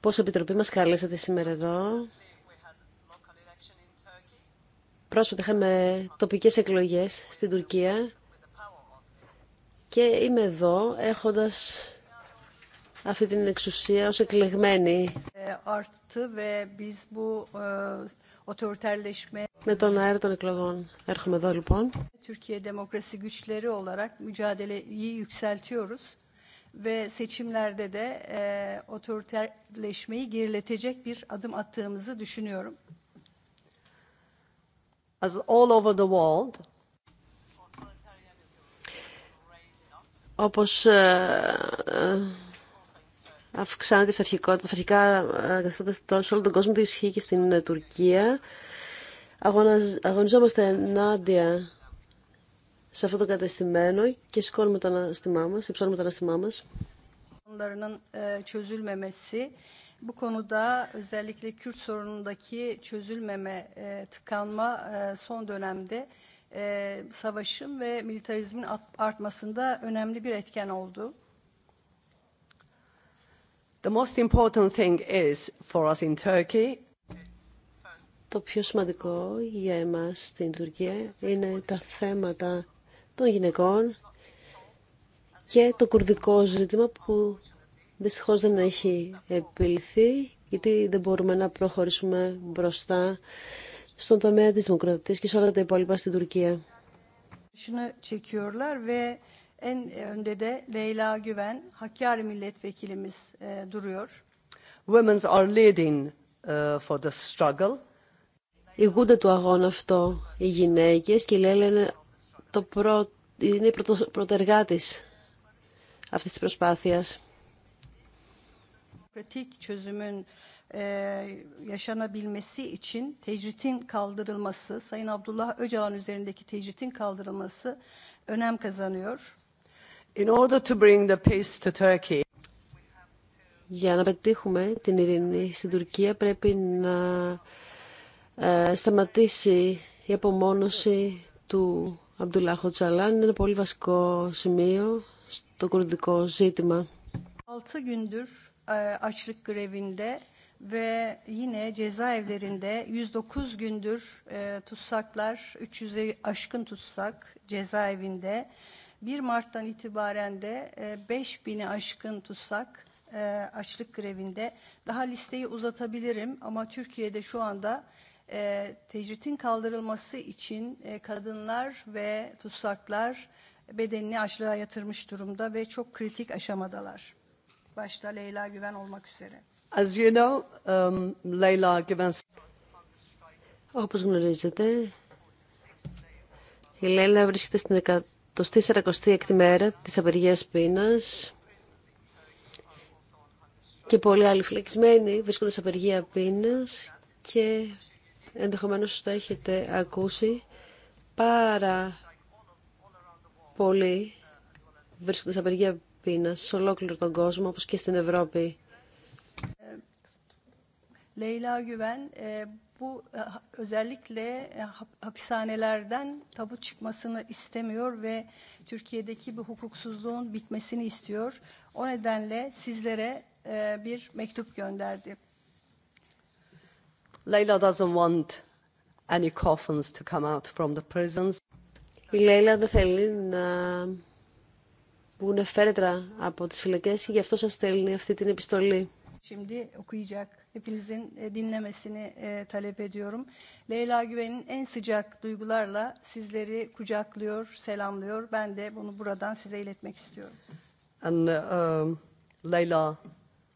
Πώς επιτροπή μας καλέσατε σήμερα εδώ. Πρόσφατα είχαμε τοπικές εκλογές στην Τουρκία και είμαι εδώ έχοντας αυτή την εξουσία ως εκλεγμένη. Με τον αέρα των εκλογών. Έρχομαι εδώ λοιπόν. Türkiye demokrasi güçleri olarak mücadeleyi yükseltiyoruz ve seçimlerde de e, otoriterleşmeyi geriletecek bir adım attığımızı düşünüyorum. As all over the world. Όπως αυξάνεται η φθαρχικότητα. Φθαρχικά ε, καθόλου σε όλο τον κόσμο, το ισχύει και στην ε, Τουρκία. Αγωνιζόμαστε ενάντια σε αυτό το κατεστημένο και σηκώνουμε το αναστημά μας, υψώνουμε το αναστημά μας. Ε, bu konuda The most for in Turkey. Το πιο σημαντικό για εμάς στην Τουρκία είναι τα θέματα των γυναικών και το κουρδικό ζήτημα που δυστυχώς δεν έχει επιληθεί γιατί δεν μπορούμε να προχωρήσουμε μπροστά στον τομέα της δημοκρατίας και σε όλα τα υπόλοιπα στην Τουρκία. En önde de Leyla Güven, Hakkari milletvekilimiz duruyor. Women are leading for the struggle. Ηγούνται του αγώνα αυτό οι γυναίκες και η Λέλα είναι, το προ... είναι η πρωτεργάτης αυτής της προσπάθειας. Pratik çözümün yaşanabilmesi için tecritin kaldırılması, Sayın Abdullah Öcalan üzerindeki tecritin kaldırılması önem kazanıyor. Για να πετύχουμε την ειρήνη στην Τουρκία πρέπει να ε, σταματήσει η απομόνωση του Αμπτουλάχο Τσαλάν. Είναι ένα πολύ βασικό σημείο στο κουρδικό ζήτημα. 6 gündür ε, açlık grevinde 109 gündür e, tutsaklar 1 Mart'tan itibaren de 5000'i aşkın tutsak açlık grevinde. Daha listeyi uzatabilirim ama Türkiye'de şu anda tecritin kaldırılması için kadınlar ve tutsaklar bedenini açlığa yatırmış durumda ve çok kritik aşamadalar. Başta Leyla Güven olmak üzere. As you know, um, Leyla Güven... Όπως γνωρίζετε, η Λέλα βρίσκεται στην το στις 46η μέρα της απεργίας πείνας και πολλοί άλλοι φυλακισμένοι βρίσκονται σε απεργία πείνας και ενδεχομένως το έχετε ακούσει πάρα πολλοί βρίσκονται σε απεργία πείνας σε ολόκληρο τον κόσμο όπως και στην Ευρώπη. Ε, Λέιλα ε, bu özellikle hapishanelerden tabu çıkmasını istemiyor ve Türkiye'deki bu hukuksuzluğun bitmesini istiyor. O nedenle sizlere bir mektup gönderdi. Leyla doesn't want any coffins to come out from the prisons. Η Λέιλα δεν θέλει να βγουν φέρετρα από τις φυλακές και γι' αυτό σας στέλνει αυτή την επιστολή. Şimdi okuyacak hepinizin dinlemesini talep ediyorum. Leyla Güven'in en sıcak duygularla sizleri kucaklıyor, selamlıyor. Ben de bunu buradan size iletmek istiyorum. And um, Leyla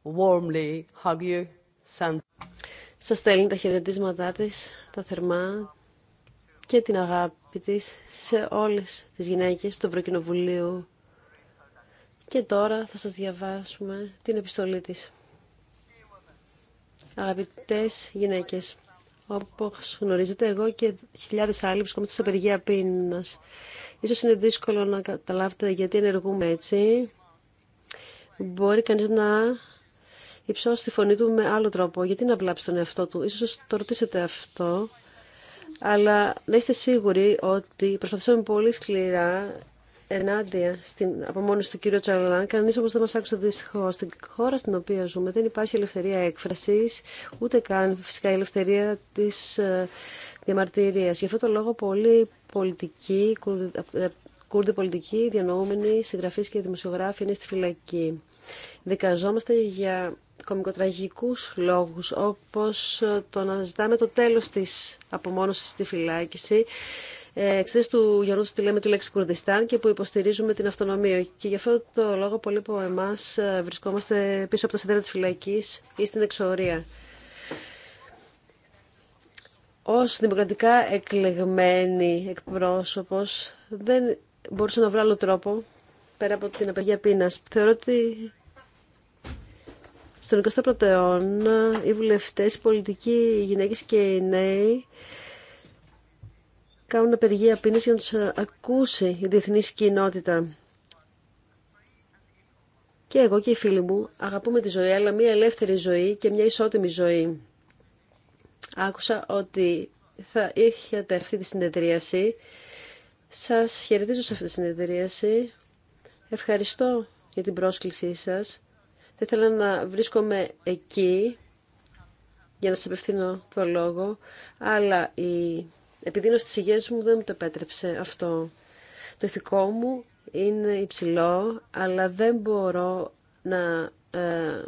warmly hug you send. Σα στέλνει τα χαιρετίσματά τη, τα θερμά και την αγάπη τη σε όλε τι γυναίκε του Ευρωκοινοβουλίου. Και τώρα θα σα διαβάσουμε την επιστολή τη. Αγαπητές γυναίκες, όπως γνωρίζετε, εγώ και χιλιάδες άλλοι βρισκόμαστε σε απεργία πείνας. Ίσως είναι δύσκολο να καταλάβετε γιατί ενεργούμε έτσι. Μπορεί κανείς να υψώσει τη φωνή του με άλλο τρόπο. Γιατί να βλάψει τον εαυτό του. Ίσως το ρωτήσετε αυτό. Αλλά να είστε σίγουροι ότι προσπαθήσαμε πολύ σκληρά ενάντια στην απομόνωση του κύριου Τσάρλαν, Κανεί όμω δεν μα άκουσε δυστυχώ. Στην χώρα στην οποία ζούμε δεν υπάρχει ελευθερία έκφραση, ούτε καν φυσικά η ελευθερία τη ε, διαμαρτυρία. Γι' αυτό το λόγο πολλοί πολιτικοί, Κούρδοι ε, ε, πολιτικοί, διανοούμενοι, συγγραφείς και δημοσιογράφοι είναι στη φυλακή. Δικαζόμαστε για κομικοτραγικούς λόγους, όπως το να ζητάμε το τέλος της απομόνωσης στη φυλάκηση, εξαιτία του Γιώργου του λέμε του λέξη Κουρδιστάν και που υποστηρίζουμε την αυτονομία. Και γι' αυτό το λόγο πολλοί από εμά ε, βρισκόμαστε πίσω από τα σύνδερα τη φυλακή ή στην εξορία. Ω δημοκρατικά εκλεγμένη εκπρόσωπος δεν μπορούσα να βρω άλλο τρόπο πέρα από την απεργία πείνα. Θεωρώ ότι στον 21ο αιώνα οι βουλευτέ, οι πολιτικοί, οι γυναίκε και οι νέοι κάνουν απεργία πίνης για να τους ε, ακούσει η διεθνής κοινότητα. Και εγώ και οι φίλοι μου αγαπούμε τη ζωή, αλλά μια ελεύθερη ζωή και μια ισότιμη ζωή. Άκουσα ότι θα είχατε αυτή τη συνεδρίαση. Σας χαιρετίζω σε αυτή τη συνεδρίαση. Ευχαριστώ για την πρόσκλησή σας. Θα ήθελα να βρίσκομαι εκεί για να σας απευθύνω το λόγο, αλλά η επειδή είναι στις υγείας μου δεν μου το επέτρεψε αυτό. Το ηθικό μου είναι υψηλό, αλλά δεν μπορώ να ε,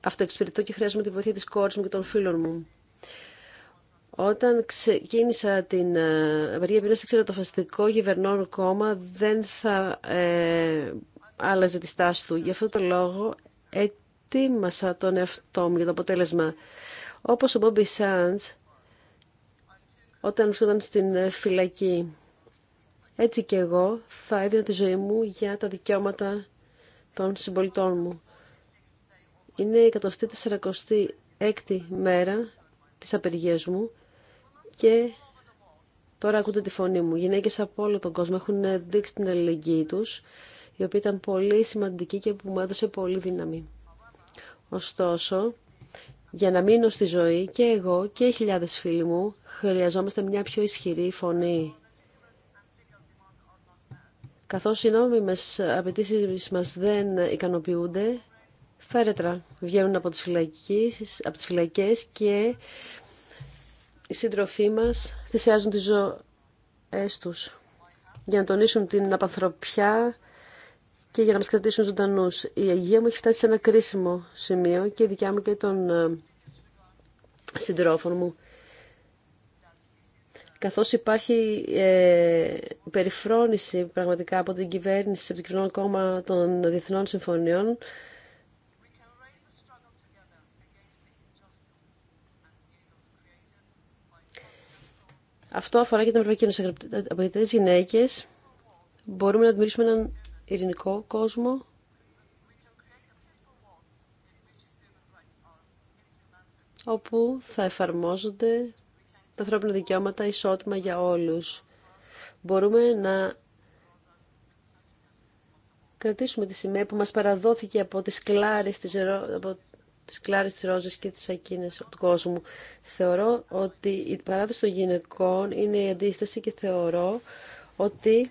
αυτοεξυπηρετώ και χρειάζομαι τη βοήθεια της κόρης μου και των φίλων μου. Όταν ξεκίνησα την ε, απεργία πείνας, ήξερα το φασιστικό κόμμα δεν θα ε, άλλαζε τη στάση του. Γι' αυτό το λόγο ετοίμασα τον εαυτό μου για το αποτέλεσμα. Όπως ο Μπόμπι Σάντς, όταν ήταν στην ε, φυλακή. Έτσι και εγώ θα έδινα τη ζωή μου για τα δικαιώματα των συμπολιτών μου. Είναι η 146η μέρα της απεργίας μου και τώρα ακούτε τη φωνή μου. Γυναίκες από όλο τον κόσμο έχουν ε, δείξει την αλληλεγγύη τους, η οποία ήταν πολύ σημαντική και που μου έδωσε πολύ δύναμη. Ωστόσο, για να μείνω στη ζωή και εγώ και οι χιλιάδες φίλοι μου χρειαζόμαστε μια πιο ισχυρή φωνή. Καθώς οι νόμιμες απαιτήσει μας δεν ικανοποιούνται, φέρετρα βγαίνουν από τις, φυλακές, από τις φυλακές και οι σύντροφοί μας θυσιάζουν τις ζωές τους για να τονίσουν την απανθρωπιά και για να μας κρατήσουν ζωντανούς. Η Αγία μου έχει φτάσει σε ένα κρίσιμο σημείο και η δικιά μου και των ε, συντρόφων μου. Καθώς υπάρχει ε, περιφρόνηση πραγματικά από την κυβέρνηση, από το κυβερνό κόμμα των διεθνών συμφωνιών, Αυτό αφορά και την Ευρωπαϊκή Ένωση. Από τι γυναίκε μπορούμε να δημιουργήσουμε έναν ειρηνικό κόσμο. όπου θα εφαρμόζονται τα ανθρώπινα δικαιώματα ισότιμα για όλους. Μπορούμε να κρατήσουμε τη σημαία που μας παραδόθηκε από τις κλάρες της, από τις κλάρες της ρόζες και τις ακίνες του κόσμου. Θεωρώ ότι η παράδοση των γυναικών είναι η αντίσταση και θεωρώ ότι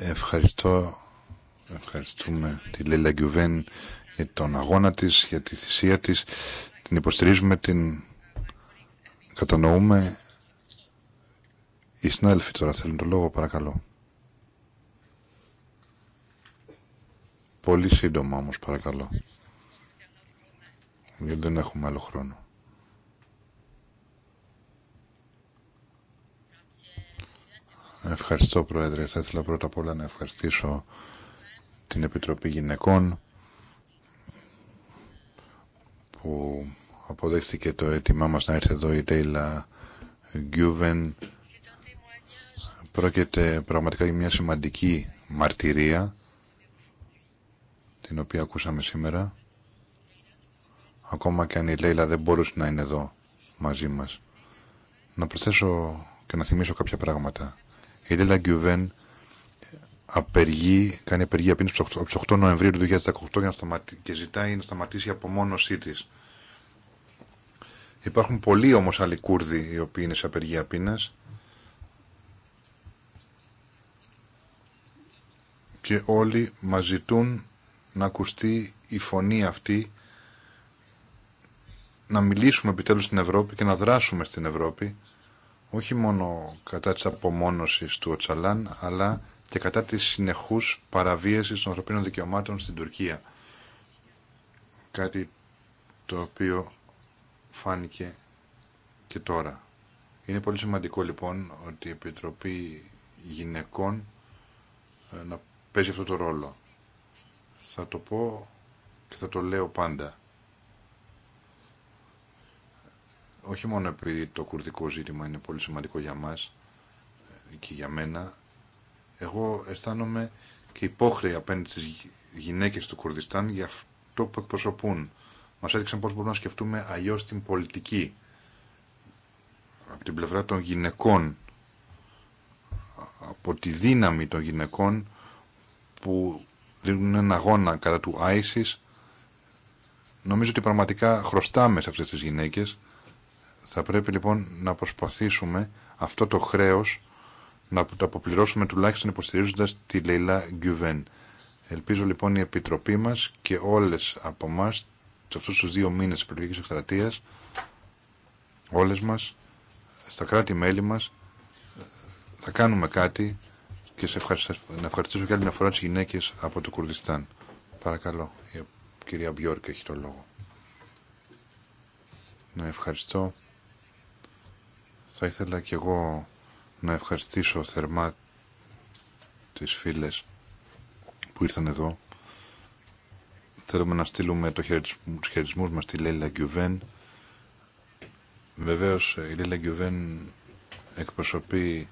Ευχαριστώ. Ευχαριστούμε τη Λέλα Γκιουβέν για τον αγώνα της, για τη θυσία της. Την υποστηρίζουμε, την κατανοούμε. Οι συνάδελφοι τώρα θέλουν το λόγο, παρακαλώ. Πολύ σύντομα όμως, παρακαλώ. Γιατί δεν έχουμε άλλο χρόνο. Ευχαριστώ Πρόεδρε. Θα ήθελα πρώτα απ' όλα να ευχαριστήσω την Επιτροπή Γυναικών που αποδέχθηκε το αίτημά μας να έρθει εδώ η Τέιλα Γκιούβεν. Πρόκειται πραγματικά για μια σημαντική μαρτυρία την οποία ακούσαμε σήμερα. Ακόμα και αν η Λέιλα δεν μπορούσε να είναι εδώ μαζί μας. Να προσθέσω και να θυμίσω κάποια πράγματα. Η Λέλα Γκιουβέν απεργεί, κάνει απεργία πίνης από τις 8 Νοεμβρίου του 2018 για να και ζητάει να σταματήσει η απομόνωσή τη. Υπάρχουν πολλοί όμως άλλοι Κούρδοι οι οποίοι είναι σε απεργία πίνας και όλοι μας ζητούν να ακουστεί η φωνή αυτή να μιλήσουμε επιτέλους στην Ευρώπη και να δράσουμε στην Ευρώπη όχι μόνο κατά της απομόνωσης του Οτσαλάν, αλλά και κατά της συνεχούς παραβίασης των ανθρωπίνων δικαιωμάτων στην Τουρκία. Κάτι το οποίο φάνηκε και τώρα. Είναι πολύ σημαντικό λοιπόν ότι η Επιτροπή Γυναικών ε, να παίζει αυτό το ρόλο. Θα το πω και θα το λέω πάντα. όχι μόνο επειδή το κουρδικό ζήτημα είναι πολύ σημαντικό για μας ε, και για μένα, εγώ αισθάνομαι και υπόχρεη απέναντι στις γυναίκες του Κουρδιστάν για αυτό που εκπροσωπούν. Μας έδειξαν πώς μπορούμε να σκεφτούμε αλλιώς την πολιτική από την πλευρά των γυναικών, από τη δύναμη των γυναικών που δίνουν έναν αγώνα κατά του ISIS. Νομίζω ότι πραγματικά χρωστάμε σε αυτές τις γυναίκες θα πρέπει λοιπόν να προσπαθήσουμε αυτό το χρέος να το αποπληρώσουμε τουλάχιστον υποστηρίζοντα τη Λεϊλά Γκιουβέν. Ελπίζω λοιπόν η Επιτροπή μας και όλες από εμά σε αυτούς τους δύο μήνες της εκστρατείας, όλες μας, στα κράτη-μέλη μας, θα κάνουμε κάτι και σε ευχαριστήσω, να ευχαριστήσω και άλλη μια φορά τις γυναίκες από το Κουρδιστάν. Παρακαλώ, η κυρία Μπιόρκ έχει το λόγο. Να ευχαριστώ. Θα ήθελα κι εγώ να ευχαριστήσω θερμά τις φίλες που ήρθαν εδώ. Θέλουμε να στείλουμε το τους χαιρετισμούς μας στη Λέιλα Γκιουβέν. Βεβαίως η Λέιλα Γκιουβέν εκπροσωπεί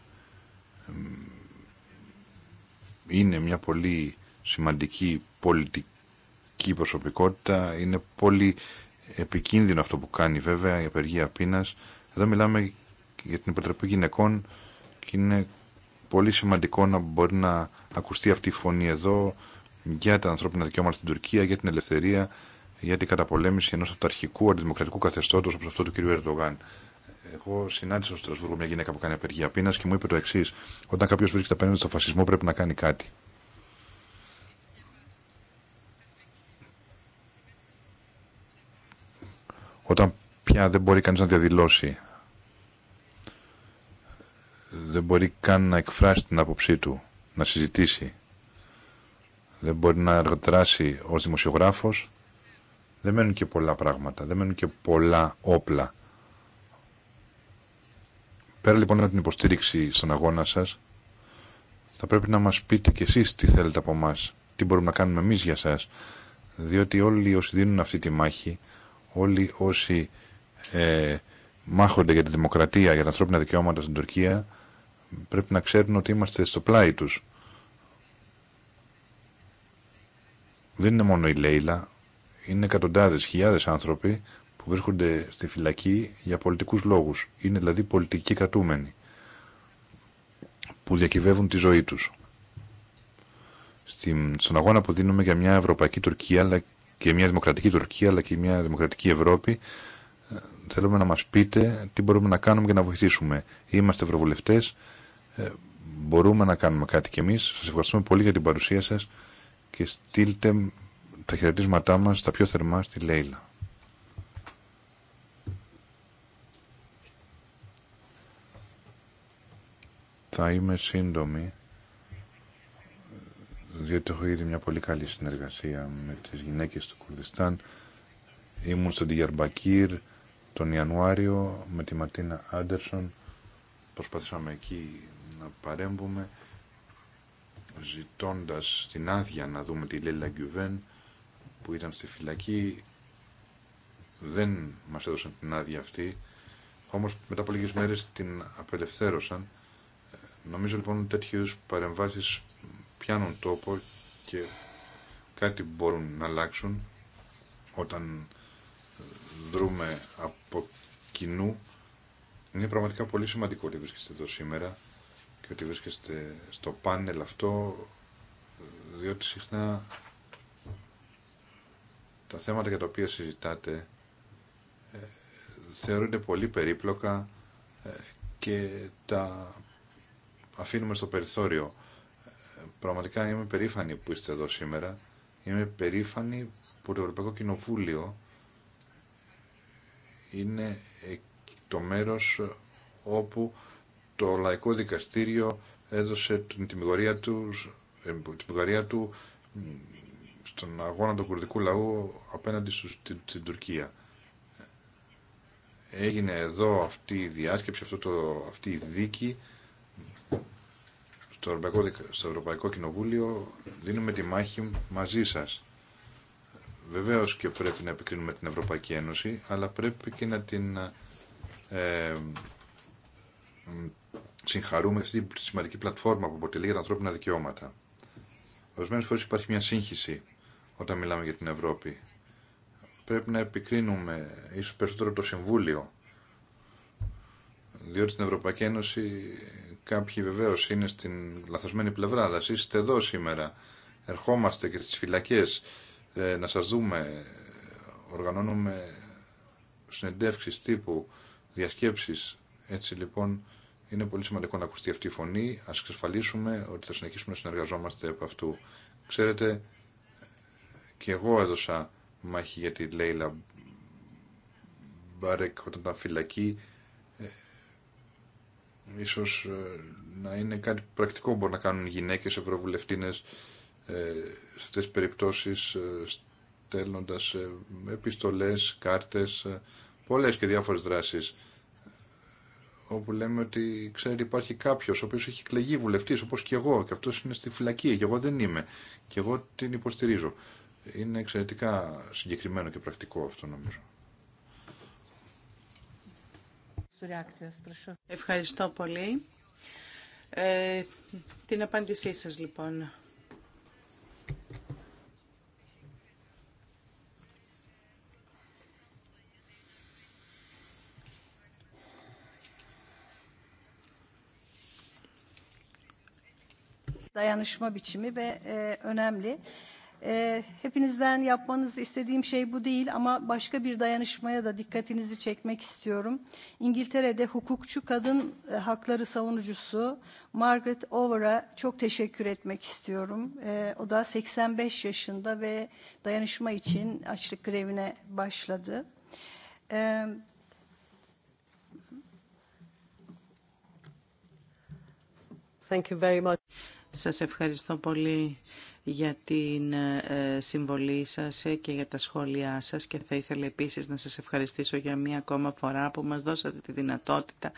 είναι μια πολύ σημαντική πολιτική προσωπικότητα. Είναι πολύ επικίνδυνο αυτό που κάνει βέβαια η απεργία πείνας. Εδώ μιλάμε για την Επιτροπή Γυναικών και είναι πολύ σημαντικό να μπορεί να ακουστεί αυτή η φωνή εδώ για τα ανθρώπινα δικαιώματα στην Τουρκία, για την ελευθερία, για την καταπολέμηση ενό αυταρχικού αντιδημοκρατικού καθεστώτος όπως αυτό του κ. Ερντογάν. Εγώ συνάντησα στο Στρασβούργο μια γυναίκα που κάνει απεργία πείνα και μου είπε το εξή: Όταν κάποιο βρίσκεται απέναντι στο φασισμό, πρέπει να κάνει κάτι. Όταν πια δεν μπορεί κανεί να διαδηλώσει δεν μπορεί καν να εκφράσει την άποψή του, να συζητήσει. Δεν μπορεί να εργοτράσει ως δημοσιογράφος. Δεν μένουν και πολλά πράγματα, δεν μένουν και πολλά όπλα. Πέρα λοιπόν από την υποστήριξη στον αγώνα σας, θα πρέπει να μας πείτε κι εσείς τι θέλετε από μας, τι μπορούμε να κάνουμε εμείς για σας, διότι όλοι όσοι δίνουν αυτή τη μάχη, όλοι όσοι ε, μάχονται για τη δημοκρατία, για τα ανθρώπινα δικαιώματα στην Τουρκία, πρέπει να ξέρουν ότι είμαστε στο πλάι τους. Δεν είναι μόνο η Λέιλα, είναι εκατοντάδες, χιλιάδες άνθρωποι που βρίσκονται στη φυλακή για πολιτικούς λόγους. Είναι δηλαδή πολιτικοί κρατούμενοι που διακυβεύουν τη ζωή τους. Στον αγώνα που δίνουμε για μια ευρωπαϊκή Τουρκία αλλά και μια δημοκρατική Τουρκία αλλά και μια δημοκρατική Ευρώπη ε, θέλουμε να μας πείτε τι μπορούμε να κάνουμε για να βοηθήσουμε. Είμαστε ευρωβουλευτές, ε, μπορούμε να κάνουμε κάτι κι εμείς. Σας ευχαριστούμε πολύ για την παρουσία σας και στείλτε τα χαιρετίσματά μας τα πιο θερμά στη Λέιλα. Θα είμαι σύντομη διότι έχω ήδη μια πολύ καλή συνεργασία με τις γυναίκες του Κουρδιστάν. Ήμουν στον Τιγερμπακύρ τον Ιανουάριο με τη Ματίνα Άντερσον. Προσπαθήσαμε εκεί παρέμβουμε ζητώντας την άδεια να δούμε τη Λέλα Γκιουβέν που ήταν στη φυλακή δεν μας έδωσαν την άδεια αυτή όμως μετά από λίγες μέρες την απελευθέρωσαν νομίζω λοιπόν ότι τέτοιες παρεμβάσεις πιάνουν τόπο και κάτι μπορούν να αλλάξουν όταν δρούμε από κοινού είναι πραγματικά πολύ σημαντικό ότι βρίσκεστε εδώ σήμερα και ότι βρίσκεστε στο πάνελ αυτό, διότι συχνά τα θέματα για τα οποία συζητάτε ε, θεωρούνται πολύ περίπλοκα ε, και τα αφήνουμε στο περιθώριο. Ε, πραγματικά είμαι περήφανη που είστε εδώ σήμερα. Είμαι περήφανη που το Ευρωπαϊκό Κοινοβούλιο είναι το μέρος όπου το Λαϊκό Δικαστήριο έδωσε την τιμιγορία του, ε, την του στον αγώνα του κουρδικού λαού απέναντι στην Τουρκία. Έγινε εδώ αυτή η διάσκεψη, αυτό το, αυτή η δίκη στο Ευρωπαϊκό, στο Ευρωπαϊκό Κοινοβούλιο. Δίνουμε τη μάχη μαζί σας. Βεβαίως και πρέπει να επικρίνουμε την Ευρωπαϊκή Ένωση, αλλά πρέπει και να την ε, συγχαρούμε αυτή τη σημαντική πλατφόρμα που αποτελεί για τα ανθρώπινα δικαιώματα. Ορισμένε φορέ υπάρχει μια σύγχυση όταν μιλάμε για την Ευρώπη. Πρέπει να επικρίνουμε ίσω περισσότερο το Συμβούλιο. Διότι στην Ευρωπαϊκή Ένωση κάποιοι βεβαίω είναι στην λαθασμένη πλευρά, αλλά εσεί είστε εδώ σήμερα. Ερχόμαστε και στι φυλακέ ε, να σα δούμε. Οργανώνουμε συνεντεύξει τύπου, διασκέψει Έτσι λοιπόν είναι πολύ σημαντικό να ακουστεί αυτή η φωνή. Α εξασφαλίσουμε ότι θα συνεχίσουμε να συνεργαζόμαστε από αυτού. Ξέρετε, και εγώ έδωσα μάχη για τη Λέιλα Μπάρεκ όταν ήταν φυλακή. Ε, ίσως ε, να είναι κάτι πρακτικό που μπορούν να κάνουν γυναίκες ευρωβουλευτίνες ε, σε αυτές τις περιπτώσεις στέλνοντας επιστολές, κάρτες, πολλές και διάφορες δράσεις όπου λέμε ότι ξέρετε υπάρχει κάποιο ο οποίος έχει εκλεγεί βουλευτή, όπω και εγώ και αυτό είναι στη φυλακή και εγώ δεν είμαι και εγώ την υποστηρίζω. Είναι εξαιρετικά συγκεκριμένο και πρακτικό αυτό νομίζω. Ευχαριστώ πολύ. Ε, την απάντησή σας λοιπόν. dayanışma biçimi ve önemli. Hepinizden yapmanız istediğim şey bu değil ama başka bir dayanışmaya da dikkatinizi çekmek istiyorum. İngiltere'de hukukçu kadın hakları savunucusu Margaret Over'a çok teşekkür etmek istiyorum. O da 85 yaşında ve dayanışma için açlık grevine başladı. Thank you very much. Σας ευχαριστώ πολύ για την ε, συμβολή σας και για τα σχόλιά σας και θα ήθελα επίσης να σας ευχαριστήσω για μία ακόμα φορά που μας δώσατε τη δυνατότητα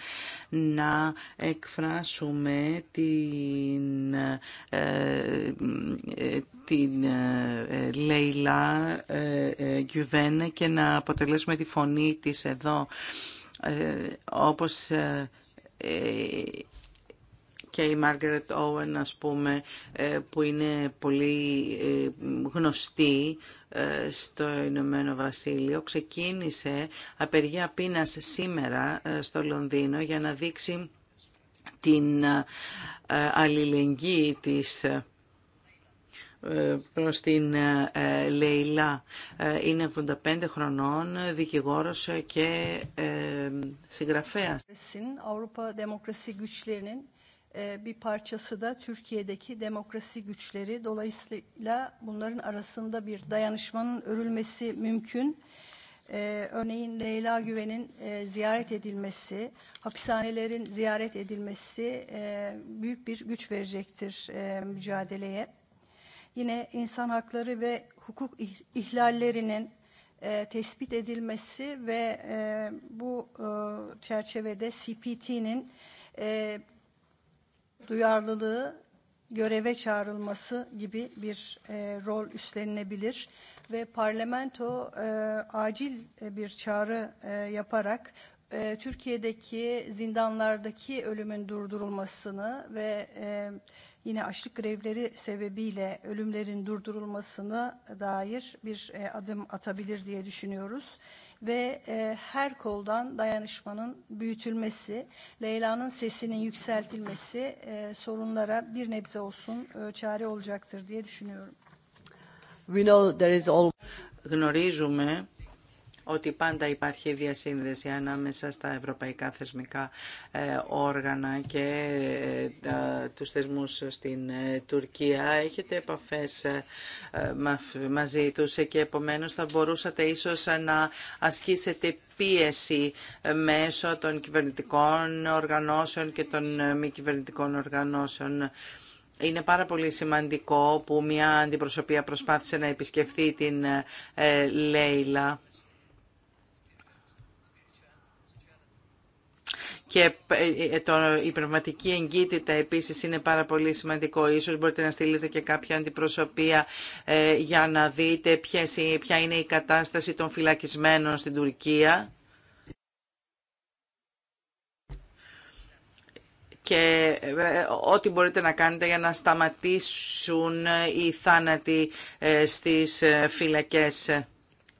να εκφράσουμε την, ε, ε, την Λέιλα Γκιουβέν και να αποτελέσουμε τη φωνή της εδώ όπως και η Margaret Owen ας πούμε ε, που είναι πολύ ε, γνωστή ε, στο Ηνωμένο Βασίλειο ξεκίνησε απεργία πείνας σήμερα στο Λονδίνο για να δείξει την αλληλεγγύη της προς την Λεϊλά. Είναι 75 χρονών, δικηγόρος και συγγραφέας bir parçası da Türkiye'deki demokrasi güçleri. Dolayısıyla bunların arasında bir dayanışmanın örülmesi mümkün. Örneğin Leyla Güven'in ziyaret edilmesi, hapishanelerin ziyaret edilmesi büyük bir güç verecektir mücadeleye. Yine insan hakları ve hukuk ihlallerinin tespit edilmesi ve bu çerçevede CPT'nin duyarlılığı göreve çağrılması gibi bir e, rol üstlenilebilir ve parlamento e, acil bir çağrı e, yaparak e, Türkiye'deki zindanlardaki ölümün durdurulmasını ve e, yine açlık grevleri sebebiyle ölümlerin durdurulmasını dair bir e, adım atabilir diye düşünüyoruz ve her koldan dayanışmanın büyütülmesi, Leyla'nın sesinin yükseltilmesi sorunlara bir nebze olsun çare olacaktır diye düşünüyorum. We know there is all... Γνωρίζουμε ότι πάντα υπάρχει διασύνδεση ανάμεσα στα ευρωπαϊκά θεσμικά ε, όργανα και ε, τους θεσμούς στην ε, Τουρκία. Έχετε επαφές μαζί τους και επομένως θα μπορούσατε ίσως να ασκήσετε πίεση μέσω των κυβερνητικών οργανώσεων και των μη κυβερνητικών οργανώσεων. Είναι πάρα πολύ σημαντικό που μια αντιπροσωπεία προσπάθησε να επισκεφθεί την Λέιλα και ε, ε, ε, η πνευματική εγκύτητα επίσης είναι πάρα πολύ σημαντικό. Ίσως μπορείτε να στείλετε και κάποια αντιπροσωπεία για να δείτε ποια είναι η κατάσταση των φυλακισμένων στην Τουρκία. και ό,τι μπορείτε να κάνετε για να σταματήσουν οι θάνατοι στις φυλακές.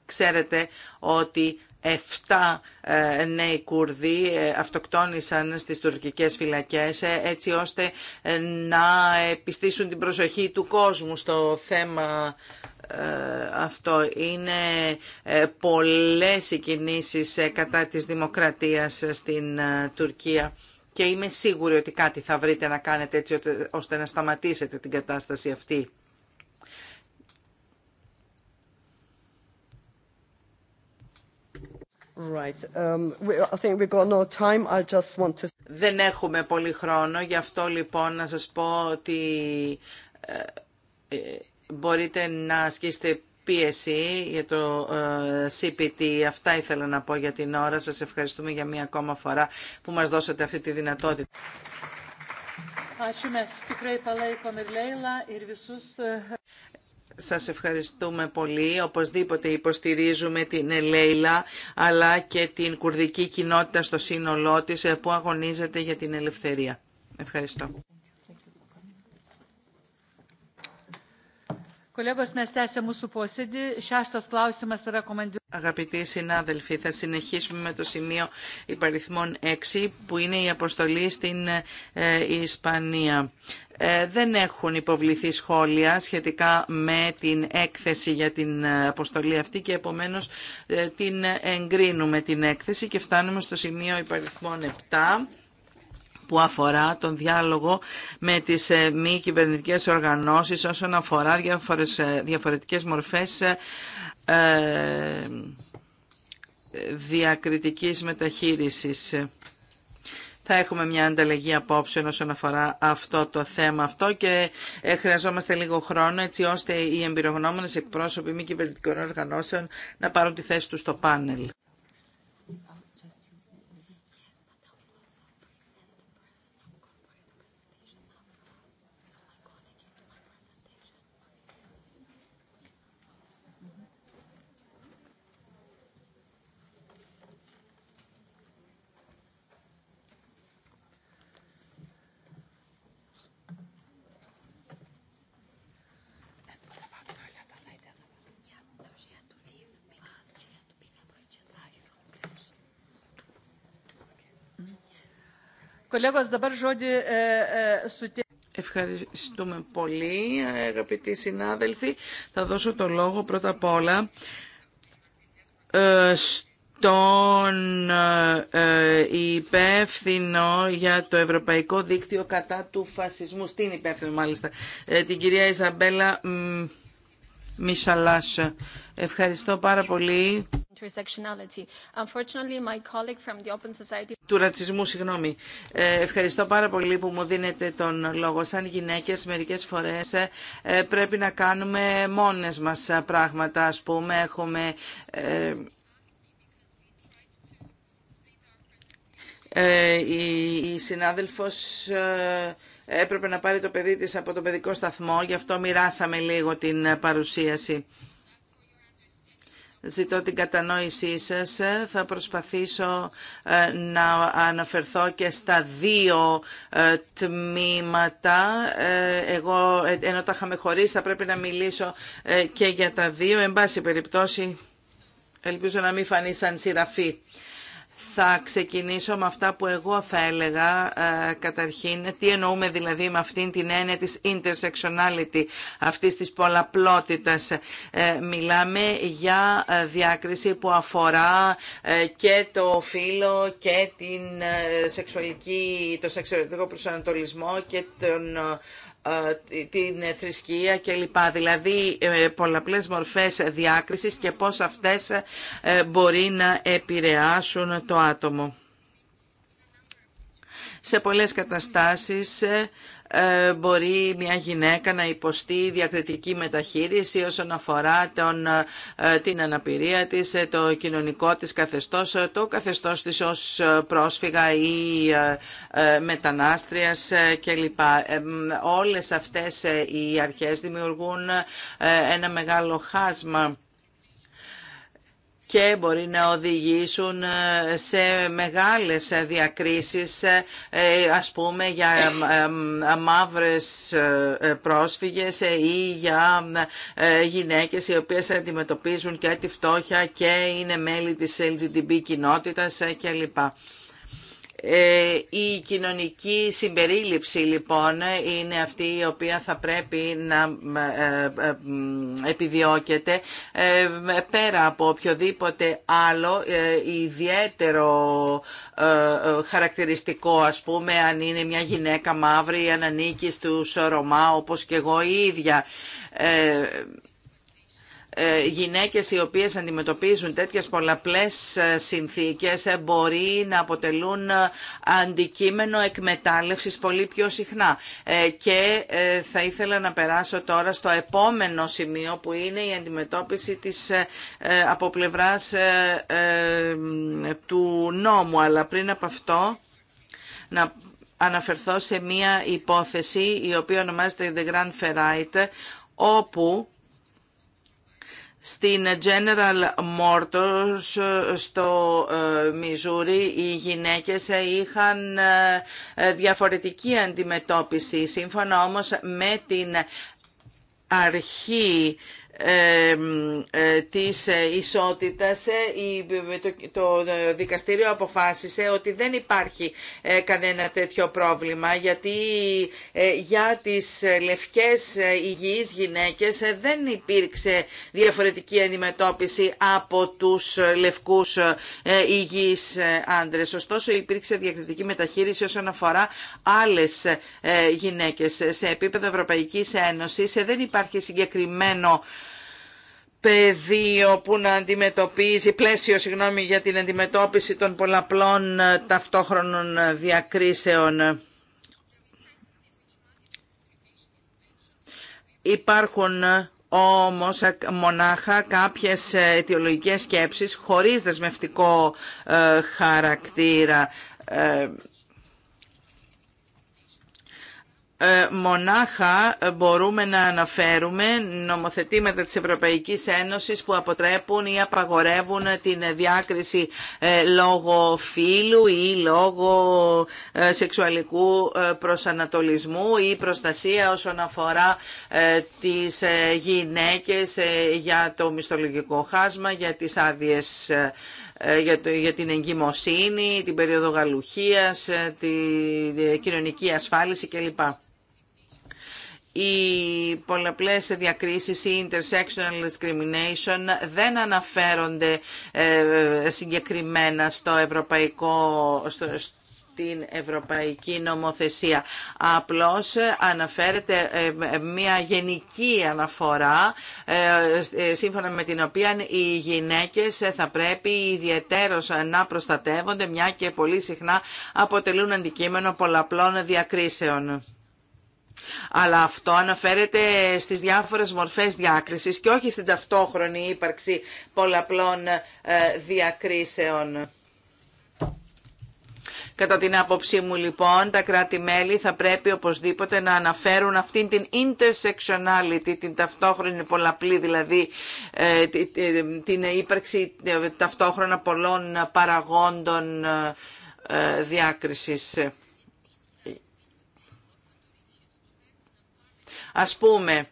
Ξέρετε ότι Εφτά ε, νέοι Κούρδοι ε, αυτοκτόνησαν στις τουρκικές φυλακές ε, έτσι ώστε να επιστήσουν την προσοχή του κόσμου στο θέμα αυτό. Είναι πολλές οι κινήσεις κατά της δημοκρατίας στην Τουρκία και είμαι σίγουρη ότι κάτι θα βρείτε να κάνετε έτσι ώστε να σταματήσετε την κατάσταση αυτή. Δεν έχουμε πολύ χρόνο, γι' αυτό λοιπόν να σας πω ότι ε, ε, μπορείτε να ασκήσετε πίεση για το ε, CPT. Αυτά ήθελα να πω για την ώρα. Σας ευχαριστούμε για μία ακόμα φορά που μας δώσατε αυτή τη δυνατότητα. Σας ευχαριστούμε πολύ. Οπωσδήποτε υποστηρίζουμε την Ελέηλα αλλά και την κουρδική κοινότητα στο σύνολό της ε, που αγωνίζεται για την ελευθερία. Ευχαριστώ. Αγαπητοί συνάδελφοι, θα συνεχίσουμε με το σημείο υπαριθμών 6 που είναι η αποστολή στην ε, Ισπανία. Ε, δεν έχουν υποβληθεί σχόλια σχετικά με την έκθεση για την αποστολή αυτή και επομένως ε, την εγκρίνουμε την έκθεση και φτάνουμε στο σημείο υπαριθμών 7 που αφορά τον διάλογο με τις ε, μη κυβερνητικές οργανώσεις όσον αφορά διάφορες, διαφορετικές μορφές διακριτικής μεταχείρισης θα έχουμε μια ανταλλαγή απόψεων όσον αφορά αυτό το θέμα αυτό και ε, χρειαζόμαστε λίγο χρόνο έτσι ώστε οι εμπειρογνώμονες εκπρόσωποι μη κυβερνητικών οργανώσεων να πάρουν τη θέση τους στο πάνελ. E, e, Ευχαριστούμε πολύ, αγαπητοί συνάδελφοι. Θα δώσω το λόγο πρώτα απ' όλα ε, στον ε, ε, υπεύθυνο για το Ευρωπαϊκό Δίκτυο κατά του Φασισμού, στην υπεύθυνο μάλιστα, την κυρία Ιζαμπέλα Ευχαριστώ πάρα πολύ. Του ρατσισμού, συγγνώμη. Ε, ευχαριστώ πάρα πολύ που μου δίνετε τον λόγο. Σαν γυναίκες μερικές φορές ε, πρέπει να κάνουμε μόνες μας πράγματα. Ας πούμε έχουμε... Ε, ε η, η συνάδελφος έπρεπε να πάρει το παιδί της από τον παιδικό σταθμό, γι' αυτό μοιράσαμε λίγο την παρουσίαση. Ζητώ την κατανόησή σας. Θα προσπαθήσω ε, να αναφερθώ και στα δύο ε, τμήματα. Ε, εγώ, ενώ τα είχαμε χωρίσει, θα πρέπει να μιλήσω και για τα δύο. Εν πάση περιπτώσει, ελπίζω να μην φανεί σαν σειραφή. Θα ξεκινήσω με αυτά που εγώ θα έλεγα ε, καταρχήν. Τι εννοούμε δηλαδή με αυτήν την έννοια της intersectionality, αυτής της πολλαπλότητας. Ε, μιλάμε για ε, διάκριση που αφορά και το φύλλο και την σεξουαλική, το σεξουαλικό προσανατολισμό και τον ε, την θρησκεία κλπ. Δηλαδή ε, πολλαπλές μορφές διάκρισης και πώς αυτές ε, μπορεί να επηρεάσουν το άτομο. Σε πολλές καταστάσεις ε, μπορεί μια γυναίκα να υποστεί διακριτική μεταχείριση όσον αφορά τον, ε, την αναπηρία της, ε, το κοινωνικό της καθεστώς, το καθεστώς της ως πρόσφυγα ή μετανάστριας κλπ. Όλες αυτές οι αρχές δημιουργούν ένα μεγάλο χάσμα και μπορεί να οδηγήσουν ε, σε μεγάλες διακρίσεις ε, ε, ας πούμε για μαύρες πρόσφυγες ή για γυναίκες οι οποίες αντιμετωπίζουν και τη φτώχεια και είναι μέλη της LGTB κοινότητας κλπ. Ε, η κοινωνική συμπερίληψη λοιπόν είναι αυτή η οποία θα πρέπει να ε, ε, επιδιώκεται πέρα από οποιοδήποτε άλλο ιδιαίτερο χαρακτηριστικό ας πούμε αν είναι μια γυναίκα μαύρη ή αν ανήκει στους Ρωμά όπως και εγώ η ίδια. Ε, γυναίκες οι οποίες αντιμετωπίζουν τέτοιες πολλαπλές ε, συνθήκες ε, μπορεί να αποτελούν αντικείμενο εκμετάλλευσης πολύ πιο συχνά. Και θα ήθελα να περάσω τώρα στο επόμενο σημείο που είναι η αντιμετώπιση της από πλευράς του νόμου. Αλλά πριν από αυτό να αναφερθώ σε μία υπόθεση η οποία ονομάζεται The Grand Ferrite όπου στην General Motors στο ε, Μιζούρι οι γυναίκες είχαν ε, διαφορετική αντιμετώπιση. Σύμφωνα όμως με την αρχή ε, της ε, ισότητας ε, το δικαστήριο αποφάσισε ότι δεν υπάρχει κανένα τέτοιο πρόβλημα γιατί για τις λευκές υγιείς γυναίκες δεν υπήρξε διαφορετική αντιμετώπιση από τους λευκούς υγιείς άντρες. Ωστόσο υπήρξε διακριτική μεταχείριση όσον αφορά άλλες γυναίκες. Σε επίπεδο Ευρωπαϊκής Ένωσης δεν υπάρχει συγκεκριμένο πεδίο που να αντιμετωπίζει, πλαίσιο συγγνώμη, για την αντιμετώπιση των πολλαπλών ε, ταυτόχρονων ε, διακρίσεων. Υπάρχουν ε, όμως μονάχα κάποιες αιτιολογικές σκέψεις χωρίς δεσμευτικό χαρακτήρα. Ε, μονάχα ε, μπορούμε να αναφέρουμε νομοθετήματα της Ευρωπαϊκής Ένωσης που αποτρέπουν ή απαγορεύουν την διάκριση ε, λόγω φύλου ή λόγω σεξουαλικού προσανατολισμού ή προστασία όσον αφορά τις γυναίκες για το μισθολογικό χάσμα, για τις άδειες για, το, για την εγκυμοσύνη, την περίοδο γαλουχίας, τη κοινωνική ασφάλιση κλπ οι πολλαπλές διακρίσεις ή intersectional discrimination δεν αναφέρονται ε, συγκεκριμένα στο ευρωπαϊκό, στο, ευρωπαϊκή νομοθεσία. Απλώς αναφέρεται ε, μια γενική αναφορά ε, σύμφωνα με την οποία οι γυναίκες θα πρέπει ιδιαιτέρως να προστατεύονται μια και πολύ συχνά αποτελούν αντικείμενο πολλαπλών διακρίσεων. Αλλά αυτό αναφέρεται στις διάφορες μορφές διάκρισης και όχι στην ταυτόχρονη ύπαρξη πολλαπλών ε, διακρίσεων. Κατά την άποψή μου λοιπόν, τα κράτη-μέλη θα πρέπει οπωσδήποτε να αναφέρουν αυτήν την intersectionality, την ταυτόχρονη πολλαπλή, δηλαδή ε, ε, την ύπαρξη ταυτόχρονα πολλών παραγόντων διάκρισης. Ας πούμε,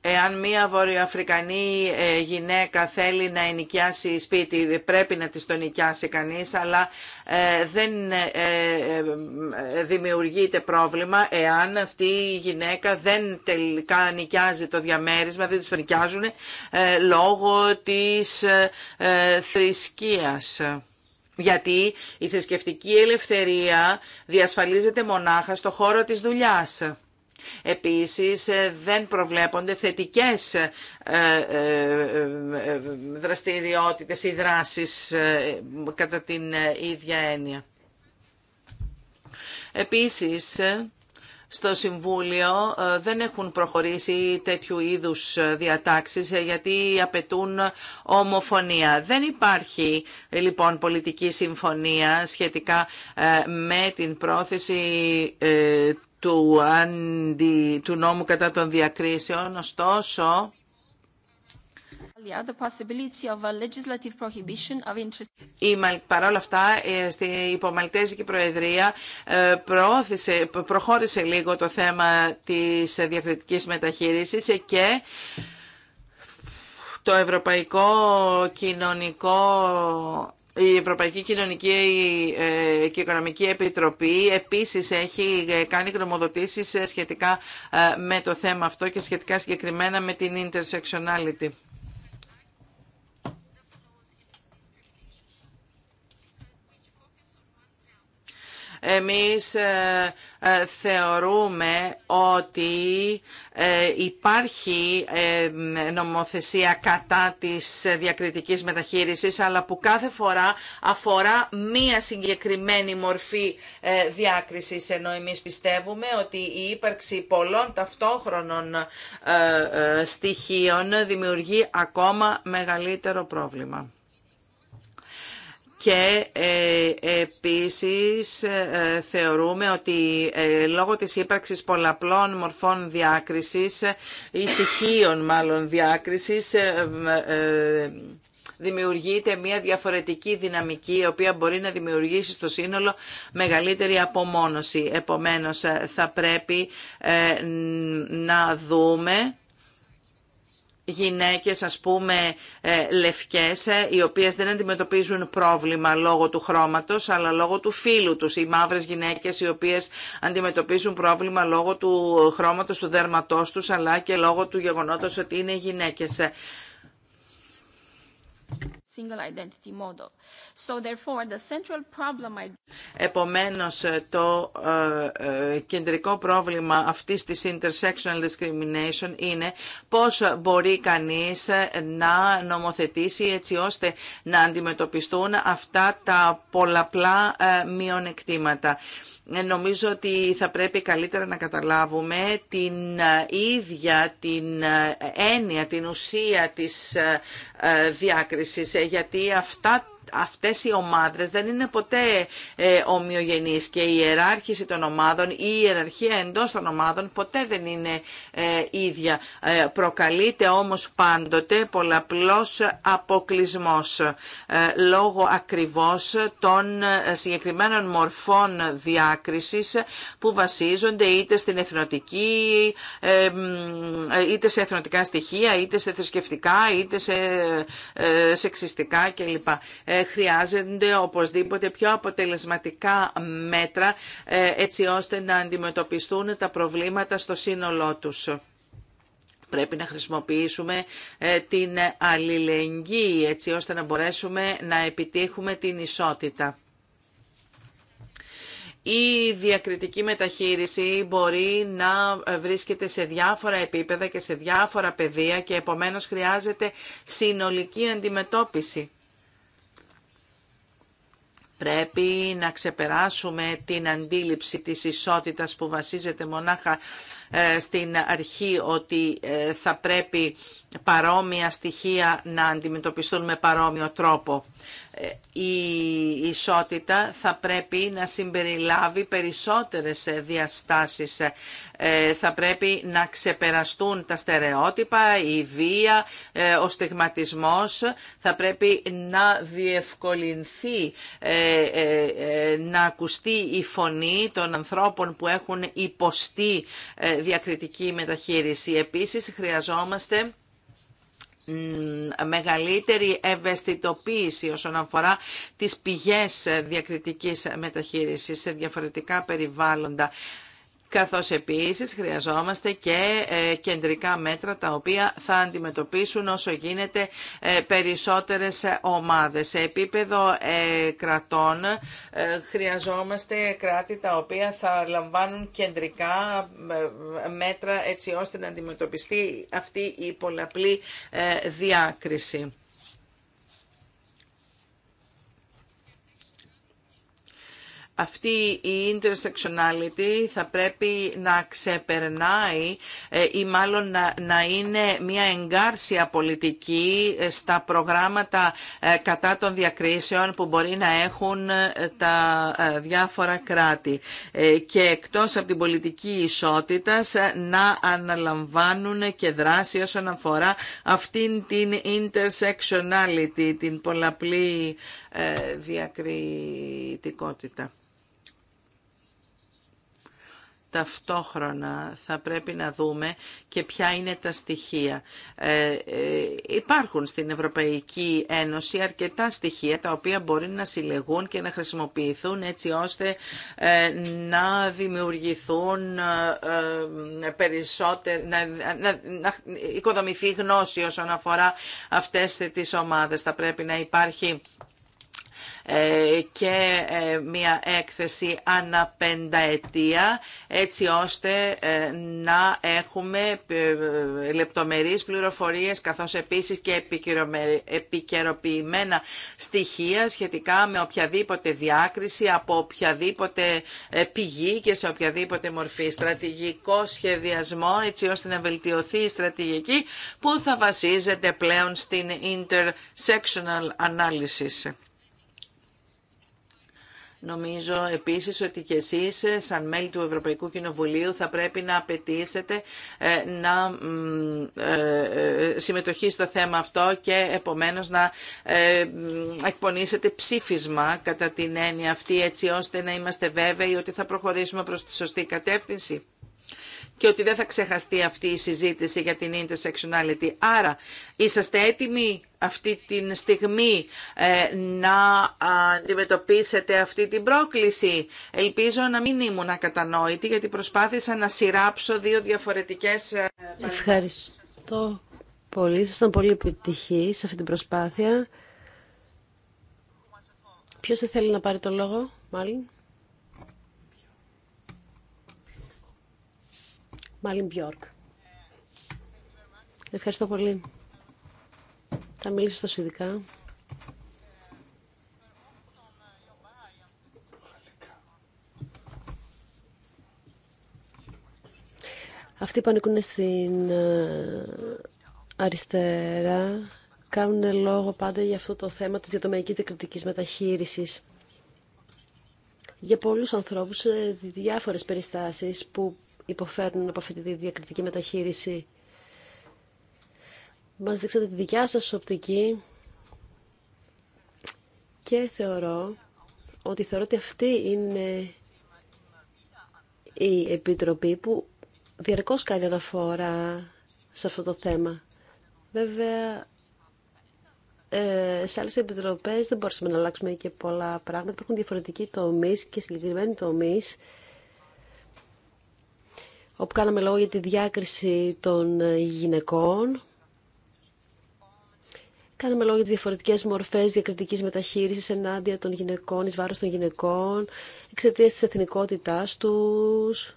εάν μία βορειοαφρικανή ε, γυναίκα θέλει να ενοικιάσει σπίτι, πρέπει να της το νοικιάσει κανείς, αλλά ε, δεν ε, δημιουργείται πρόβλημα εάν αυτή η γυναίκα δεν τελικά νοικιάζει το διαμέρισμα, δεν της το νοικιάζουν λόγω της θρησκείας. Γιατί η θρησκευτική ελευθερία διασφαλίζεται μονάχα στο χώρο της δουλειάς. Επίσης ε, δεν προβλέπονται θετικές ε, ε, δραστηριότητες ή δράσεις κατά την ίδια έννοια. Επίσης, στο Συμβούλιο δεν έχουν προχωρήσει τέτοιου είδους διατάξεις γιατί απαιτούν ομοφωνία. Δεν υπάρχει λοιπόν πολιτική συμφωνία σχετικά με την πρόθεση του, αντι, του νόμου κατά των διακρίσεων, ωστόσο η, παρόλα αυτά, ε, η υπομαλτέζικη προεδρία ε, προώθησε, προχώρησε λίγο το θέμα της διακριτικής μεταχείρισης και το Ευρωπαϊκό Κοινωνικό η Ευρωπαϊκή Κοινωνική ε, και Οικονομική Επιτροπή επίσης έχει ε, κάνει γνωμοδοτήσεις ε, σχετικά με το θέμα αυτό και σχετικά συγκεκριμένα με την intersectionality. Εμείς ε, ε, θεωρούμε ότι ε, υπάρχει νομοθεσία κατά της διακριτικής μεταχείρισης, αλλά που κάθε φορά αφορά μία συγκεκριμένη μορφή διάκρισης, ενώ εμείς πιστεύουμε ότι η ύπαρξη πολλών ταυτόχρονων στοιχείων δημιουργεί ακόμα μεγαλύτερο πρόβλημα και ε, επίσης ε, θεωρούμε ότι ε, λόγω της ύπαρξης πολλαπλών μορφών διάκρισης ή στοιχείων μάλλον διάκρισης δημιουργείται μια διαφορετική δυναμική η οποία μπορεί να δημιουργήσει στο σύνολο μεγαλύτερη απομόνωση. Επομένως θα πρέπει να δούμε γυναίκες ας πούμε ε, λευκές ε, οι οποίες δεν αντιμετωπίζουν πρόβλημα λόγω του χρώματος αλλά λόγω του φύλου τους οι μαύρες γυναίκες οι οποίες αντιμετωπίζουν πρόβλημα λόγω του χρώματος του δέρματός τους αλλά και λόγω του γεγονότος ότι είναι γυναίκες. Single identity Επομένως, ε, το ε, ε, κεντρικό πρόβλημα αυτής της intersectional discrimination είναι πώς μπορεί κανείς να νομοθετήσει έτσι ώστε να αντιμετωπιστούν αυτά τα πολλαπλά μειονεκτήματα. Νομίζω ότι θα πρέπει καλύτερα να καταλάβουμε την ίδια την έννοια, την ουσία της διάκρισης, γιατί αυτά αυτές οι ομάδες δεν είναι ποτέ ε, ομοιογενείς και η ιεράρχηση των ομάδων ή η ιεραρχία εντός των ομάδων ποτέ δεν είναι ε, ίδια. Ε, προκαλείται όμως πάντοτε πολλαπλός αποκλισμός λόγω ακριβώς των συγκεκριμένων μορφών διάκρισης που βασίζονται είτε στην εθνοτική, είτε σε εθνοτικά στοιχεία, είτε σε θρησκευτικά, είτε σε σεξιστικά κλπ χρειάζονται οπωσδήποτε πιο αποτελεσματικά μέτρα ε, έτσι ώστε να αντιμετωπιστούν τα προβλήματα στο σύνολό τους. Πρέπει να χρησιμοποιήσουμε ε, την αλληλεγγύη έτσι ώστε να μπορέσουμε να επιτύχουμε την ισότητα. Η διακριτική μεταχείριση μπορεί να βρίσκεται σε διάφορα επίπεδα και σε διάφορα πεδία και επομένως χρειάζεται συνολική αντιμετώπιση. Πρέπει να ξεπεράσουμε την αντίληψη της ισότητας που βασίζεται μονάχα ε, στην αρχή ότι ε, θα πρέπει παρόμοια στοιχεία να αντιμετωπιστούν με παρόμοιο τρόπο. Ε, η ισότητα θα πρέπει να συμπεριλάβει περισσότερες διαστάσεις. Ε, θα πρέπει να ξεπεραστούν τα στερεότυπα, η βία, ε, ο στιγματισμός. Θα πρέπει να διευκολυνθεί, να ακουστεί η φωνή των ανθρώπων που έχουν υποστεί διακριτική μεταχείριση. Επίσης, χρειαζόμαστε μεγαλύτερη ευαισθητοποίηση όσον αφορά τις πηγές διακριτικής μεταχείρισης σε διαφορετικά περιβάλλοντα καθώς επίσης χρειαζόμαστε και ε, κεντρικά μέτρα τα οποία θα αντιμετωπίσουν όσο γίνεται ε, περισσότερες ομάδες. Σε επίπεδο ε, κρατών χρειαζόμαστε κράτη τα οποία θα λαμβάνουν κεντρικά μέτρα έτσι ώστε να αντιμετωπιστεί αυτή η πολλαπλή διάκριση. αυτή η intersectionality θα πρέπει να ξεπερνάει ε, ή μάλλον να είναι μια εγκάρσια πολιτική ε, στα προγράμματα ε, κατά των διακρίσεων που μπορεί να έχουν τα διάφορα κράτη και εκτός από την πολιτική ισότητα να αναλαμβάνουν και δράση όσον αφορά αυτήν την intersectionality, την πολλαπλή διακριτικότητα ταυτόχρονα θα πρέπει να δούμε και ποια είναι τα στοιχεία. Ε, ε, υπάρχουν στην Ευρωπαϊκή Ένωση αρκετά στοιχεία τα οποία μπορεί να συλλεγούν και να χρησιμοποιηθούν έτσι ώστε ε, να δημιουργηθούν ε, περισσότερο, να, να, να οικοδομηθεί γνώση όσον αφορά αυτές τις ομάδες. Θα πρέπει να υπάρχει ε, και ε, μια έκθεση ανά πενταετία έτσι ώστε ε, να έχουμε λεπτομερείς πληροφορίες καθώς επίσης και επικαιροποιημένα στοιχεία σχετικά με οποιαδήποτε διάκριση από οποιαδήποτε πηγή και σε οποιαδήποτε μορφή. Στρατηγικό σχεδιασμό έτσι ώστε να βελτιωθεί η στρατηγική που θα βασίζεται πλέον στην intersectional analysis. Νομίζω επίσης ότι και εσείς σαν μέλη του Ευρωπαϊκού Κοινοβουλίου θα πρέπει να απαιτήσετε ε, να ε, ε, συμμετοχή στο θέμα αυτό και επομένως να εκπονήσετε ψήφισμα κατά την έννοια αυτή έτσι ώστε να είμαστε βέβαιοι ότι θα προχωρήσουμε προς τη σωστή κατεύθυνση και ότι δεν θα ξεχαστεί αυτή η συζήτηση για την intersectionality. Άρα, είσαστε έτοιμοι αυτή τη στιγμή ε, να αντιμετωπίσετε αυτή την πρόκληση. Ελπίζω να μην ήμουν ακατανόητη, γιατί προσπάθησα να σειράψω δύο διαφορετικές... Ε, Ευχαριστώ πολύ. Ήσασταν πολύ επιτυχή σε αυτή την προσπάθεια. Ποιος θα θέλει να πάρει το λόγο, μάλλον. Μάλιν Μπιόρκ. Ευχαριστώ πολύ. Θα μιλήσω στο ειδικά. Αυτοί που ανήκουν στην ε, αριστερά κάνουν λόγο πάντα για αυτό το θέμα της διατομιακής διακριτικής μεταχείρισης. Για πολλούς ανθρώπους, ε, διάφορες περιστάσεις που υποφέρουν από αυτή τη διακριτική μεταχείριση. Μας δείξατε τη δικιά σας οπτική και θεωρώ ότι θεωρώ ότι αυτή είναι η Επιτροπή που διαρκώς κάνει αναφορά σε αυτό το θέμα. Βέβαια, ε, σε άλλες επιτροπές δεν μπορούσαμε να αλλάξουμε και πολλά πράγματα. Υπάρχουν διαφορετικοί τομείς και συγκεκριμένοι τομείς όπου κάναμε λόγο για τη διάκριση των ε, γυναικών. Κάναμε λόγο για τις διαφορετικές μορφές διακριτικής μεταχείρισης ενάντια των γυναικών, εις βάρος των γυναικών, εξαιτίας της εθνικότητάς τους,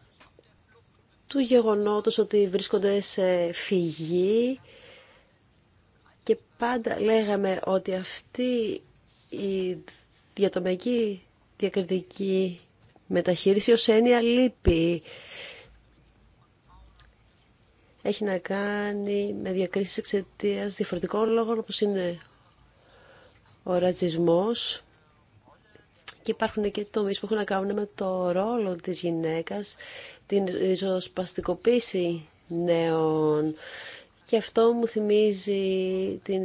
του γεγονότος ότι βρίσκονται σε φυγή. Και πάντα λέγαμε ότι αυτή η διατομική διακριτική μεταχείριση ως έννοια λείπει έχει να κάνει με διακρίσεις εξαιτία διαφορετικών λόγων όπως είναι ο ρατσισμός και υπάρχουν και τομείς που έχουν να κάνουν με το ρόλο της γυναίκας, την ριζοσπαστικοποίηση νέων και αυτό μου θυμίζει την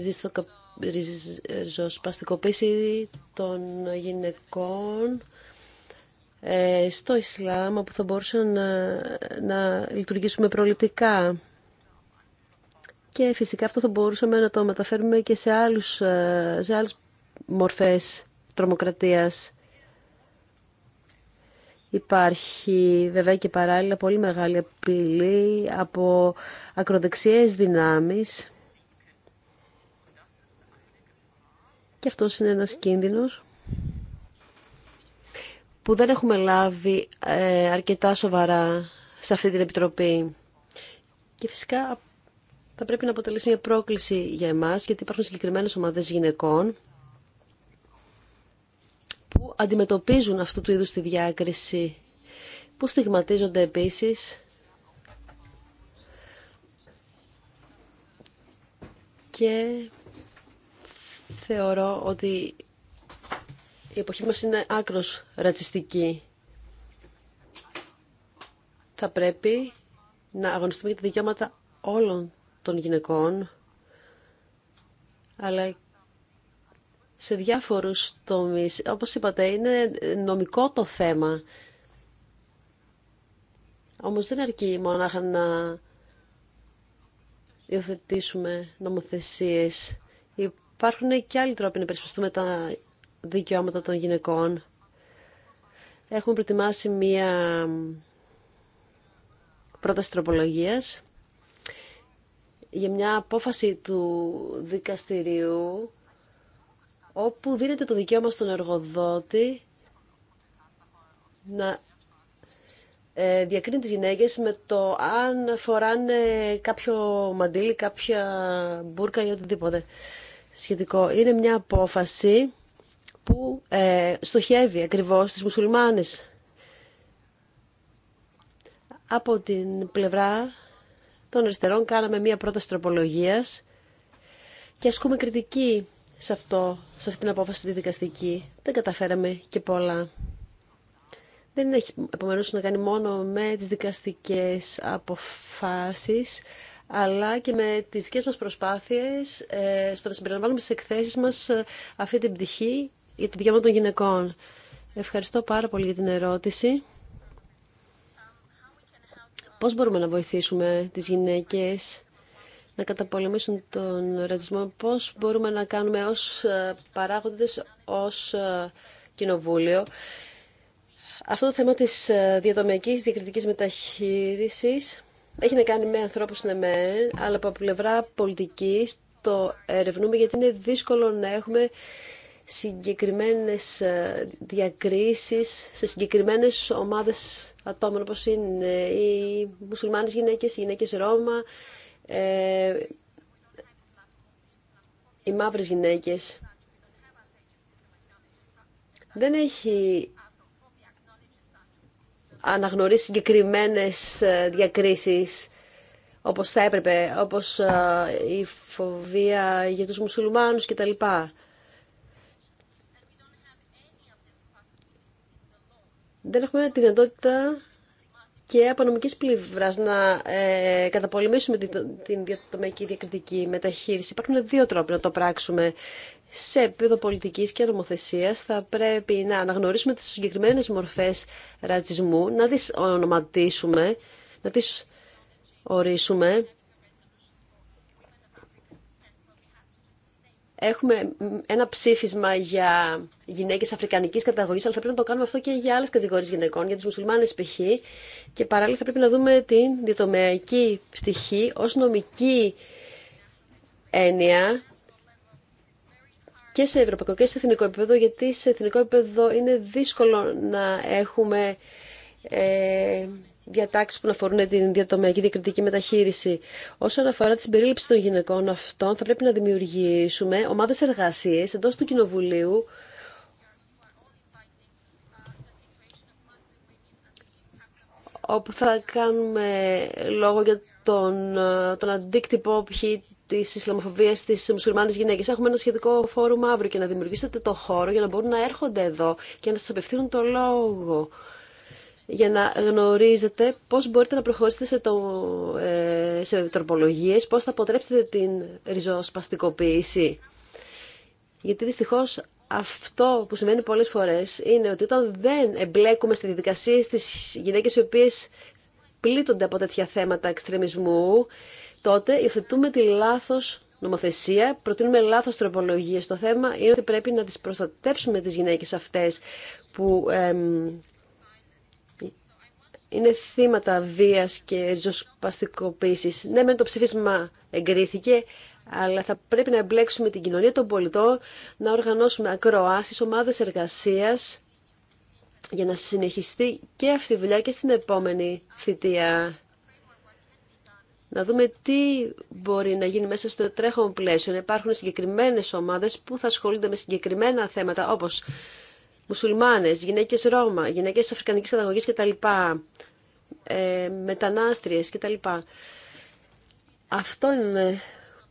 ριζοσπαστικοποίηση των γυναικών ε, στο Ισλάμ όπου θα μπορούσαν να, να λειτουργήσουμε προληπτικά και φυσικά αυτό θα μπορούσαμε να το μεταφέρουμε και σε, άλλους, ε, σε άλλες μορφές τρομοκρατίας. Υπάρχει βέβαια και παράλληλα πολύ μεγάλη απειλή από ακροδεξιές δυνάμεις και αυτό είναι ένας κίνδυνος που δεν έχουμε λάβει ε, αρκετά σοβαρά σε αυτή την Επιτροπή. Και φυσικά θα πρέπει να αποτελέσει μια πρόκληση για εμάς, γιατί υπάρχουν συγκεκριμένες ομάδες γυναικών που αντιμετωπίζουν αυτού του είδους τη διάκριση, που στιγματίζονται επίσης και θεωρώ ότι η εποχή μας είναι άκρος ρατσιστική. Θα πρέπει να αγωνιστούμε για τα δικαιώματα όλων των γυναικών, αλλά σε διάφορους τομείς. Όπως είπατε, είναι νομικό το θέμα. Όμως δεν αρκεί μονάχα να υιοθετήσουμε νομοθεσίες. Υπάρχουν και άλλοι τρόποι να περισπαστούμε τα δικαιώματα των γυναικών. Έχουμε προετοιμάσει μία πρόταση τροπολογίας για μια απόφαση του δικαστηρίου όπου δίνεται το δικαίωμα στον εργοδότη να ε, διακρίνει τις γυναίκες με το αν φοράνε κάποιο μαντήλι, κάποια μπουρκα ή οτιδήποτε σχετικό. Είναι μια απόφαση που ε, στοχεύει ακριβώς τις μουσουλμάνες. Από την πλευρά των αριστερών κάναμε μία πρόταση τροπολογία και ασκούμε κριτική σε, αυτό, σε αυτή την απόφαση τη δικαστική. Δεν καταφέραμε και πολλά. Δεν έχει επομένω να κάνει μόνο με τις δικαστικές αποφάσεις, αλλά και με τις δικέ μας προσπάθειες ε, στο να συμπεριλαμβάνουμε στι εκθέσεις μας ε, αυτή την πτυχή για τη δικαίωμα των γυναικών. Ευχαριστώ πάρα πολύ για την ερώτηση. Πώς μπορούμε να βοηθήσουμε τις γυναίκες να καταπολεμήσουν τον ρατσισμό, πώς μπορούμε να κάνουμε ως ε, παράγοντες, ως ε, κοινοβούλιο. Αυτό το θέμα της ε, διαδομιακής διακριτικής μεταχείρισης έχει να κάνει με ανθρώπους ναι με, αλλά από πλευρά πολιτικής το ερευνούμε γιατί είναι δύσκολο να έχουμε συγκεκριμένες ε, διακρίσεις σε συγκεκριμένες ομάδες ατόμων όπως είναι οι μουσουλμάνες γυναίκες, οι γυναίκες Ρώμα, ε, οι μαύρες γυναίκες. Δεν έχει αναγνωρίσει συγκεκριμένες ε, διακρίσεις όπως θα έπρεπε, όπως η φοβία για τους μουσουλμάνους κτλ. δεν έχουμε τη δυνατότητα και από νομικής πλευράς να ε, καταπολεμήσουμε την, την διατομική διακριτική μεταχείριση. Υπάρχουν δύο τρόποι να το πράξουμε. Σε επίπεδο πολιτική και νομοθεσία. θα πρέπει να αναγνωρίσουμε τις συγκεκριμένε μορφές ρατσισμού, να τις ονοματίσουμε, να τις ορίσουμε Έχουμε ένα ψήφισμα για γυναίκε αφρικανική καταγωγή, αλλά θα πρέπει να το κάνουμε αυτό και για άλλε κατηγορίε γυναικών, για τι μουσουλμάνε π.χ. Και παράλληλα θα πρέπει να δούμε την διατομεακή πτυχή ω νομική έννοια και σε ευρωπαϊκό και σε εθνικό επίπεδο, γιατί σε εθνικό επίπεδο είναι δύσκολο να έχουμε ε, Διατάξει που να αφορούν την διατομιακή διακριτική μεταχείριση. Όσον αφορά τη συμπερίληψη των γυναικών αυτών, θα πρέπει να δημιουργήσουμε ομάδε εργασίε εντό του Κοινοβουλίου όπου θα κάνουμε λόγο για τον, τον αντίκτυπο ποιοι τη Ισλαμοφοβία στι μουσουλμάνε γυναίκε. Έχουμε ένα σχετικό φόρουμ αύριο και να δημιουργήσετε το χώρο για να μπορούν να έρχονται εδώ και να σα απευθύνουν το λόγο για να γνωρίζετε πώς μπορείτε να προχωρήσετε σε, το, ε, σε τροπολογίες, πώς θα αποτρέψετε την ριζοσπαστικοποίηση. Γιατί δυστυχώς αυτό που σημαίνει πολλές φορές είναι ότι όταν δεν εμπλέκουμε στη διαδικασία στις γυναίκες οι οποίες πλήττονται από τέτοια θέματα εξτρεμισμού, τότε υιοθετούμε τη λάθος νομοθεσία, προτείνουμε λάθος τροπολογίες. Το θέμα είναι ότι πρέπει να τις προστατέψουμε τις γυναίκες αυτές που είναι θύματα βίας και ζωσπαστικοποίησης. Ναι, με το ψηφίσμα εγκρίθηκε, αλλά θα πρέπει να εμπλέξουμε την κοινωνία των πολιτών, να οργανώσουμε ακροάσεις, ομάδες εργασίας, για να συνεχιστεί και αυτή η δουλειά και στην επόμενη θητεία. Να δούμε τι μπορεί να γίνει μέσα στο τρέχον πλαίσιο. Να υπάρχουν συγκεκριμένες ομάδες που θα ασχολούνται με συγκεκριμένα θέματα, όπως μουσουλμάνες, γυναίκες Ρώμα, γυναίκες αφρικανικής καταγωγής κτλ. Ε, μετανάστριες κτλ. Αυτό είναι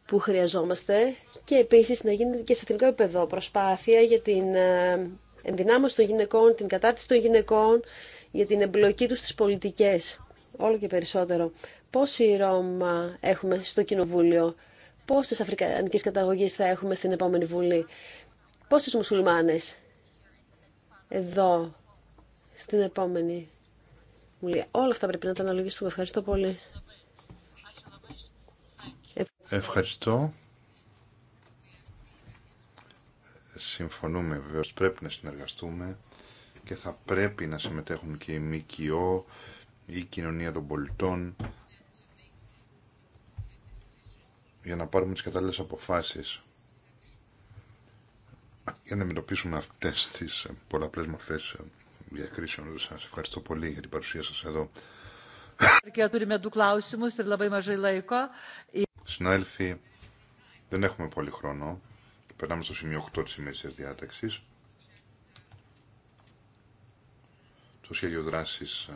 που χρειαζόμαστε και επίσης να γίνεται και σε εθνικό επίπεδο προσπάθεια για την ε, ενδυνάμωση των γυναικών, την κατάρτιση των γυναικών, για την εμπλοκή τους στις πολιτικές. Όλο και περισσότερο. Πόσοι Ρώμα έχουμε στο Κοινοβούλιο, πόσες Αφρικανικής καταγωγή θα έχουμε στην επόμενη Βουλή, πόσε Μουσουλμάνες εδώ στην επόμενη μου Όλα αυτά πρέπει να τα αναλογιστούμε. Ευχαριστώ πολύ. Ευχαριστώ. Συμφωνούμε βεβαίω. Πρέπει να συνεργαστούμε και θα πρέπει να συμμετέχουν και η ΜΚΟ, η κοινωνία των πολιτών για να πάρουμε τις κατάλληλες αποφάσεις για να αντιμετωπίσουμε αυτέ τι ε, πολλαπλέ μορφέ ε, διακρίσεων. Σα ευχαριστώ πολύ για την παρουσία σα εδώ. Συνάδελφοι, δεν έχουμε πολύ χρόνο. Περνάμε στο σημείο 8 τη ημερησία διάταξη, Το σχέδιο δράση ε,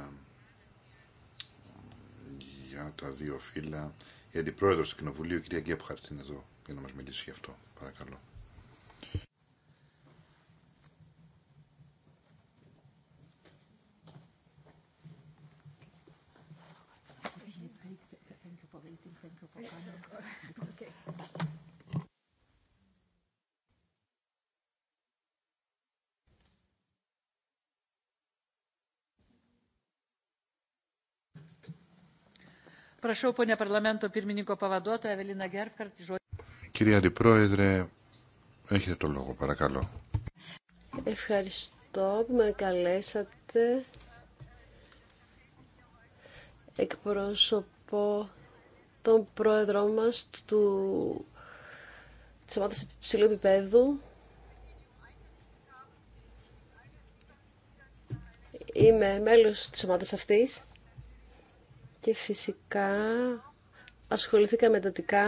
για τα δύο φύλλα. Η αντιπροέδρο του Κοινοβουλίου, η κυρία Γκέπχαρτ, είναι εδώ για να μα μιλήσει γι' αυτό. Παρακαλώ. Κυρία Αντιπρόεδρε, έχετε το λόγο, παρακαλώ. Ευχαριστώ που με καλέσατε. Εκπροσωπώ τον πρόεδρό μας του, της ομάδας υψηλού επίπεδου. Είμαι μέλος της ομάδας αυτής και φυσικά ασχοληθήκαμε εντατικά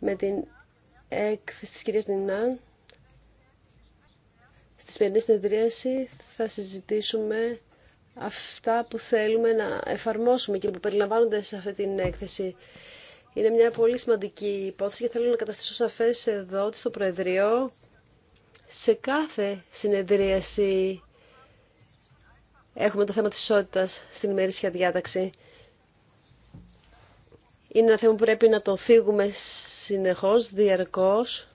με την έκθεση της κυρίας Νινά. Στη σημερινή συνεδρίαση θα συζητήσουμε αυτά που θέλουμε να εφαρμόσουμε και που περιλαμβάνονται σε αυτή την έκθεση. Είναι μια πολύ σημαντική υπόθεση και θέλω να καταστήσω σαφές εδώ ότι στο Προεδρείο σε κάθε συνεδρίαση έχουμε το θέμα της ισότητας στην ημερήσια διάταξη. Είναι ένα θέμα που πρέπει να το θίγουμε συνεχώς, διαρκώς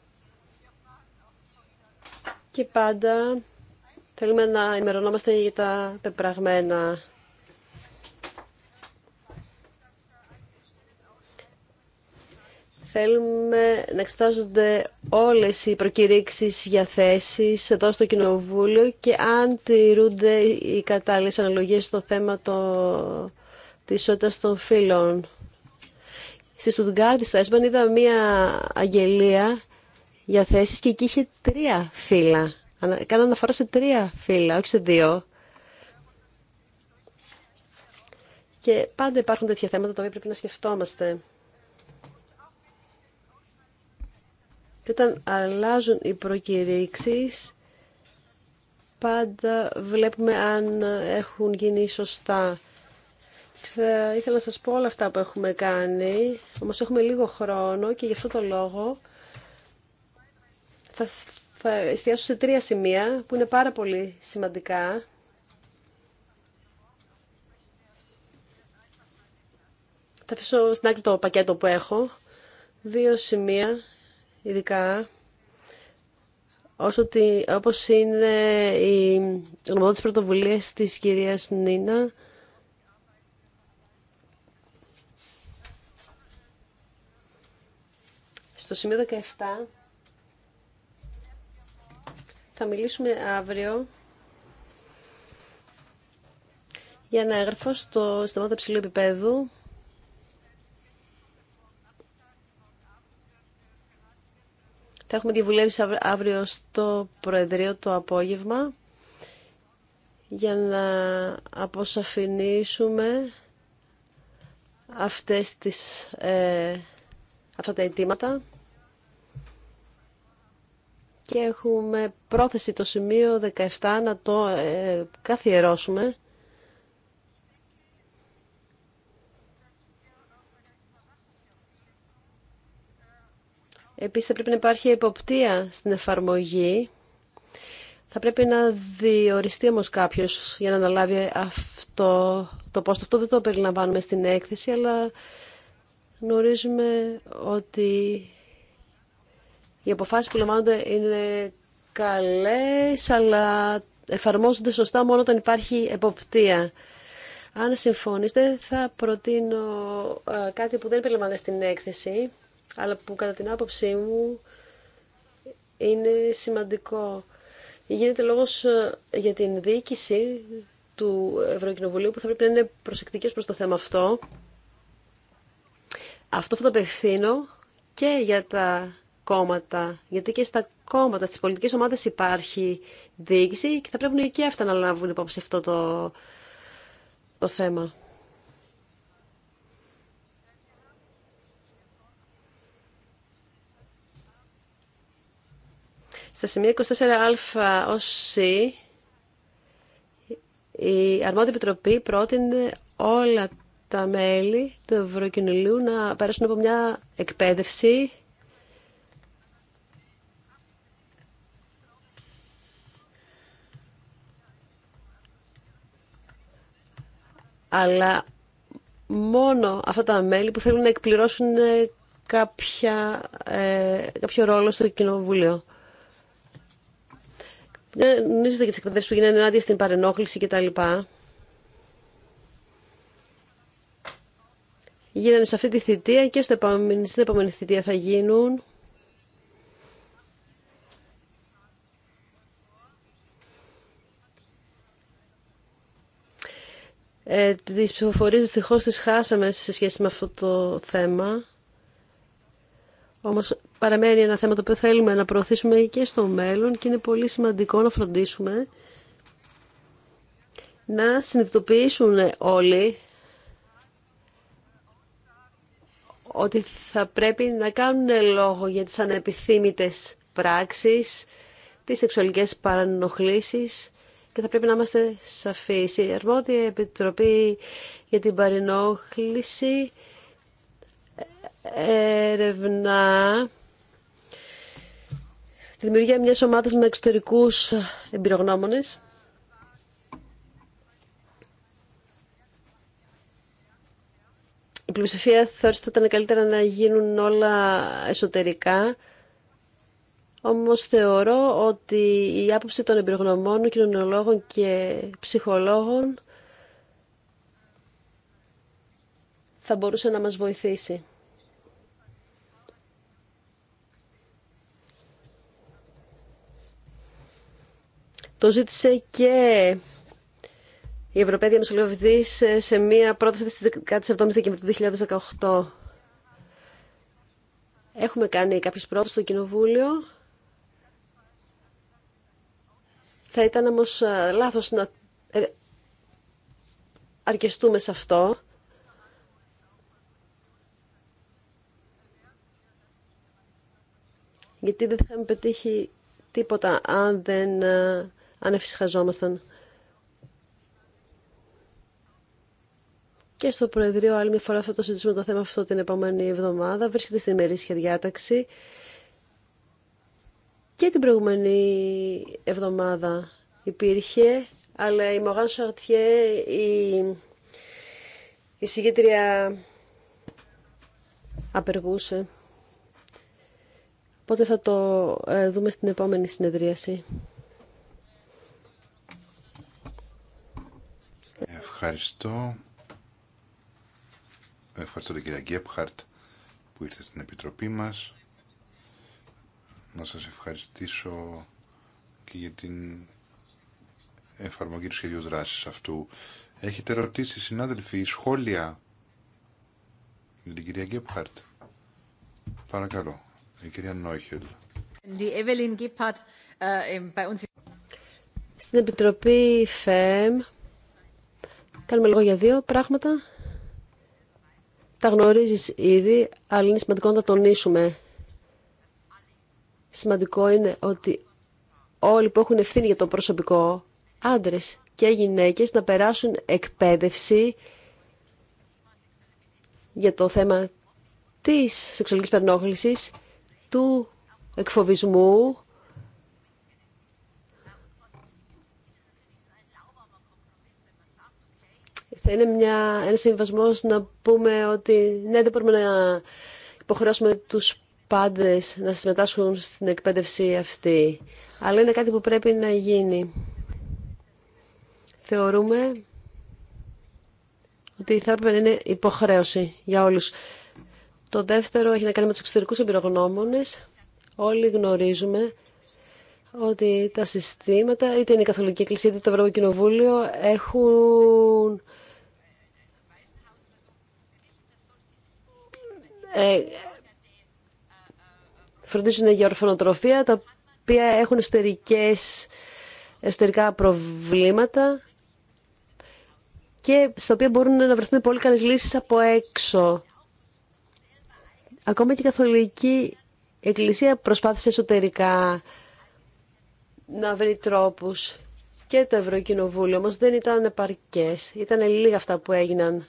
και πάντα θέλουμε να ενημερωνόμαστε για τα πεπραγμένα Θέλουμε να εξετάζονται όλες οι προκηρύξεις για θέσεις εδώ στο Κοινοβούλιο και αν τηρούνται οι κατάλληλες αναλογίες στο θέμα το... της ισότητας των φύλων. Στη Στουτγκάρδη, στο Έσμπαν, είδα μία αγγελία για θέσεις και εκεί είχε τρία φύλλα. Κάνα αναφορά σε τρία φύλλα, όχι σε δύο. Και πάντα υπάρχουν τέτοια θέματα τα οποία πρέπει να σκεφτόμαστε. Και όταν αλλάζουν οι προκηρύξεις, πάντα βλέπουμε αν έχουν γίνει σωστά. Θα ήθελα να σας πω όλα αυτά που έχουμε κάνει, όμως έχουμε λίγο χρόνο και γι' αυτό το λόγο θα, θα εστιάσω σε τρία σημεία που είναι πάρα πολύ σημαντικά. Θα αφήσω στην άκρη το πακέτο που έχω. Δύο σημεία ειδικά όσο όπως είναι η της πρωτοβουλίας της κυρίας Νίνα στο σημείο 17 θα μιλήσουμε αύριο για ένα έγγραφο στο συστημα ψηλού επίπεδου Θα έχουμε τη αύριο στο Προεδρείο το απόγευμα για να αποσαφηνίσουμε αυτές τις, ε, αυτά τα αιτήματα και έχουμε πρόθεση το σημείο 17 να το ε, καθιερώσουμε Επίσης θα πρέπει να υπάρχει εποπτεία στην εφαρμογή. Θα πρέπει να διοριστεί όμω κάποιος για να αναλάβει αυτό το πόστο. Αυτό δεν το περιλαμβάνουμε στην έκθεση, αλλά γνωρίζουμε ότι οι αποφάσεις που λαμβάνονται είναι καλές, αλλά εφαρμόζονται σωστά μόνο όταν υπάρχει εποπτεία. Αν συμφωνήσετε, θα προτείνω ε, κάτι που δεν περιλαμβάνεται στην έκθεση, αλλά που κατά την άποψή μου είναι σημαντικό. Γίνεται λόγος ε, για την διοίκηση του Ευρωκοινοβουλίου που θα πρέπει να είναι προσεκτικές προς το θέμα αυτό. Αυτό θα το απευθύνω και για τα κόμματα, γιατί και στα κόμματα, στις πολιτικές ομάδες υπάρχει διοίκηση και θα πρέπει και αυτά να λάβουν υπόψη αυτό το, το θέμα. Στα σημεία 24α ω C, η αρμόδια επιτροπή πρότεινε όλα τα μέλη του Ευρωκοινωνίου να περάσουν από μια εκπαίδευση αλλά μόνο αυτά τα μέλη που θέλουν να εκπληρώσουν ε, κάποια, ε, κάποιο ρόλο στο κοινοβούλιο. Νομίζετε ε, και τι εκπαιδεύσει που γίνανε ενάντια στην παρενόχληση κτλ. Γίνανε σε αυτή τη θητεία και στο επόμενη, στην επόμενη θητεία θα γίνουν. Ε, τις ψηφοφορίες δυστυχώς τις χάσαμε σε σχέση με αυτό το θέμα. Όμω παραμένει ένα θέμα το οποίο θέλουμε να προωθήσουμε και στο μέλλον και είναι πολύ σημαντικό να φροντίσουμε να συνειδητοποιήσουν όλοι ότι θα πρέπει να κάνουν λόγο για τις ανεπιθύμητες πράξεις, τις σεξουαλικές παρανοχλήσεις και θα πρέπει να είμαστε σαφείς. Η Αρμόδια Επιτροπή για την Παρενόχληση έρευνα τη δημιουργία μιας ομάδας με εξωτερικούς εμπειρογνώμονες. Η πλειοψηφία θεώρησε ότι θα ήταν καλύτερα να γίνουν όλα εσωτερικά. Όμως θεωρώ ότι η άποψη των εμπειρογνωμών, κοινωνιολόγων και ψυχολόγων θα μπορούσε να μας βοηθήσει. Το ζήτησε και η Ευρωπαία Διαμεσολαβητή σε μία πρόταση τη 17 η Δεκεμβρίου του 2018. Έχουμε κάνει κάποιε πρόταση στο Κοινοβούλιο. Θα ήταν όμω ε, λάθος να ε, αρκεστούμε σε αυτό. Γιατί δεν θα είχαμε πετύχει τίποτα αν δεν ε, αν Και στο Προεδρείο, άλλη μια φορά θα το συζητήσουμε το θέμα αυτό την επόμενη εβδομάδα. Βρίσκεται στην ημερήσια διάταξη. Και την προηγούμενη εβδομάδα υπήρχε, αλλά η Μογάν Σαρτιέ, η, η απεργούσε. Οπότε θα το ε, δούμε στην επόμενη συνεδρίαση. Ευχαριστώ. Ευχαριστώ την κυρία Γκέπχαρτ που ήρθε στην Επιτροπή μας. Να σας ευχαριστήσω και για την εφαρμογή του σχεδίου δράσης αυτού. Έχετε ρωτήσει, συνάδελφοι, σχόλια για την κυρία Γκέπχαρτ. Παρακαλώ, η κυρία Νόιχελ. Äh, στην Επιτροπή ΦΕΜ Κάνουμε λόγο για δύο πράγματα. Τα γνωρίζεις ήδη, αλλά είναι σημαντικό να τα τονίσουμε. Σημαντικό είναι ότι όλοι που έχουν ευθύνη για το προσωπικό, άντρες και γυναίκες, να περάσουν εκπαίδευση για το θέμα της σεξουαλικής περνόχλησης, του εκφοβισμού είναι μια, ένας συμβασμός να πούμε ότι ναι, δεν μπορούμε να υποχρεώσουμε τους πάντε να συμμετάσχουν στην εκπαίδευση αυτή. Αλλά είναι κάτι που πρέπει να γίνει. Θεωρούμε ότι θα έπρεπε να είναι υποχρέωση για όλους. Το δεύτερο έχει να κάνει με τους εξωτερικού εμπειρογνώμονε. Όλοι γνωρίζουμε ότι τα συστήματα, είτε είναι η Καθολική Εκκλησία, είτε το Ευρωπαϊκό έχουν Ε, φροντίζουν για ορφανοτροφία, τα οποία έχουν εσωτερικές, εσωτερικά προβλήματα και στα οποία μπορούν να βρεθούν πολύ καλές λύσεις από έξω. Ακόμα και η Καθολική Εκκλησία προσπάθησε εσωτερικά να βρει τρόπους και το Ευρωκοινοβούλιο, όμως δεν ήταν επαρκές. Ήταν λίγα αυτά που έγιναν.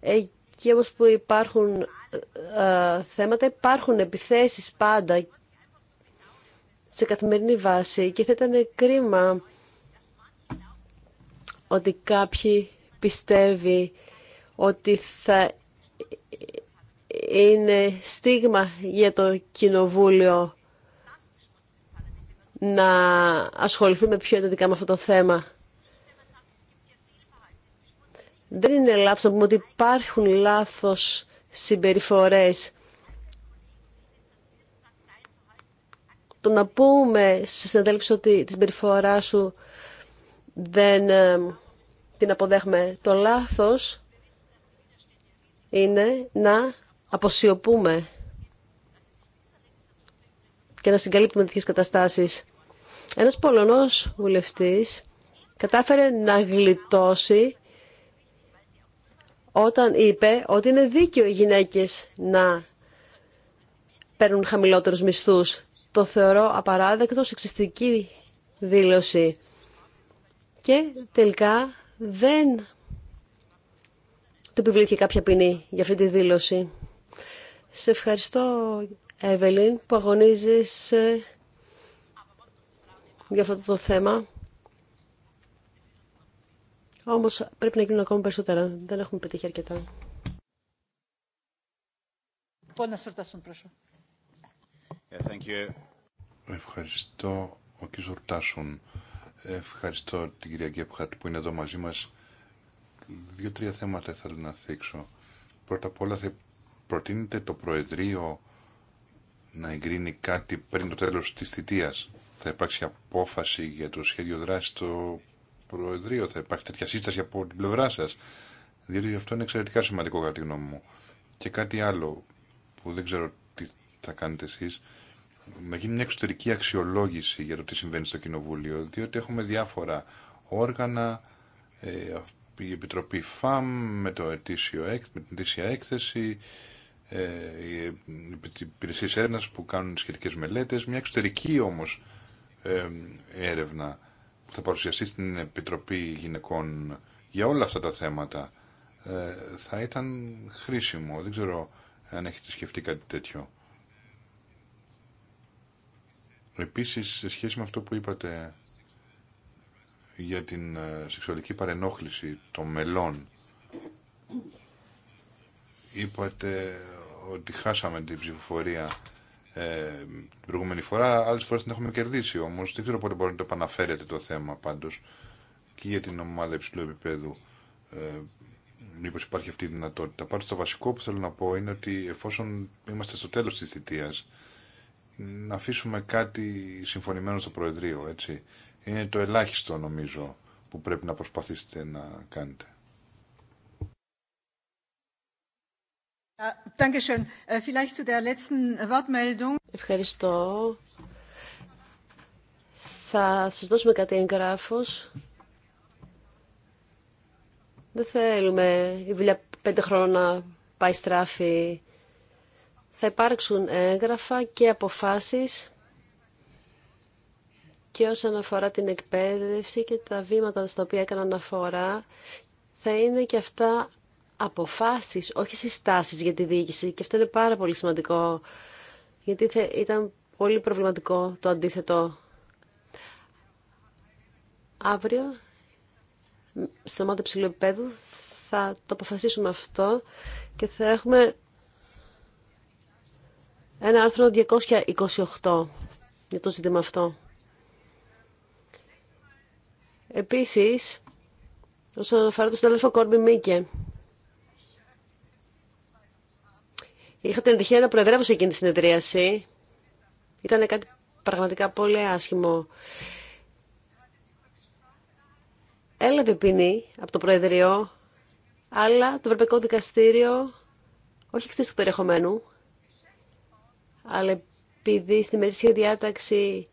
εκεί όμως που υπάρχουν ε, θέματα υπάρχουν επιθέσεις πάντα σε καθημερινή βάση και θα ήταν κρίμα ότι κάποιοι πιστεύει ότι θα είναι στίγμα για το Κοινοβούλιο να ασχοληθούμε πιο εντατικά με αυτό το θέμα. Δεν είναι λάθος να πούμε ότι υπάρχουν λάθος συμπεριφορές. Το να πούμε σε συναδέλφους ότι τη συμπεριφορά σου δεν ε, την αποδέχουμε. Το λάθος είναι να αποσιωπούμε και να συγκαλύπτουμε τέτοιες καταστάσεις. Ένας Πολωνός βουλευτής κατάφερε να γλιτώσει όταν είπε ότι είναι δίκαιο οι γυναίκες να παίρνουν χαμηλότερους μισθούς. Το θεωρώ απαράδεκτο, σεξιστική δήλωση. Και τελικά δεν του επιβλήθηκε κάποια ποινή για αυτή τη δήλωση. Σε ευχαριστώ, Εύελιν, που αγωνίζεις για αυτό το θέμα. Όμως πρέπει να γίνουν ακόμα περισσότερα. Δεν έχουμε πετύχει αρκετά. Ευχαριστώ ο κ. Ευχαριστώ την κυρία Γκέπχαρτ που είναι εδώ μαζί μας. Δύο-τρία θέματα θέλω να θίξω. Πρώτα απ' όλα θα προτείνετε το Προεδρείο να εγκρίνει κάτι πριν το τέλος της θητείας. Θα υπάρξει απόφαση για το σχέδιο δράση το Προεδρείο. Θα υπάρχει τέτοια σύσταση από την πλευρά σα. Διότι αυτό είναι εξαιρετικά σημαντικό κατά τη γνώμη μου. Και κάτι άλλο που δεν ξέρω τι θα κάνετε εσεί. Να γίνει μια εξωτερική αξιολόγηση για το τι συμβαίνει στο Κοινοβούλιο. Διότι έχουμε διάφορα όργανα. Ε, η Επιτροπή ΦΑΜ με, το ετήσιο, με την ετήσια έκθεση, ε, οι υπηρεσίε έρευνα που κάνουν σχετικέ μελέτε, μια εξωτερική όμω ε, έρευνα που θα παρουσιαστεί στην Επιτροπή Γυναικών για όλα αυτά τα θέματα ε, θα ήταν χρήσιμο. Δεν ξέρω αν έχετε σκεφτεί κάτι τέτοιο. Επίσης, σε σχέση με αυτό που είπατε για την ε, σεξουαλική παρενόχληση των μελών, είπατε ότι χάσαμε την ψηφοφορία ε, την προηγούμενη φορά. Άλλε φορέ την έχουμε κερδίσει όμω. Δεν ξέρω πότε μπορεί να το επαναφέρετε το θέμα πάντω και για την ομάδα υψηλού επίπεδου. Ε, Μήπω υπάρχει αυτή η δυνατότητα. Πάντω το βασικό που θέλω να πω είναι ότι εφόσον είμαστε στο τέλο τη θητεία, να αφήσουμε κάτι συμφωνημένο στο Προεδρείο. Έτσι. Είναι το ελάχιστο νομίζω που πρέπει να προσπαθήσετε να κάνετε. Äh, Ευχαριστώ. Θα σας δώσουμε κάτι εγγράφος. Δεν θέλουμε η δουλειά πέντε χρόνια πάει στράφη. Θα υπάρξουν έγγραφα και αποφάσεις και όσον αφορά την εκπαίδευση και τα βήματα στα οποία έκαναν αφορά θα είναι και αυτά αποφάσεις, όχι συστάσεις για τη διοίκηση και αυτό είναι πάρα πολύ σημαντικό γιατί ήταν πολύ προβληματικό το αντίθετο. Αύριο στην ομάδα ψηλού επίπεδου θα το αποφασίσουμε αυτό και θα έχουμε ένα άρθρο 228 για το ζήτημα αυτό. Επίσης, όσον αφορά το συνάδελφο Κόρμπι Μίκε, Είχα την τυχαία να προεδρεύω σε εκείνη τη συνεδρίαση. Ήταν κάτι πραγματικά πολύ άσχημο. Έλαβε ποινή από το Προεδρείο, αλλά το Ευρωπαϊκό Δικαστήριο, όχι εξής του περιεχομένου, αλλά επειδή στη μερίσια διάταξη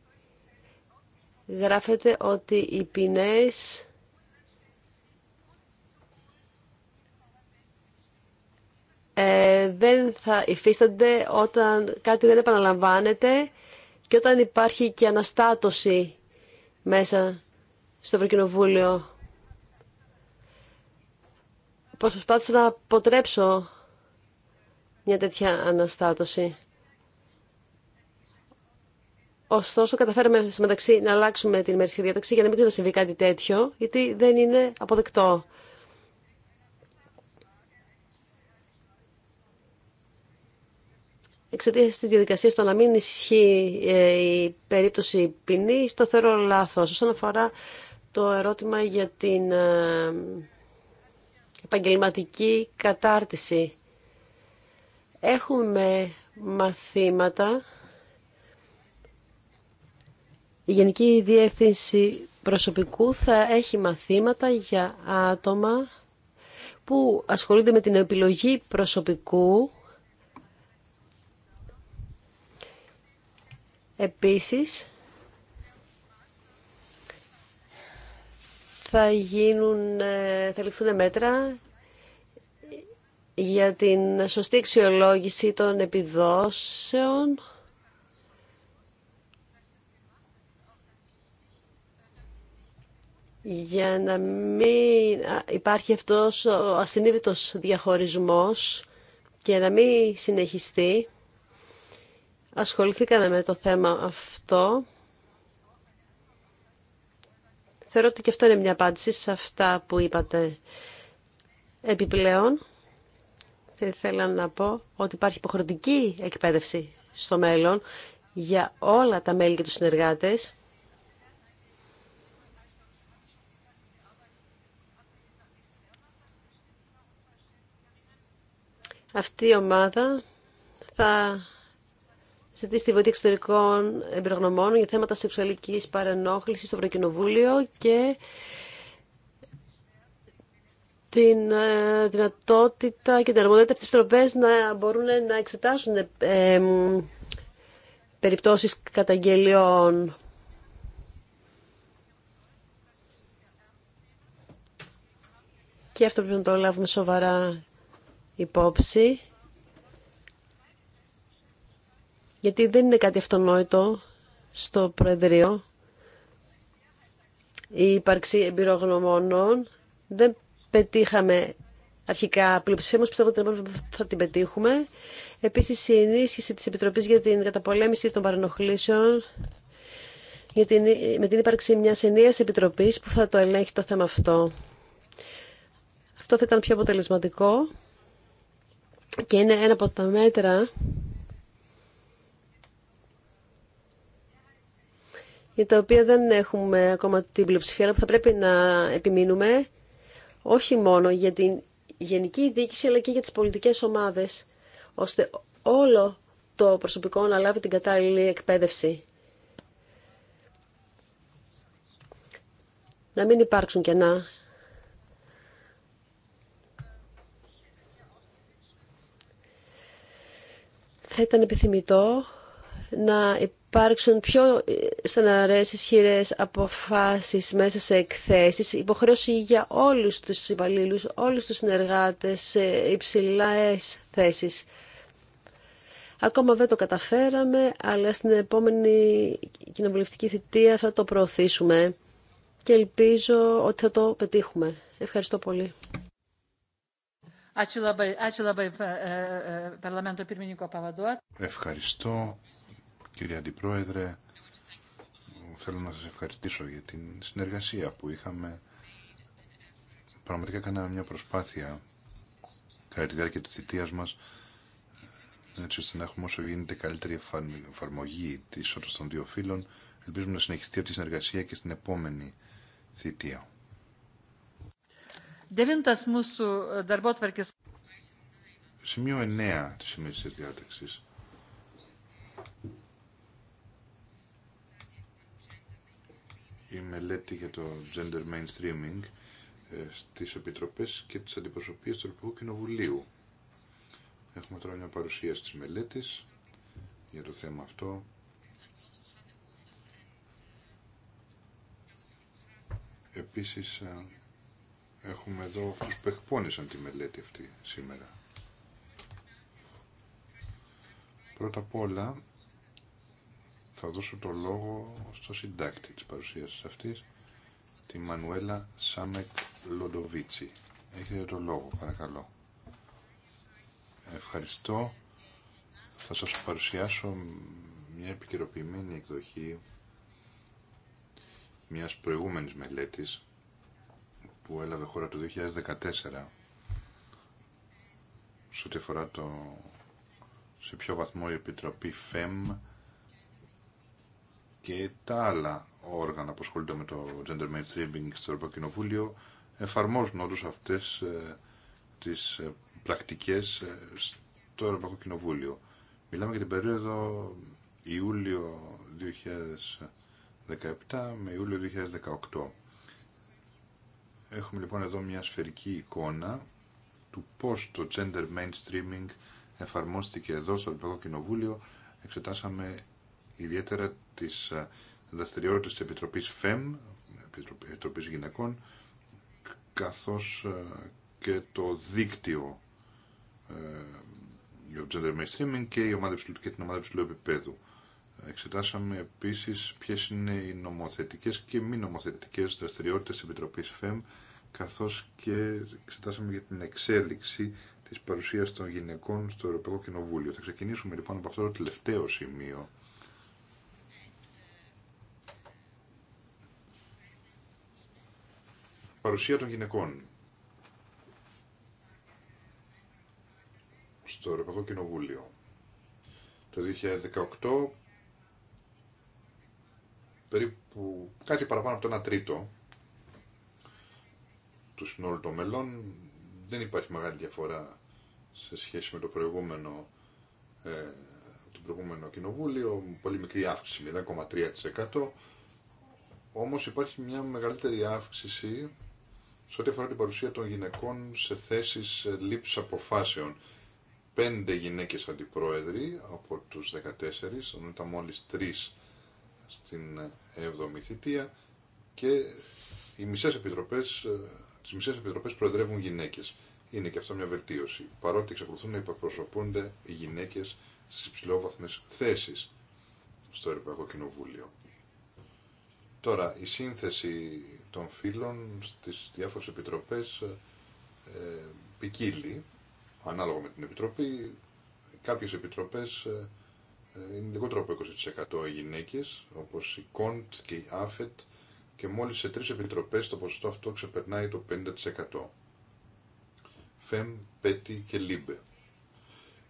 γράφεται ότι οι ποινές Ε, δεν θα υφίστανται όταν κάτι δεν επαναλαμβάνεται και όταν υπάρχει και αναστάτωση μέσα στο Ευρωκοινοβούλιο. Προσπάθησα να αποτρέψω μια τέτοια αναστάτωση. Ωστόσο, καταφέραμε μεταξύ να αλλάξουμε την ημερήσια διάταξη για να μην ξανασυμβεί κάτι τέτοιο, γιατί δεν είναι αποδεκτό. εξαιτία τη διαδικασία το να μην ισχύει ε, η περίπτωση ποινή, το θεωρώ λάθο. Όσον αφορά το ερώτημα για την ε, επαγγελματική κατάρτιση. Έχουμε μαθήματα. Η Γενική Διεύθυνση Προσωπικού θα έχει μαθήματα για άτομα που ασχολούνται με την επιλογή προσωπικού Επίσης, θα γίνουν, ε, θα ληφθούν μέτρα για την σωστή αξιολόγηση των επιδόσεων για να μην υπάρχει αυτός ο ασυνείδητος διαχωρισμός και να μην συνεχιστεί ασχοληθήκαμε με το θέμα αυτό. Θεωρώ ότι και αυτό είναι μια απάντηση σε αυτά που είπατε. Επιπλέον, θα ήθελα να πω ότι υπάρχει υποχρεωτική εκπαίδευση στο μέλλον για όλα τα μέλη και τους συνεργάτες. Αυτή η ομάδα θα ζητήσει τη βοήθεια εξωτερικών εμπειρογνωμών για θέματα σεξουαλικής παρενόχλησης στο Ευρωκοινοβούλιο και την ε, δυνατότητα και την αρμοδιότητα της Επιτροπές να μπορούν να εξετάσουν ε, περιπτώσεις καταγγελιών. Και αυτό πρέπει να το λάβουμε σοβαρά υπόψη. γιατί δεν είναι κάτι αυτονόητο στο Προεδρείο. Η ύπαρξη εμπειρογνωμόνων δεν πετύχαμε αρχικά πλειοψηφία, όμως πιστεύω ότι θα την πετύχουμε. Επίσης, η ενίσχυση της Επιτροπής για την καταπολέμηση των παρενοχλήσεων για την, με την ύπαρξη μιας ενίας επιτροπής που θα το ελέγχει το θέμα αυτό. Αυτό θα ήταν πιο αποτελεσματικό και είναι ένα από τα μέτρα για τα οποία δεν έχουμε ακόμα την πλειοψηφία, που θα πρέπει να επιμείνουμε όχι μόνο για την γενική διοίκηση, αλλά και για τις πολιτικές ομάδες, ώστε όλο το προσωπικό να λάβει την κατάλληλη εκπαίδευση. Να μην υπάρξουν κενά. Θα ήταν επιθυμητό να υπάρξουν πιο στεναρές ισχυρέ αποφάσεις μέσα σε εκθέσεις, υποχρέωση για όλους τους υπαλλήλους, όλους τους συνεργάτες σε υψηλές θέσεις. Ακόμα δεν το καταφέραμε, αλλά στην επόμενη κοινοβουλευτική θητεία θα το προωθήσουμε και ελπίζω ότι θα το πετύχουμε. Ευχαριστώ πολύ. Ε, ε, ε, Ευχαριστώ Κύριε Αντιπρόεδρε, θέλω να σας ευχαριστήσω για την συνεργασία που είχαμε. Πραγματικά κάναμε μια προσπάθεια κατά τη διάρκεια της θητείας μας έτσι ώστε να έχουμε όσο γίνεται καλύτερη εφαρμογή τη ισότητα των δύο φύλων. Ελπίζουμε να συνεχιστεί αυτή η συνεργασία και στην επόμενη θητεία. Ε, Σημείο 9 της σημερινής διάταξης η μελέτη για το gender mainstreaming ε, στις επιτροπές και τις αντιπροσωπείες του Ευρωπαϊκού Κοινοβουλίου. Έχουμε τώρα μια παρουσίαση της μελέτης για το θέμα αυτό. Επίσης ε, έχουμε εδώ αυτούς που εκπώνησαν τη μελέτη αυτή σήμερα. Πρώτα απ' όλα θα δώσω το λόγο στο συντάκτη της παρουσίασης αυτής, τη Μανουέλα Σάμεκ Λοντοβίτσι. Έχετε το λόγο, παρακαλώ. Ευχαριστώ. Θα σας παρουσιάσω μια επικαιροποιημένη εκδοχή μιας προηγούμενης μελέτης που έλαβε χώρα το 2014 σε ό,τι το σε ποιο βαθμό η Επιτροπή ΦΕΜ και τα άλλα όργανα που ασχολούνται με το gender mainstreaming στο Ευρωπαϊκό Κοινοβούλιο εφαρμόζουν αυτές ε, τις ε, πρακτικές ε, στο Ευρωπαϊκό Κοινοβούλιο. Μιλάμε για την περίοδο Ιούλιο 2017 με Ιούλιο 2018. Έχουμε λοιπόν εδώ μια σφαιρική εικόνα του πώς το gender mainstreaming εφαρμόστηκε εδώ στο Ευρωπαϊκό Κοινοβούλιο. Εξετάσαμε ιδιαίτερα της ε, δραστηριότητε της Επιτροπής ΦΕΜ, Επιτροπής Γυναικών, καθώς ε, και το δίκτυο ε, για το gender mainstreaming και, η ομάδα και την ομάδα ψηλού επίπεδου. Εξετάσαμε επίσης ποιες είναι οι νομοθετικές και μη νομοθετικές δραστηριότητες της Επιτροπής ΦΕΜ, καθώς και εξετάσαμε για την εξέλιξη της παρουσίας των γυναικών στο Ευρωπαϊκό Κοινοβούλιο. Θα ξεκινήσουμε λοιπόν από αυτό το τελευταίο σημείο παρουσία των γυναικών. Στο Ευρωπαϊκό Κοινοβούλιο. Το 2018 περίπου κάτι παραπάνω από το 1 τρίτο του συνόλου των μελών. Δεν υπάρχει μεγάλη διαφορά σε σχέση με το προηγούμενο, ε, το προηγούμενο κοινοβούλιο, πολύ μικρή αύξηση, 0,3%. Όμως υπάρχει μια μεγαλύτερη αύξηση σε ό,τι αφορά την παρουσία των γυναικών σε θέσεις ε, λήψη αποφάσεων. Πέντε γυναίκες αντιπρόεδροι από τους 14, ενώ ήταν μόλις τρεις στην 7η ε, θητεία και οι μισές επιτροπές, ε, τις μισές επιτροπές προεδρεύουν γυναίκες. Είναι και αυτό μια βελτίωση, παρότι εξακολουθούν να υπερπροσωπούνται οι γυναίκες στις υψηλόβαθμες θέσεις στο Ευρωπαϊκό Κοινοβούλιο. Τώρα, η σύνθεση των φύλων στις διάφορες επιτροπές ε, ε, ποικίλει, ανάλογα με την επιτροπή. Κάποιες επιτροπές ε, ε, είναι λιγότερο από 20% οι γυναίκες, όπως η ΚΟΝΤ και η ΑΦΕΤ, και μόλις σε τρεις επιτροπές το ποσοστό αυτό ξεπερνάει το 50%. ΦΕΜ, ΠΕΤΗ και Λίμπε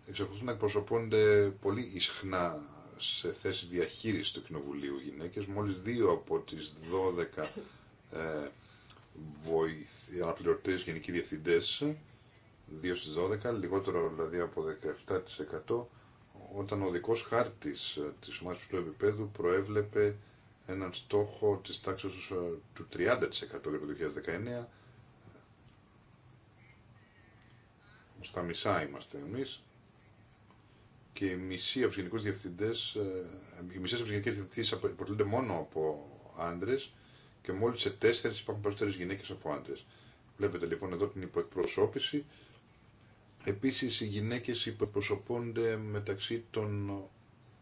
Εξακολουθούν να εκπροσωπώνται πολύ ισχνά σε θέσεις διαχείρισης του Κοινοβουλίου γυναίκες. Μόλις δύο από τις 12 ε, αναπληρωτές, γενικοί διευθυντές, 2 στις 12, λιγότερο δηλαδή από 17%, όταν ο δικός χάρτης ε, της ομάδας του επίπεδου προέβλεπε έναν στόχο της τάξης ε, του 30% για το 2019, στα μισά είμαστε εμείς και οι μισοί από τους γενικούς διευθυντές, ε, οι μισές από τους γενικές διευθυντές αποτελούνται μόνο από άντρες και μόλι σε τέσσερι υπάρχουν περισσότερε γυναίκε από άντρε. Βλέπετε λοιπόν εδώ την υποεκπροσώπηση. Επίση οι γυναίκε υποεκπροσωπώνται μεταξύ των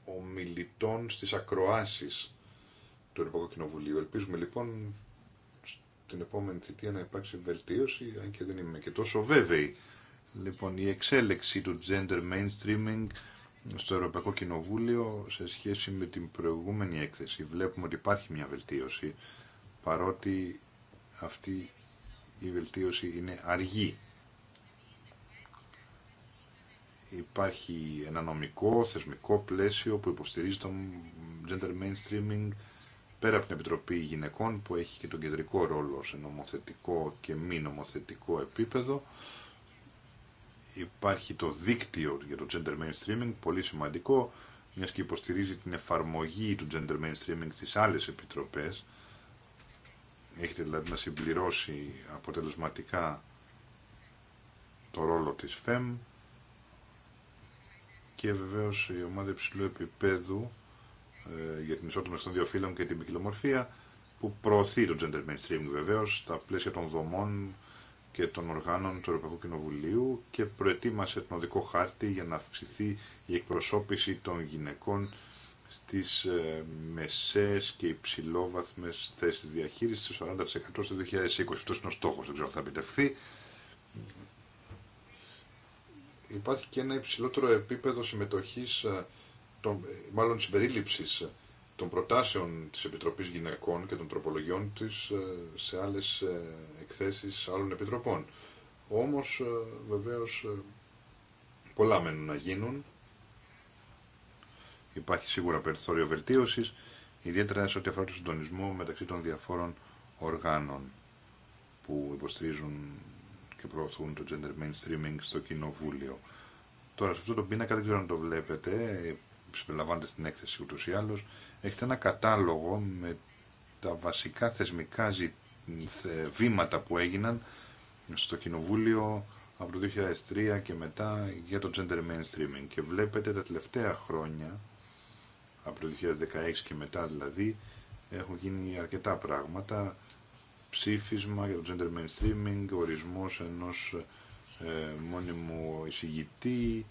ομιλητών στι ακροάσει του Ευρωπαϊκού Κοινοβουλίου. Ελπίζουμε λοιπόν στην επόμενη θητεία να υπάρξει βελτίωση, αν και δεν είμαι και τόσο βέβαιη. Λοιπόν, η εξέλιξη του gender mainstreaming στο Ευρωπαϊκό Κοινοβούλιο σε σχέση με την προηγούμενη έκθεση βλέπουμε ότι υπάρχει μια βελτίωση παρότι αυτή η βελτίωση είναι αργή. Υπάρχει ένα νομικό, θεσμικό πλαίσιο που υποστηρίζει το gender mainstreaming πέρα από την Επιτροπή Γυναικών που έχει και τον κεντρικό ρόλο σε νομοθετικό και μη νομοθετικό επίπεδο. Υπάρχει το δίκτυο για το gender mainstreaming, πολύ σημαντικό, μιας και υποστηρίζει την εφαρμογή του gender mainstreaming στις άλλες επιτροπές έχετε δηλαδή να συμπληρώσει αποτελεσματικά το ρόλο της ΦΕΜ και βεβαίως η ομάδα υψηλού επίπεδου ε, για την ισότητα των δύο φύλων και την ποικιλομορφία που προωθεί το gender mainstream βεβαίως στα πλαίσια των δομών και των οργάνων του Ευρωπαϊκού Κοινοβουλίου και προετοίμασε τον οδικό χάρτη για να αυξηθεί η εκπροσώπηση των γυναικών στις ε, μεσές και υψηλόβαθμες θέσεις διαχείρισης 40% στο 2020. Αυτός είναι ο στόχος, δεν ξέρω αν θα επιτευχθεί. Υπάρχει και ένα υψηλότερο επίπεδο συμμετοχής, ε, των, ε, μάλλον συμπερίληψης των προτάσεων της Επιτροπής Γυναικών και των τροπολογιών της σε άλλες εκθέσεις άλλων επιτροπών. Όμως βεβαίως πολλά μένουν να γίνουν υπάρχει σίγουρα περιθώριο βελτίωση, ιδιαίτερα σε ό,τι αφορά το συντονισμό μεταξύ των διαφόρων οργάνων που υποστηρίζουν και προωθούν το gender mainstreaming στο κοινοβούλιο. Τώρα, σε αυτό το πίνακα δεν ξέρω αν το βλέπετε, συμπεριλαμβάνεται στην έκθεση ούτω ή άλλω, έχετε ένα κατάλογο με τα βασικά θεσμικά βήματα που έγιναν στο Κοινοβούλιο από το 2003 και μετά για το gender mainstreaming. Και βλέπετε τα τελευταία χρόνια από το 2016 και μετά δηλαδή, έχουν γίνει αρκετά πράγματα. Ψήφισμα για το gender mainstreaming, ορισμός ενός ε, μόνιμου εισηγητή,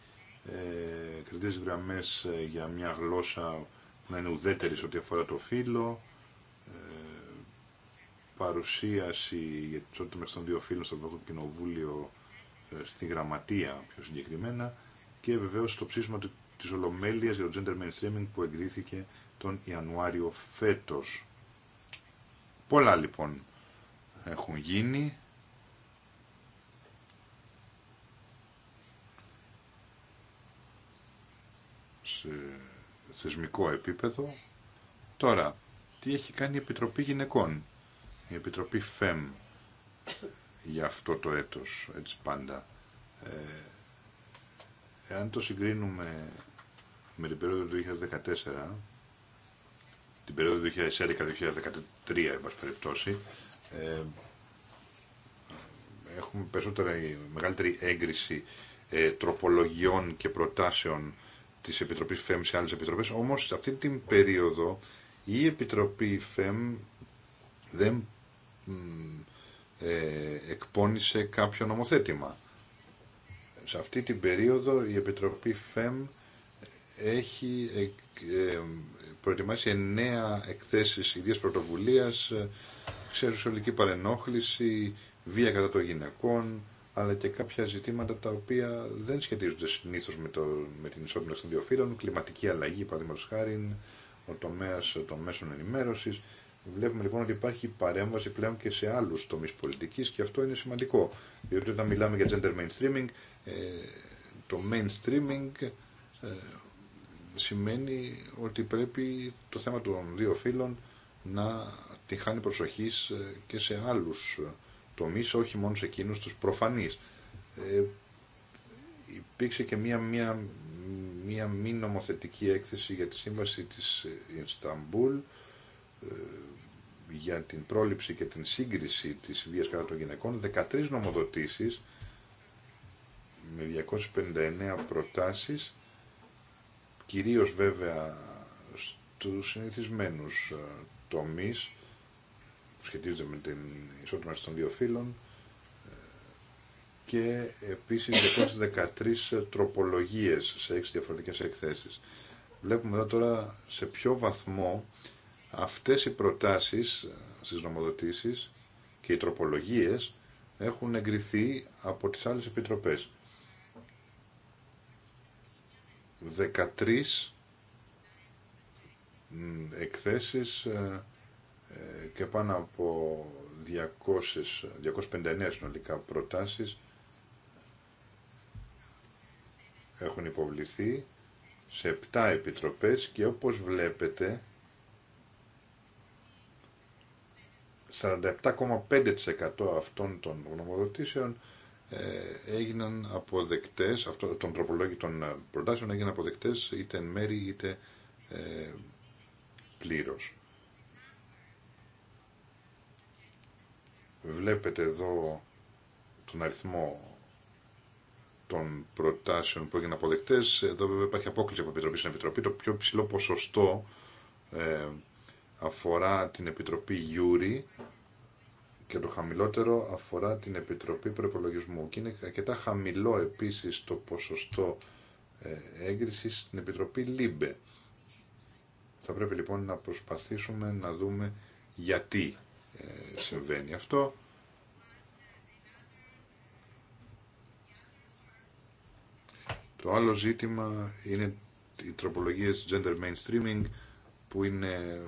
ε, κριτές γραμμές ε, για μια γλώσσα που να είναι ουδέτερη σε ό,τι αφορά το φύλλο, ε, παρουσίαση για τις ό,τι των δύο φύλλων στο Ευρωπαϊκό Κοινοβούλιο ε, στη Γραμματεία πιο συγκεκριμένα και βεβαίως το ψήσιμο του της Ολομέλειας για το Gender Mainstreaming που εγκρίθηκε τον Ιανουάριο φέτος. Πολλά λοιπόν έχουν γίνει. Σε θεσμικό επίπεδο. Τώρα, τι έχει κάνει η Επιτροπή Γυναικών, η Επιτροπή ΦΕΜ για αυτό το έτος, έτσι πάντα. Ε, εάν το συγκρίνουμε με την περίοδο του 2014, την περίοδο του 2011-2013, εν πάση περιπτώσει, ε, έχουμε περισσότερα, μεγαλύτερη έγκριση ε, τροπολογιών και προτάσεων τη επιτροπή ΦΕΜ σε άλλε επιτροπές, όμως σε αυτή την περίοδο η Επιτροπή ΦΕΜ δεν ε, εκπώνησε κάποιο νομοθέτημα. Σε αυτή την περίοδο η Επιτροπή ΦΕΜ έχει ε, ε, προετοιμάσει εννέα εκθέσεις ιδίας πρωτοβουλίας, ε, ολική παρενόχληση, βία κατά των γυναικών, αλλά και κάποια ζητήματα τα οποία δεν σχετίζονται συνήθω με, με την ισότητα των δύο φύλων, κλιματική αλλαγή, παραδείγματο χάρη, ο τομέα των μέσων ενημέρωση. Βλέπουμε λοιπόν ότι υπάρχει παρέμβαση πλέον και σε άλλου τομεί πολιτική και αυτό είναι σημαντικό. Διότι όταν μιλάμε για gender mainstreaming, το mainstreaming σημαίνει ότι πρέπει το θέμα των δύο φίλων να τη χάνει προσοχής ε, και σε άλλους ε, τομείς, όχι μόνο σε εκείνους τους προφανείς. Ε, υπήρξε και μία, μία, μία μη νομοθετική έκθεση για τη σύμβαση της Ινσταμπούλ ε, για την πρόληψη και την σύγκριση της βίας κατά των γυναικών, 13 νομοδοτήσεις με 259 προτάσεις κυρίως βέβαια στους συνηθισμένους ε, τομείς που σχετίζονται με την ισότητα των δύο φύλων ε, και επίσης 13 ε, τροπολογίες σε 6 διαφορετικές εκθέσεις. Βλέπουμε εδώ τώρα σε ποιο βαθμό αυτές οι προτάσεις στις νομοδοτήσεις και οι τροπολογίες έχουν εγκριθεί από τις άλλες επιτροπές. 13 εκθέσεις ε, ε, και πάνω από 200, 259 συνολικά προτάσεις έχουν υποβληθεί σε 7 επιτροπές και όπως βλέπετε 47,5% αυτών των γνωμοδοτήσεων ε, έγιναν αποδεκτές, αυτό, των τροπολογίων ε, των προτάσεων έγιναν αποδεκτές είτε εν μέρη είτε ε, πλήρως. Βλέπετε εδώ τον αριθμό των προτάσεων που έγιναν αποδεκτές. Εδώ βέβαια υπάρχει απόκληση από επιτροπή στην επιτροπή. Το πιο ψηλό ποσοστό ε, αφορά την επιτροπή Γιούρι και το χαμηλότερο αφορά την Επιτροπή Προπολογισμού και είναι αρκετά χαμηλό επίσης το ποσοστό ε, έγκρισης στην Επιτροπή ΛΥΜΠΕ. Θα πρέπει λοιπόν να προσπαθήσουμε να δούμε γιατί ε, συμβαίνει αυτό. Το άλλο ζήτημα είναι οι τροπολογίες gender mainstreaming που είναι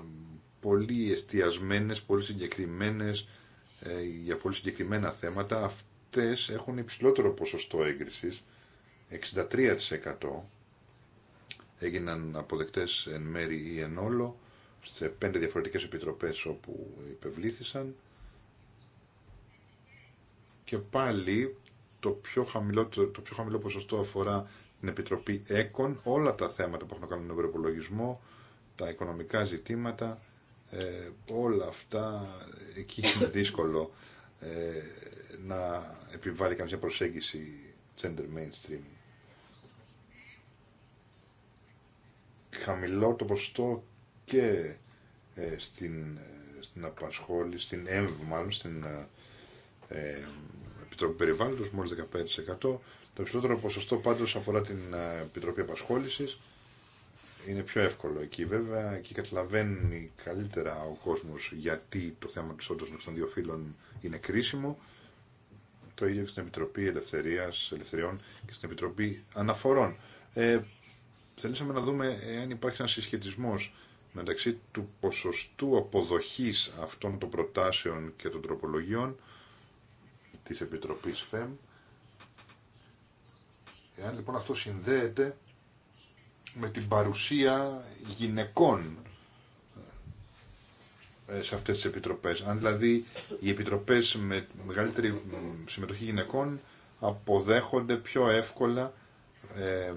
πολύ εστιασμένες, πολύ συγκεκριμένες ε, για πολύ συγκεκριμένα θέματα, αυτές έχουν υψηλότερο ποσοστό έγκρισης, 63% έγιναν αποδεκτές εν μέρη ή εν όλο, σε πέντε διαφορετικές επιτροπές όπου υπευλήθησαν και πάλι το πιο, χαμηλό, το, το πιο χαμηλό ποσοστό αφορά την Επιτροπή ΕΚΟΝ, όλα τα θέματα που έχουν κάνει τον τα οικονομικά ζητήματα, ε, όλα αυτά εκεί είναι δύσκολο ε, να επιβάλλει κάποια προσέγγιση gender mainstream. Χαμηλό το ποσοστό και ε, στην, στην απασχόληση, στην ΕΜΒ μάλλον, στην Επιτροπή Περιβάλλοντος, μόλις 15%. Το υψηλότερο ποσοστό πάντως αφορά την Επιτροπή Απασχόλησης είναι πιο εύκολο εκεί βέβαια. και καταλαβαίνει καλύτερα ο κόσμος γιατί το θέμα της όντως των δύο φύλων είναι κρίσιμο. Το ίδιο και στην Επιτροπή Ελευθερίας, Ελευθεριών και στην Επιτροπή Αναφορών. Ε, θέλησαμε να δούμε αν υπάρχει ένα συσχετισμό μεταξύ του ποσοστού αποδοχής αυτών των προτάσεων και των τροπολογιών της Επιτροπής ΦΕΜ. Εάν λοιπόν αυτό συνδέεται με την παρουσία γυναικών ε, σε αυτές τις επιτροπές. Αν δηλαδή οι επιτροπές με μεγαλύτερη συμμετοχή γυναικών αποδέχονται πιο εύκολα ε,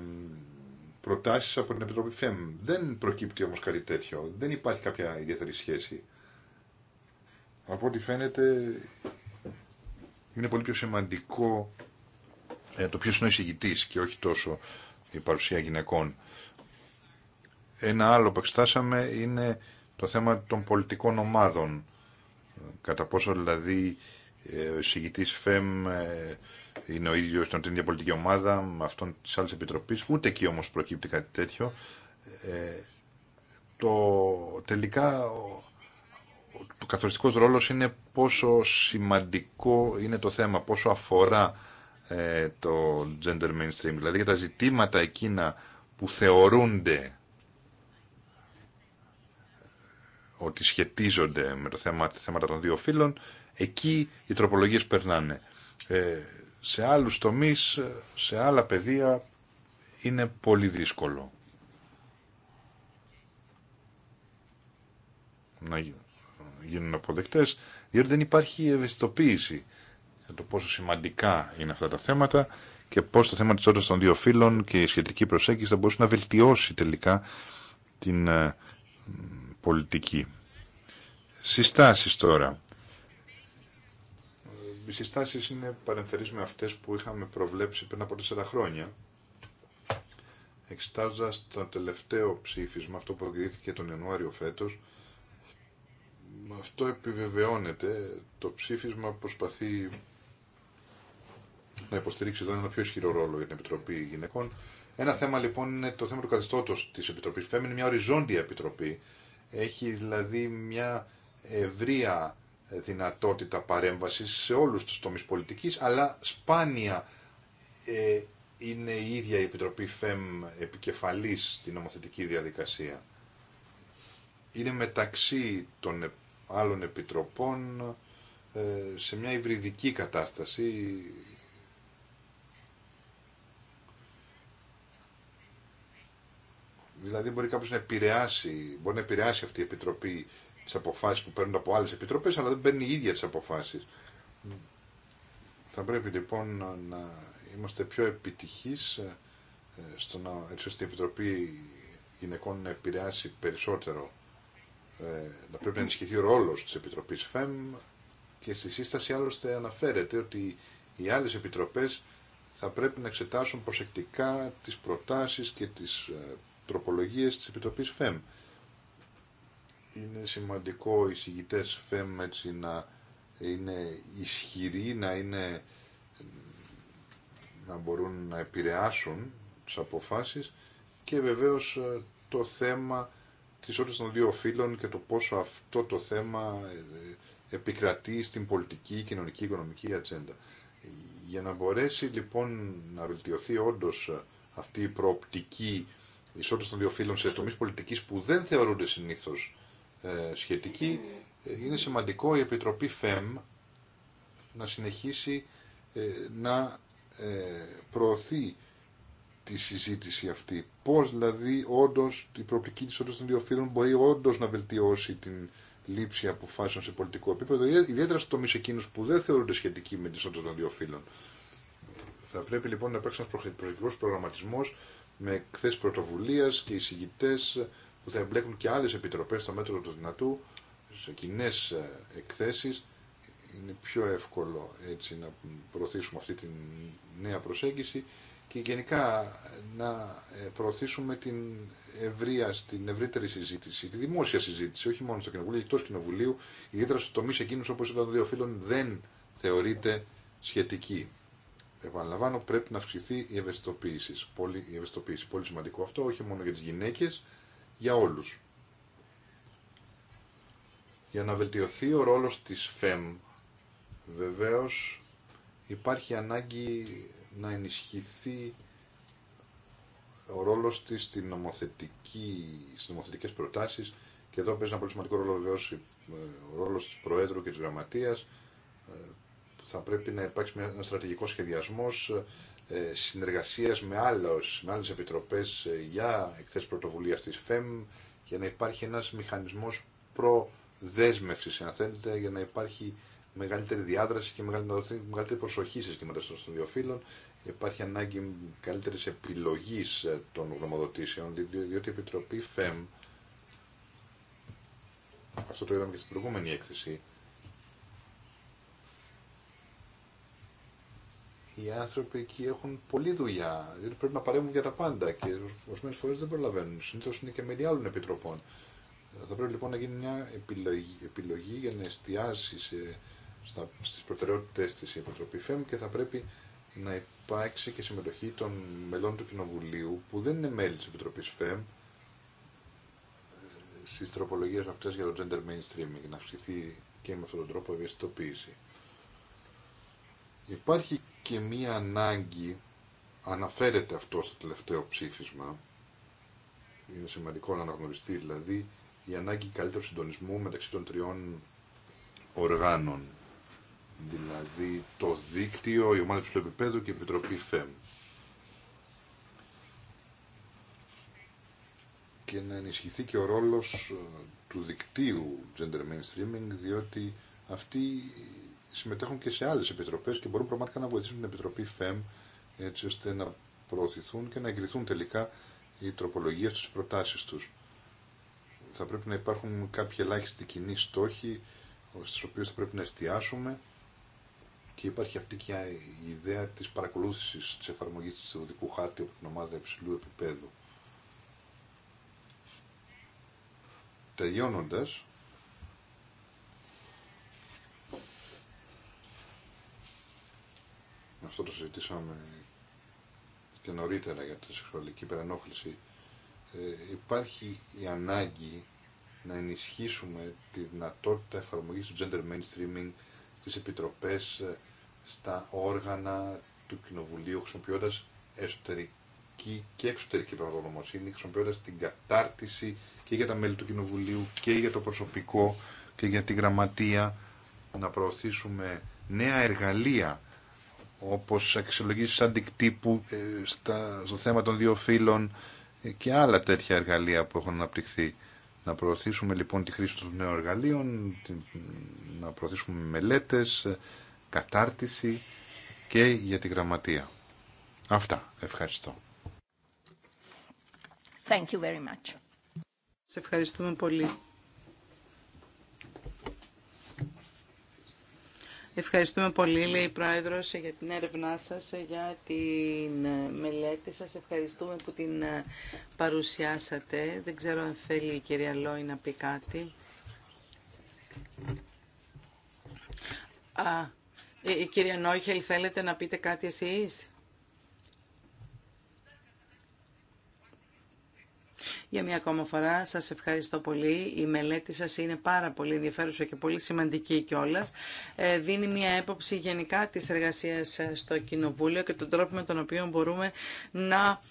προτάσεις από την Επιτροπή ΦΕΜ. Δεν προκύπτει όμως κάτι τέτοιο. Δεν υπάρχει κάποια ιδιαίτερη σχέση. Από ό,τι φαίνεται είναι πολύ πιο σημαντικό ε, το ποιος είναι ο εισηγητής και όχι τόσο η παρουσία γυναικών. Ένα άλλο που εξετάσαμε είναι το θέμα των πολιτικών ομάδων. Κατά πόσο δηλαδή ε, ο συγητή ΦΕΜ ε, είναι ο ίδιο στην την πολιτική ομάδα με αυτόν τη άλλη επιτροπή. Ούτε εκεί όμω προκύπτει κάτι τέτοιο. Ε, το τελικά το καθοριστικός ρόλος είναι πόσο σημαντικό είναι το θέμα, πόσο αφορά το gender mainstream. Δηλαδή για τα ζητήματα εκείνα που θεωρούνται ότι σχετίζονται με το θέμα, τα θέματα των δύο φύλων, εκεί οι τροπολογίες περνάνε. Ε, σε άλλους τομείς, σε άλλα πεδία, είναι πολύ δύσκολο. Να γίνουν αποδεκτές, διότι δεν υπάρχει ευαισθητοποίηση για το πόσο σημαντικά είναι αυτά τα θέματα και πώς το θέμα της όντας των δύο φύλων και η σχετική προσέγγιση θα μπορούσε να βελτιώσει τελικά την ε, πολιτική. Συστάσεις τώρα. Οι συστάσεις είναι παρενθερείς με αυτές που είχαμε προβλέψει πριν από τέσσερα χρόνια. Εξετάζοντας το τελευταίο ψήφισμα, αυτό που εγκρίθηκε τον Ιανουάριο φέτος, αυτό επιβεβαιώνεται. Το ψήφισμα προσπαθεί να υποστηρίξει εδώ ένα πιο ισχυρό ρόλο για την Επιτροπή Γυναικών. Ένα θέμα λοιπόν είναι το θέμα του καθεστώτος τη Επιτροπή ΦΕΜ. μια οριζόντια επιτροπή έχει δηλαδή μια ευρεία δυνατότητα παρέμβασης σε όλους τους τομείς πολιτικής, αλλά σπάνια ε, είναι η ίδια η Επιτροπή ΦΕΜ επικεφαλής στην νομοθετική διαδικασία. Είναι μεταξύ των ε, άλλων επιτροπών ε, σε μια υβριδική κατάσταση Δηλαδή μπορεί κάποιο να επηρεάσει, μπορεί να επηρεάσει αυτή η επιτροπή τι αποφάσει που παίρνουν από άλλε επιτροπέ, αλλά δεν παίρνει η ίδια τι αποφάσει. Θα πρέπει λοιπόν να είμαστε πιο επιτυχεί ε, στο να έτσι ώστε η Επιτροπή Γυναικών να επηρεάσει περισσότερο. Ε, να πρέπει να ενισχυθεί ο ρόλο τη Επιτροπή ΦΕΜ και στη σύσταση άλλωστε αναφέρεται ότι οι άλλε επιτροπέ θα πρέπει να εξετάσουν προσεκτικά τις προτάσεις και τις ε, τροπολογίες της Επιτροπής ΦΕΜ. Είναι σημαντικό οι συγητές ΦΕΜ έτσι να είναι ισχυροί, να, είναι, να μπορούν να επηρεάσουν τις αποφάσεις και βεβαίως ε, το θέμα της όρτης των δύο φύλων και το πόσο αυτό το θέμα ε, επικρατεί στην πολιτική, κοινωνική, οικονομική ατζέντα. Για να μπορέσει λοιπόν να βελτιωθεί όντως αυτή η προοπτική ισότητα των δύο φύλων σε τομεί πολιτική που δεν θεωρούνται συνήθω ε, σχετικοί, ε, είναι σημαντικό η Επιτροπή ΦΕΜ να συνεχίσει ε, να ε, προωθεί τη συζήτηση αυτή. Πώς δηλαδή όντω η προοπτική της ισότητα των δύο φύλων μπορεί όντω να βελτιώσει την λήψη αποφάσεων σε πολιτικό επίπεδο, ιδιαίτερα στου τομεί εκείνου που δεν θεωρούνται σχετικοί με τις ισότητα των δύο φύλων. Θα πρέπει λοιπόν να υπάρξει ένα προεκλογικό προγραμματισμό με εκθέσει πρωτοβουλία και εισηγητέ που θα εμπλέκουν και άλλε επιτροπέ στο μέτρο του δυνατού σε κοινέ ε, εκθέσει. Είναι πιο εύκολο έτσι να προωθήσουμε αυτή τη νέα προσέγγιση και γενικά να ε, προωθήσουμε την, ευρεία, την ευρύτερη συζήτηση, τη δημόσια συζήτηση, όχι μόνο στο Κοινοβούλιο, εκτό Κοινοβουλίου, ιδιαίτερα στου τομεί εκείνου όπω ήταν των δύο φίλων δεν θεωρείται σχετική επαναλαμβάνω, πρέπει να αυξηθεί η ευαισθητοποίηση. Πολύ, η ευαισθητοποίηση. Πολύ σημαντικό αυτό, όχι μόνο για τις γυναίκες, για όλους. Για να βελτιωθεί ο ρόλος της ΦΕΜ, βεβαίως υπάρχει ανάγκη να ενισχυθεί ο ρόλος της στην νομοθετική, στις νομοθετικές προτάσεις και εδώ παίζει ένα πολύ σημαντικό ρόλο βεβαίως ε, ο ρόλος της Προέδρου και της Γραμματείας ε, θα πρέπει να υπάρξει ένα στρατηγικό σχεδιασμός ε, συνεργασία με, άλλους, με άλλε επιτροπές ε, για εκθέσει πρωτοβουλία της ΦΕΜ για να υπάρχει ένας μηχανισμός προδέσμευσης, αν θέλετε, για να υπάρχει μεγαλύτερη διάδραση και μεγαλύτερη προσοχή σε ζητήματα των δύο φύλων. Υπάρχει ανάγκη καλύτερης επιλογής ε, των γνωμοδοτήσεων, διότι η Επιτροπή ΦΕΜ, αυτό το είδαμε και στην προηγούμενη έκθεση, οι άνθρωποι εκεί έχουν πολλή δουλειά, διότι πρέπει να παρέμβουν για τα πάντα και ορισμένε φορέ δεν προλαβαίνουν. Συνήθω είναι και μέλη άλλων επιτροπών. Θα πρέπει λοιπόν να γίνει μια επιλογή, επιλογή για να εστιάσει σε, στα, στις προτεραιότητες της Επιτροπή ΦΕΜ και θα πρέπει να υπάρξει και συμμετοχή των μελών του Κοινοβουλίου που δεν είναι μέλη της Επιτροπής ΦΕΜ στις τροπολογίες αυτές για το gender mainstreaming να αυξηθεί και με αυτόν τον τρόπο ευαισθητοποίηση. Υπάρχει και μία ανάγκη, αναφέρεται αυτό στο τελευταίο ψήφισμα, είναι σημαντικό να αναγνωριστεί δηλαδή, η ανάγκη καλύτερου συντονισμού μεταξύ των τριών οργάνων, δηλαδή το δίκτυο, η ομάδα του επίπεδου και η Επιτροπή ΦΕΜ. και να ενισχυθεί και ο ρόλος ε, του δικτύου gender mainstreaming διότι αυτή συμμετέχουν και σε άλλε επιτροπέ και μπορούν πραγματικά να βοηθήσουν την Επιτροπή ΦΕΜ έτσι ώστε να προωθηθούν και να εγκριθούν τελικά οι τροπολογίε του, οι προτάσει του. Θα πρέπει να υπάρχουν κάποιοι ελάχιστοι κοινοί στόχοι στου οποίου θα πρέπει να εστιάσουμε και υπάρχει αυτή και η ιδέα τη παρακολούθηση τη εφαρμογή του Χάρτη από την ομάδα υψηλού επίπεδου. Τελειώνοντας, Αυτό το συζητήσαμε και νωρίτερα για τη σεξουαλική υπερενόχληση, Ε, υπάρχει η ανάγκη να ενισχύσουμε τη δυνατότητα εφαρμογής του gender mainstreaming στις επιτροπές, ε, στα όργανα του Κοινοβουλίου, χρησιμοποιώντας εσωτερική και εξωτερική πραγματοδομοσύνη, χρησιμοποιώντας την κατάρτιση και για τα μέλη του Κοινοβουλίου και για το προσωπικό και για τη γραμματεία, να προωθήσουμε νέα εργαλεία όπως αξιολογήσεις αντικτύπου ε, στα, στο θέμα των δύο φύλων ε, και άλλα τέτοια εργαλεία που έχουν αναπτυχθεί. Να προωθήσουμε λοιπόν τη χρήση των νέων εργαλείων, να προωθήσουμε μελέτες, ε, κατάρτιση και για τη γραμματεία. Αυτά. Ευχαριστώ. Thank you very much. ευχαριστούμε πολύ. Ευχαριστούμε πολύ, λέει η Πρόεδρος, για την έρευνά σας, για την ε, μελέτη σας. Ευχαριστούμε που την ε, παρουσιάσατε. Δεν ξέρω αν θέλει η κυρία Λόι να πει κάτι. Α, η κυρία Νόιχελ, θέλετε να πείτε κάτι εσείς. Για μία ακόμα φορά σας ευχαριστώ πολύ. Η μελέτη σας είναι πάρα πολύ ενδιαφέρουσα και πολύ σημαντική κιόλα. Ε, δίνει μία έποψη γενικά της εργασίας ε, στο Κοινοβούλιο και τον τρόπο με τον οποίο μπορούμε να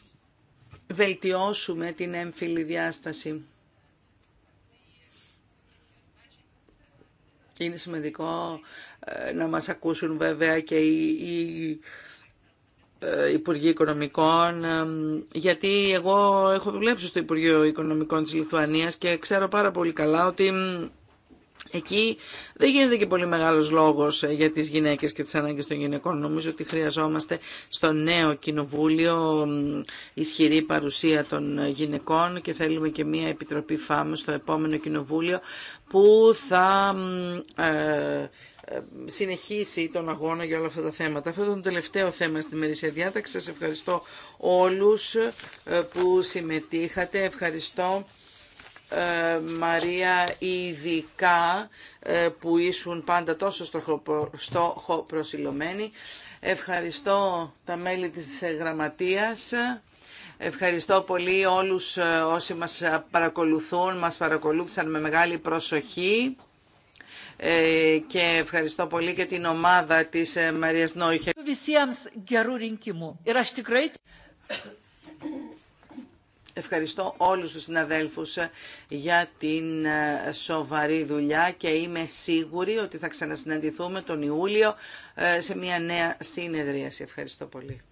βελτιώσουμε την έμφυλη διάσταση. Είναι σημαντικό ε, να μας ακούσουν βέβαια και οι ε, Υπουργοί Οικονομικών, ε, γιατί εγώ έχω δουλέψει στο Υπουργείο Οικονομικών της Λιθουανίας και ξέρω πάρα πολύ καλά ότι εκεί δεν γίνεται και πολύ μεγάλος λόγος ε, για τις γυναίκες και τις ανάγκες των γυναικών. Νομίζω ότι χρειαζόμαστε στο νέο κοινοβούλιο ισχυρή παρουσία των γυναικών και θέλουμε και μια επιτροπή φάμε στο επόμενο κοινοβούλιο που θα ε, συνεχίσει τον αγώνα για όλα αυτά τα θέματα. Αυτό ήταν το τελευταίο θέμα στη Μερίσια Διάταξη. Σας ευχαριστώ όλους ε, που συμμετείχατε. Ευχαριστώ ε, Μαρία ειδικά που ήσουν πάντα τόσο στόχο Ευχαριστώ τα μέλη της Γραμματείας. Ευχαριστώ πολύ όλους όσοι μας παρακολουθούν, μας παρακολούθησαν με μεγάλη προσοχή. Ε, και ευχαριστώ πολύ και την ομάδα της ε, Μαρίας Νόιχερ. Ευχαριστώ όλους τους συναδέλφους ε, για την σοβαρή δουλειά και είμαι σίγουρη ότι θα ξανασυναντηθούμε τον Ιούλιο σε μια νέα συνεδρίαση. Ευχαριστώ πολύ.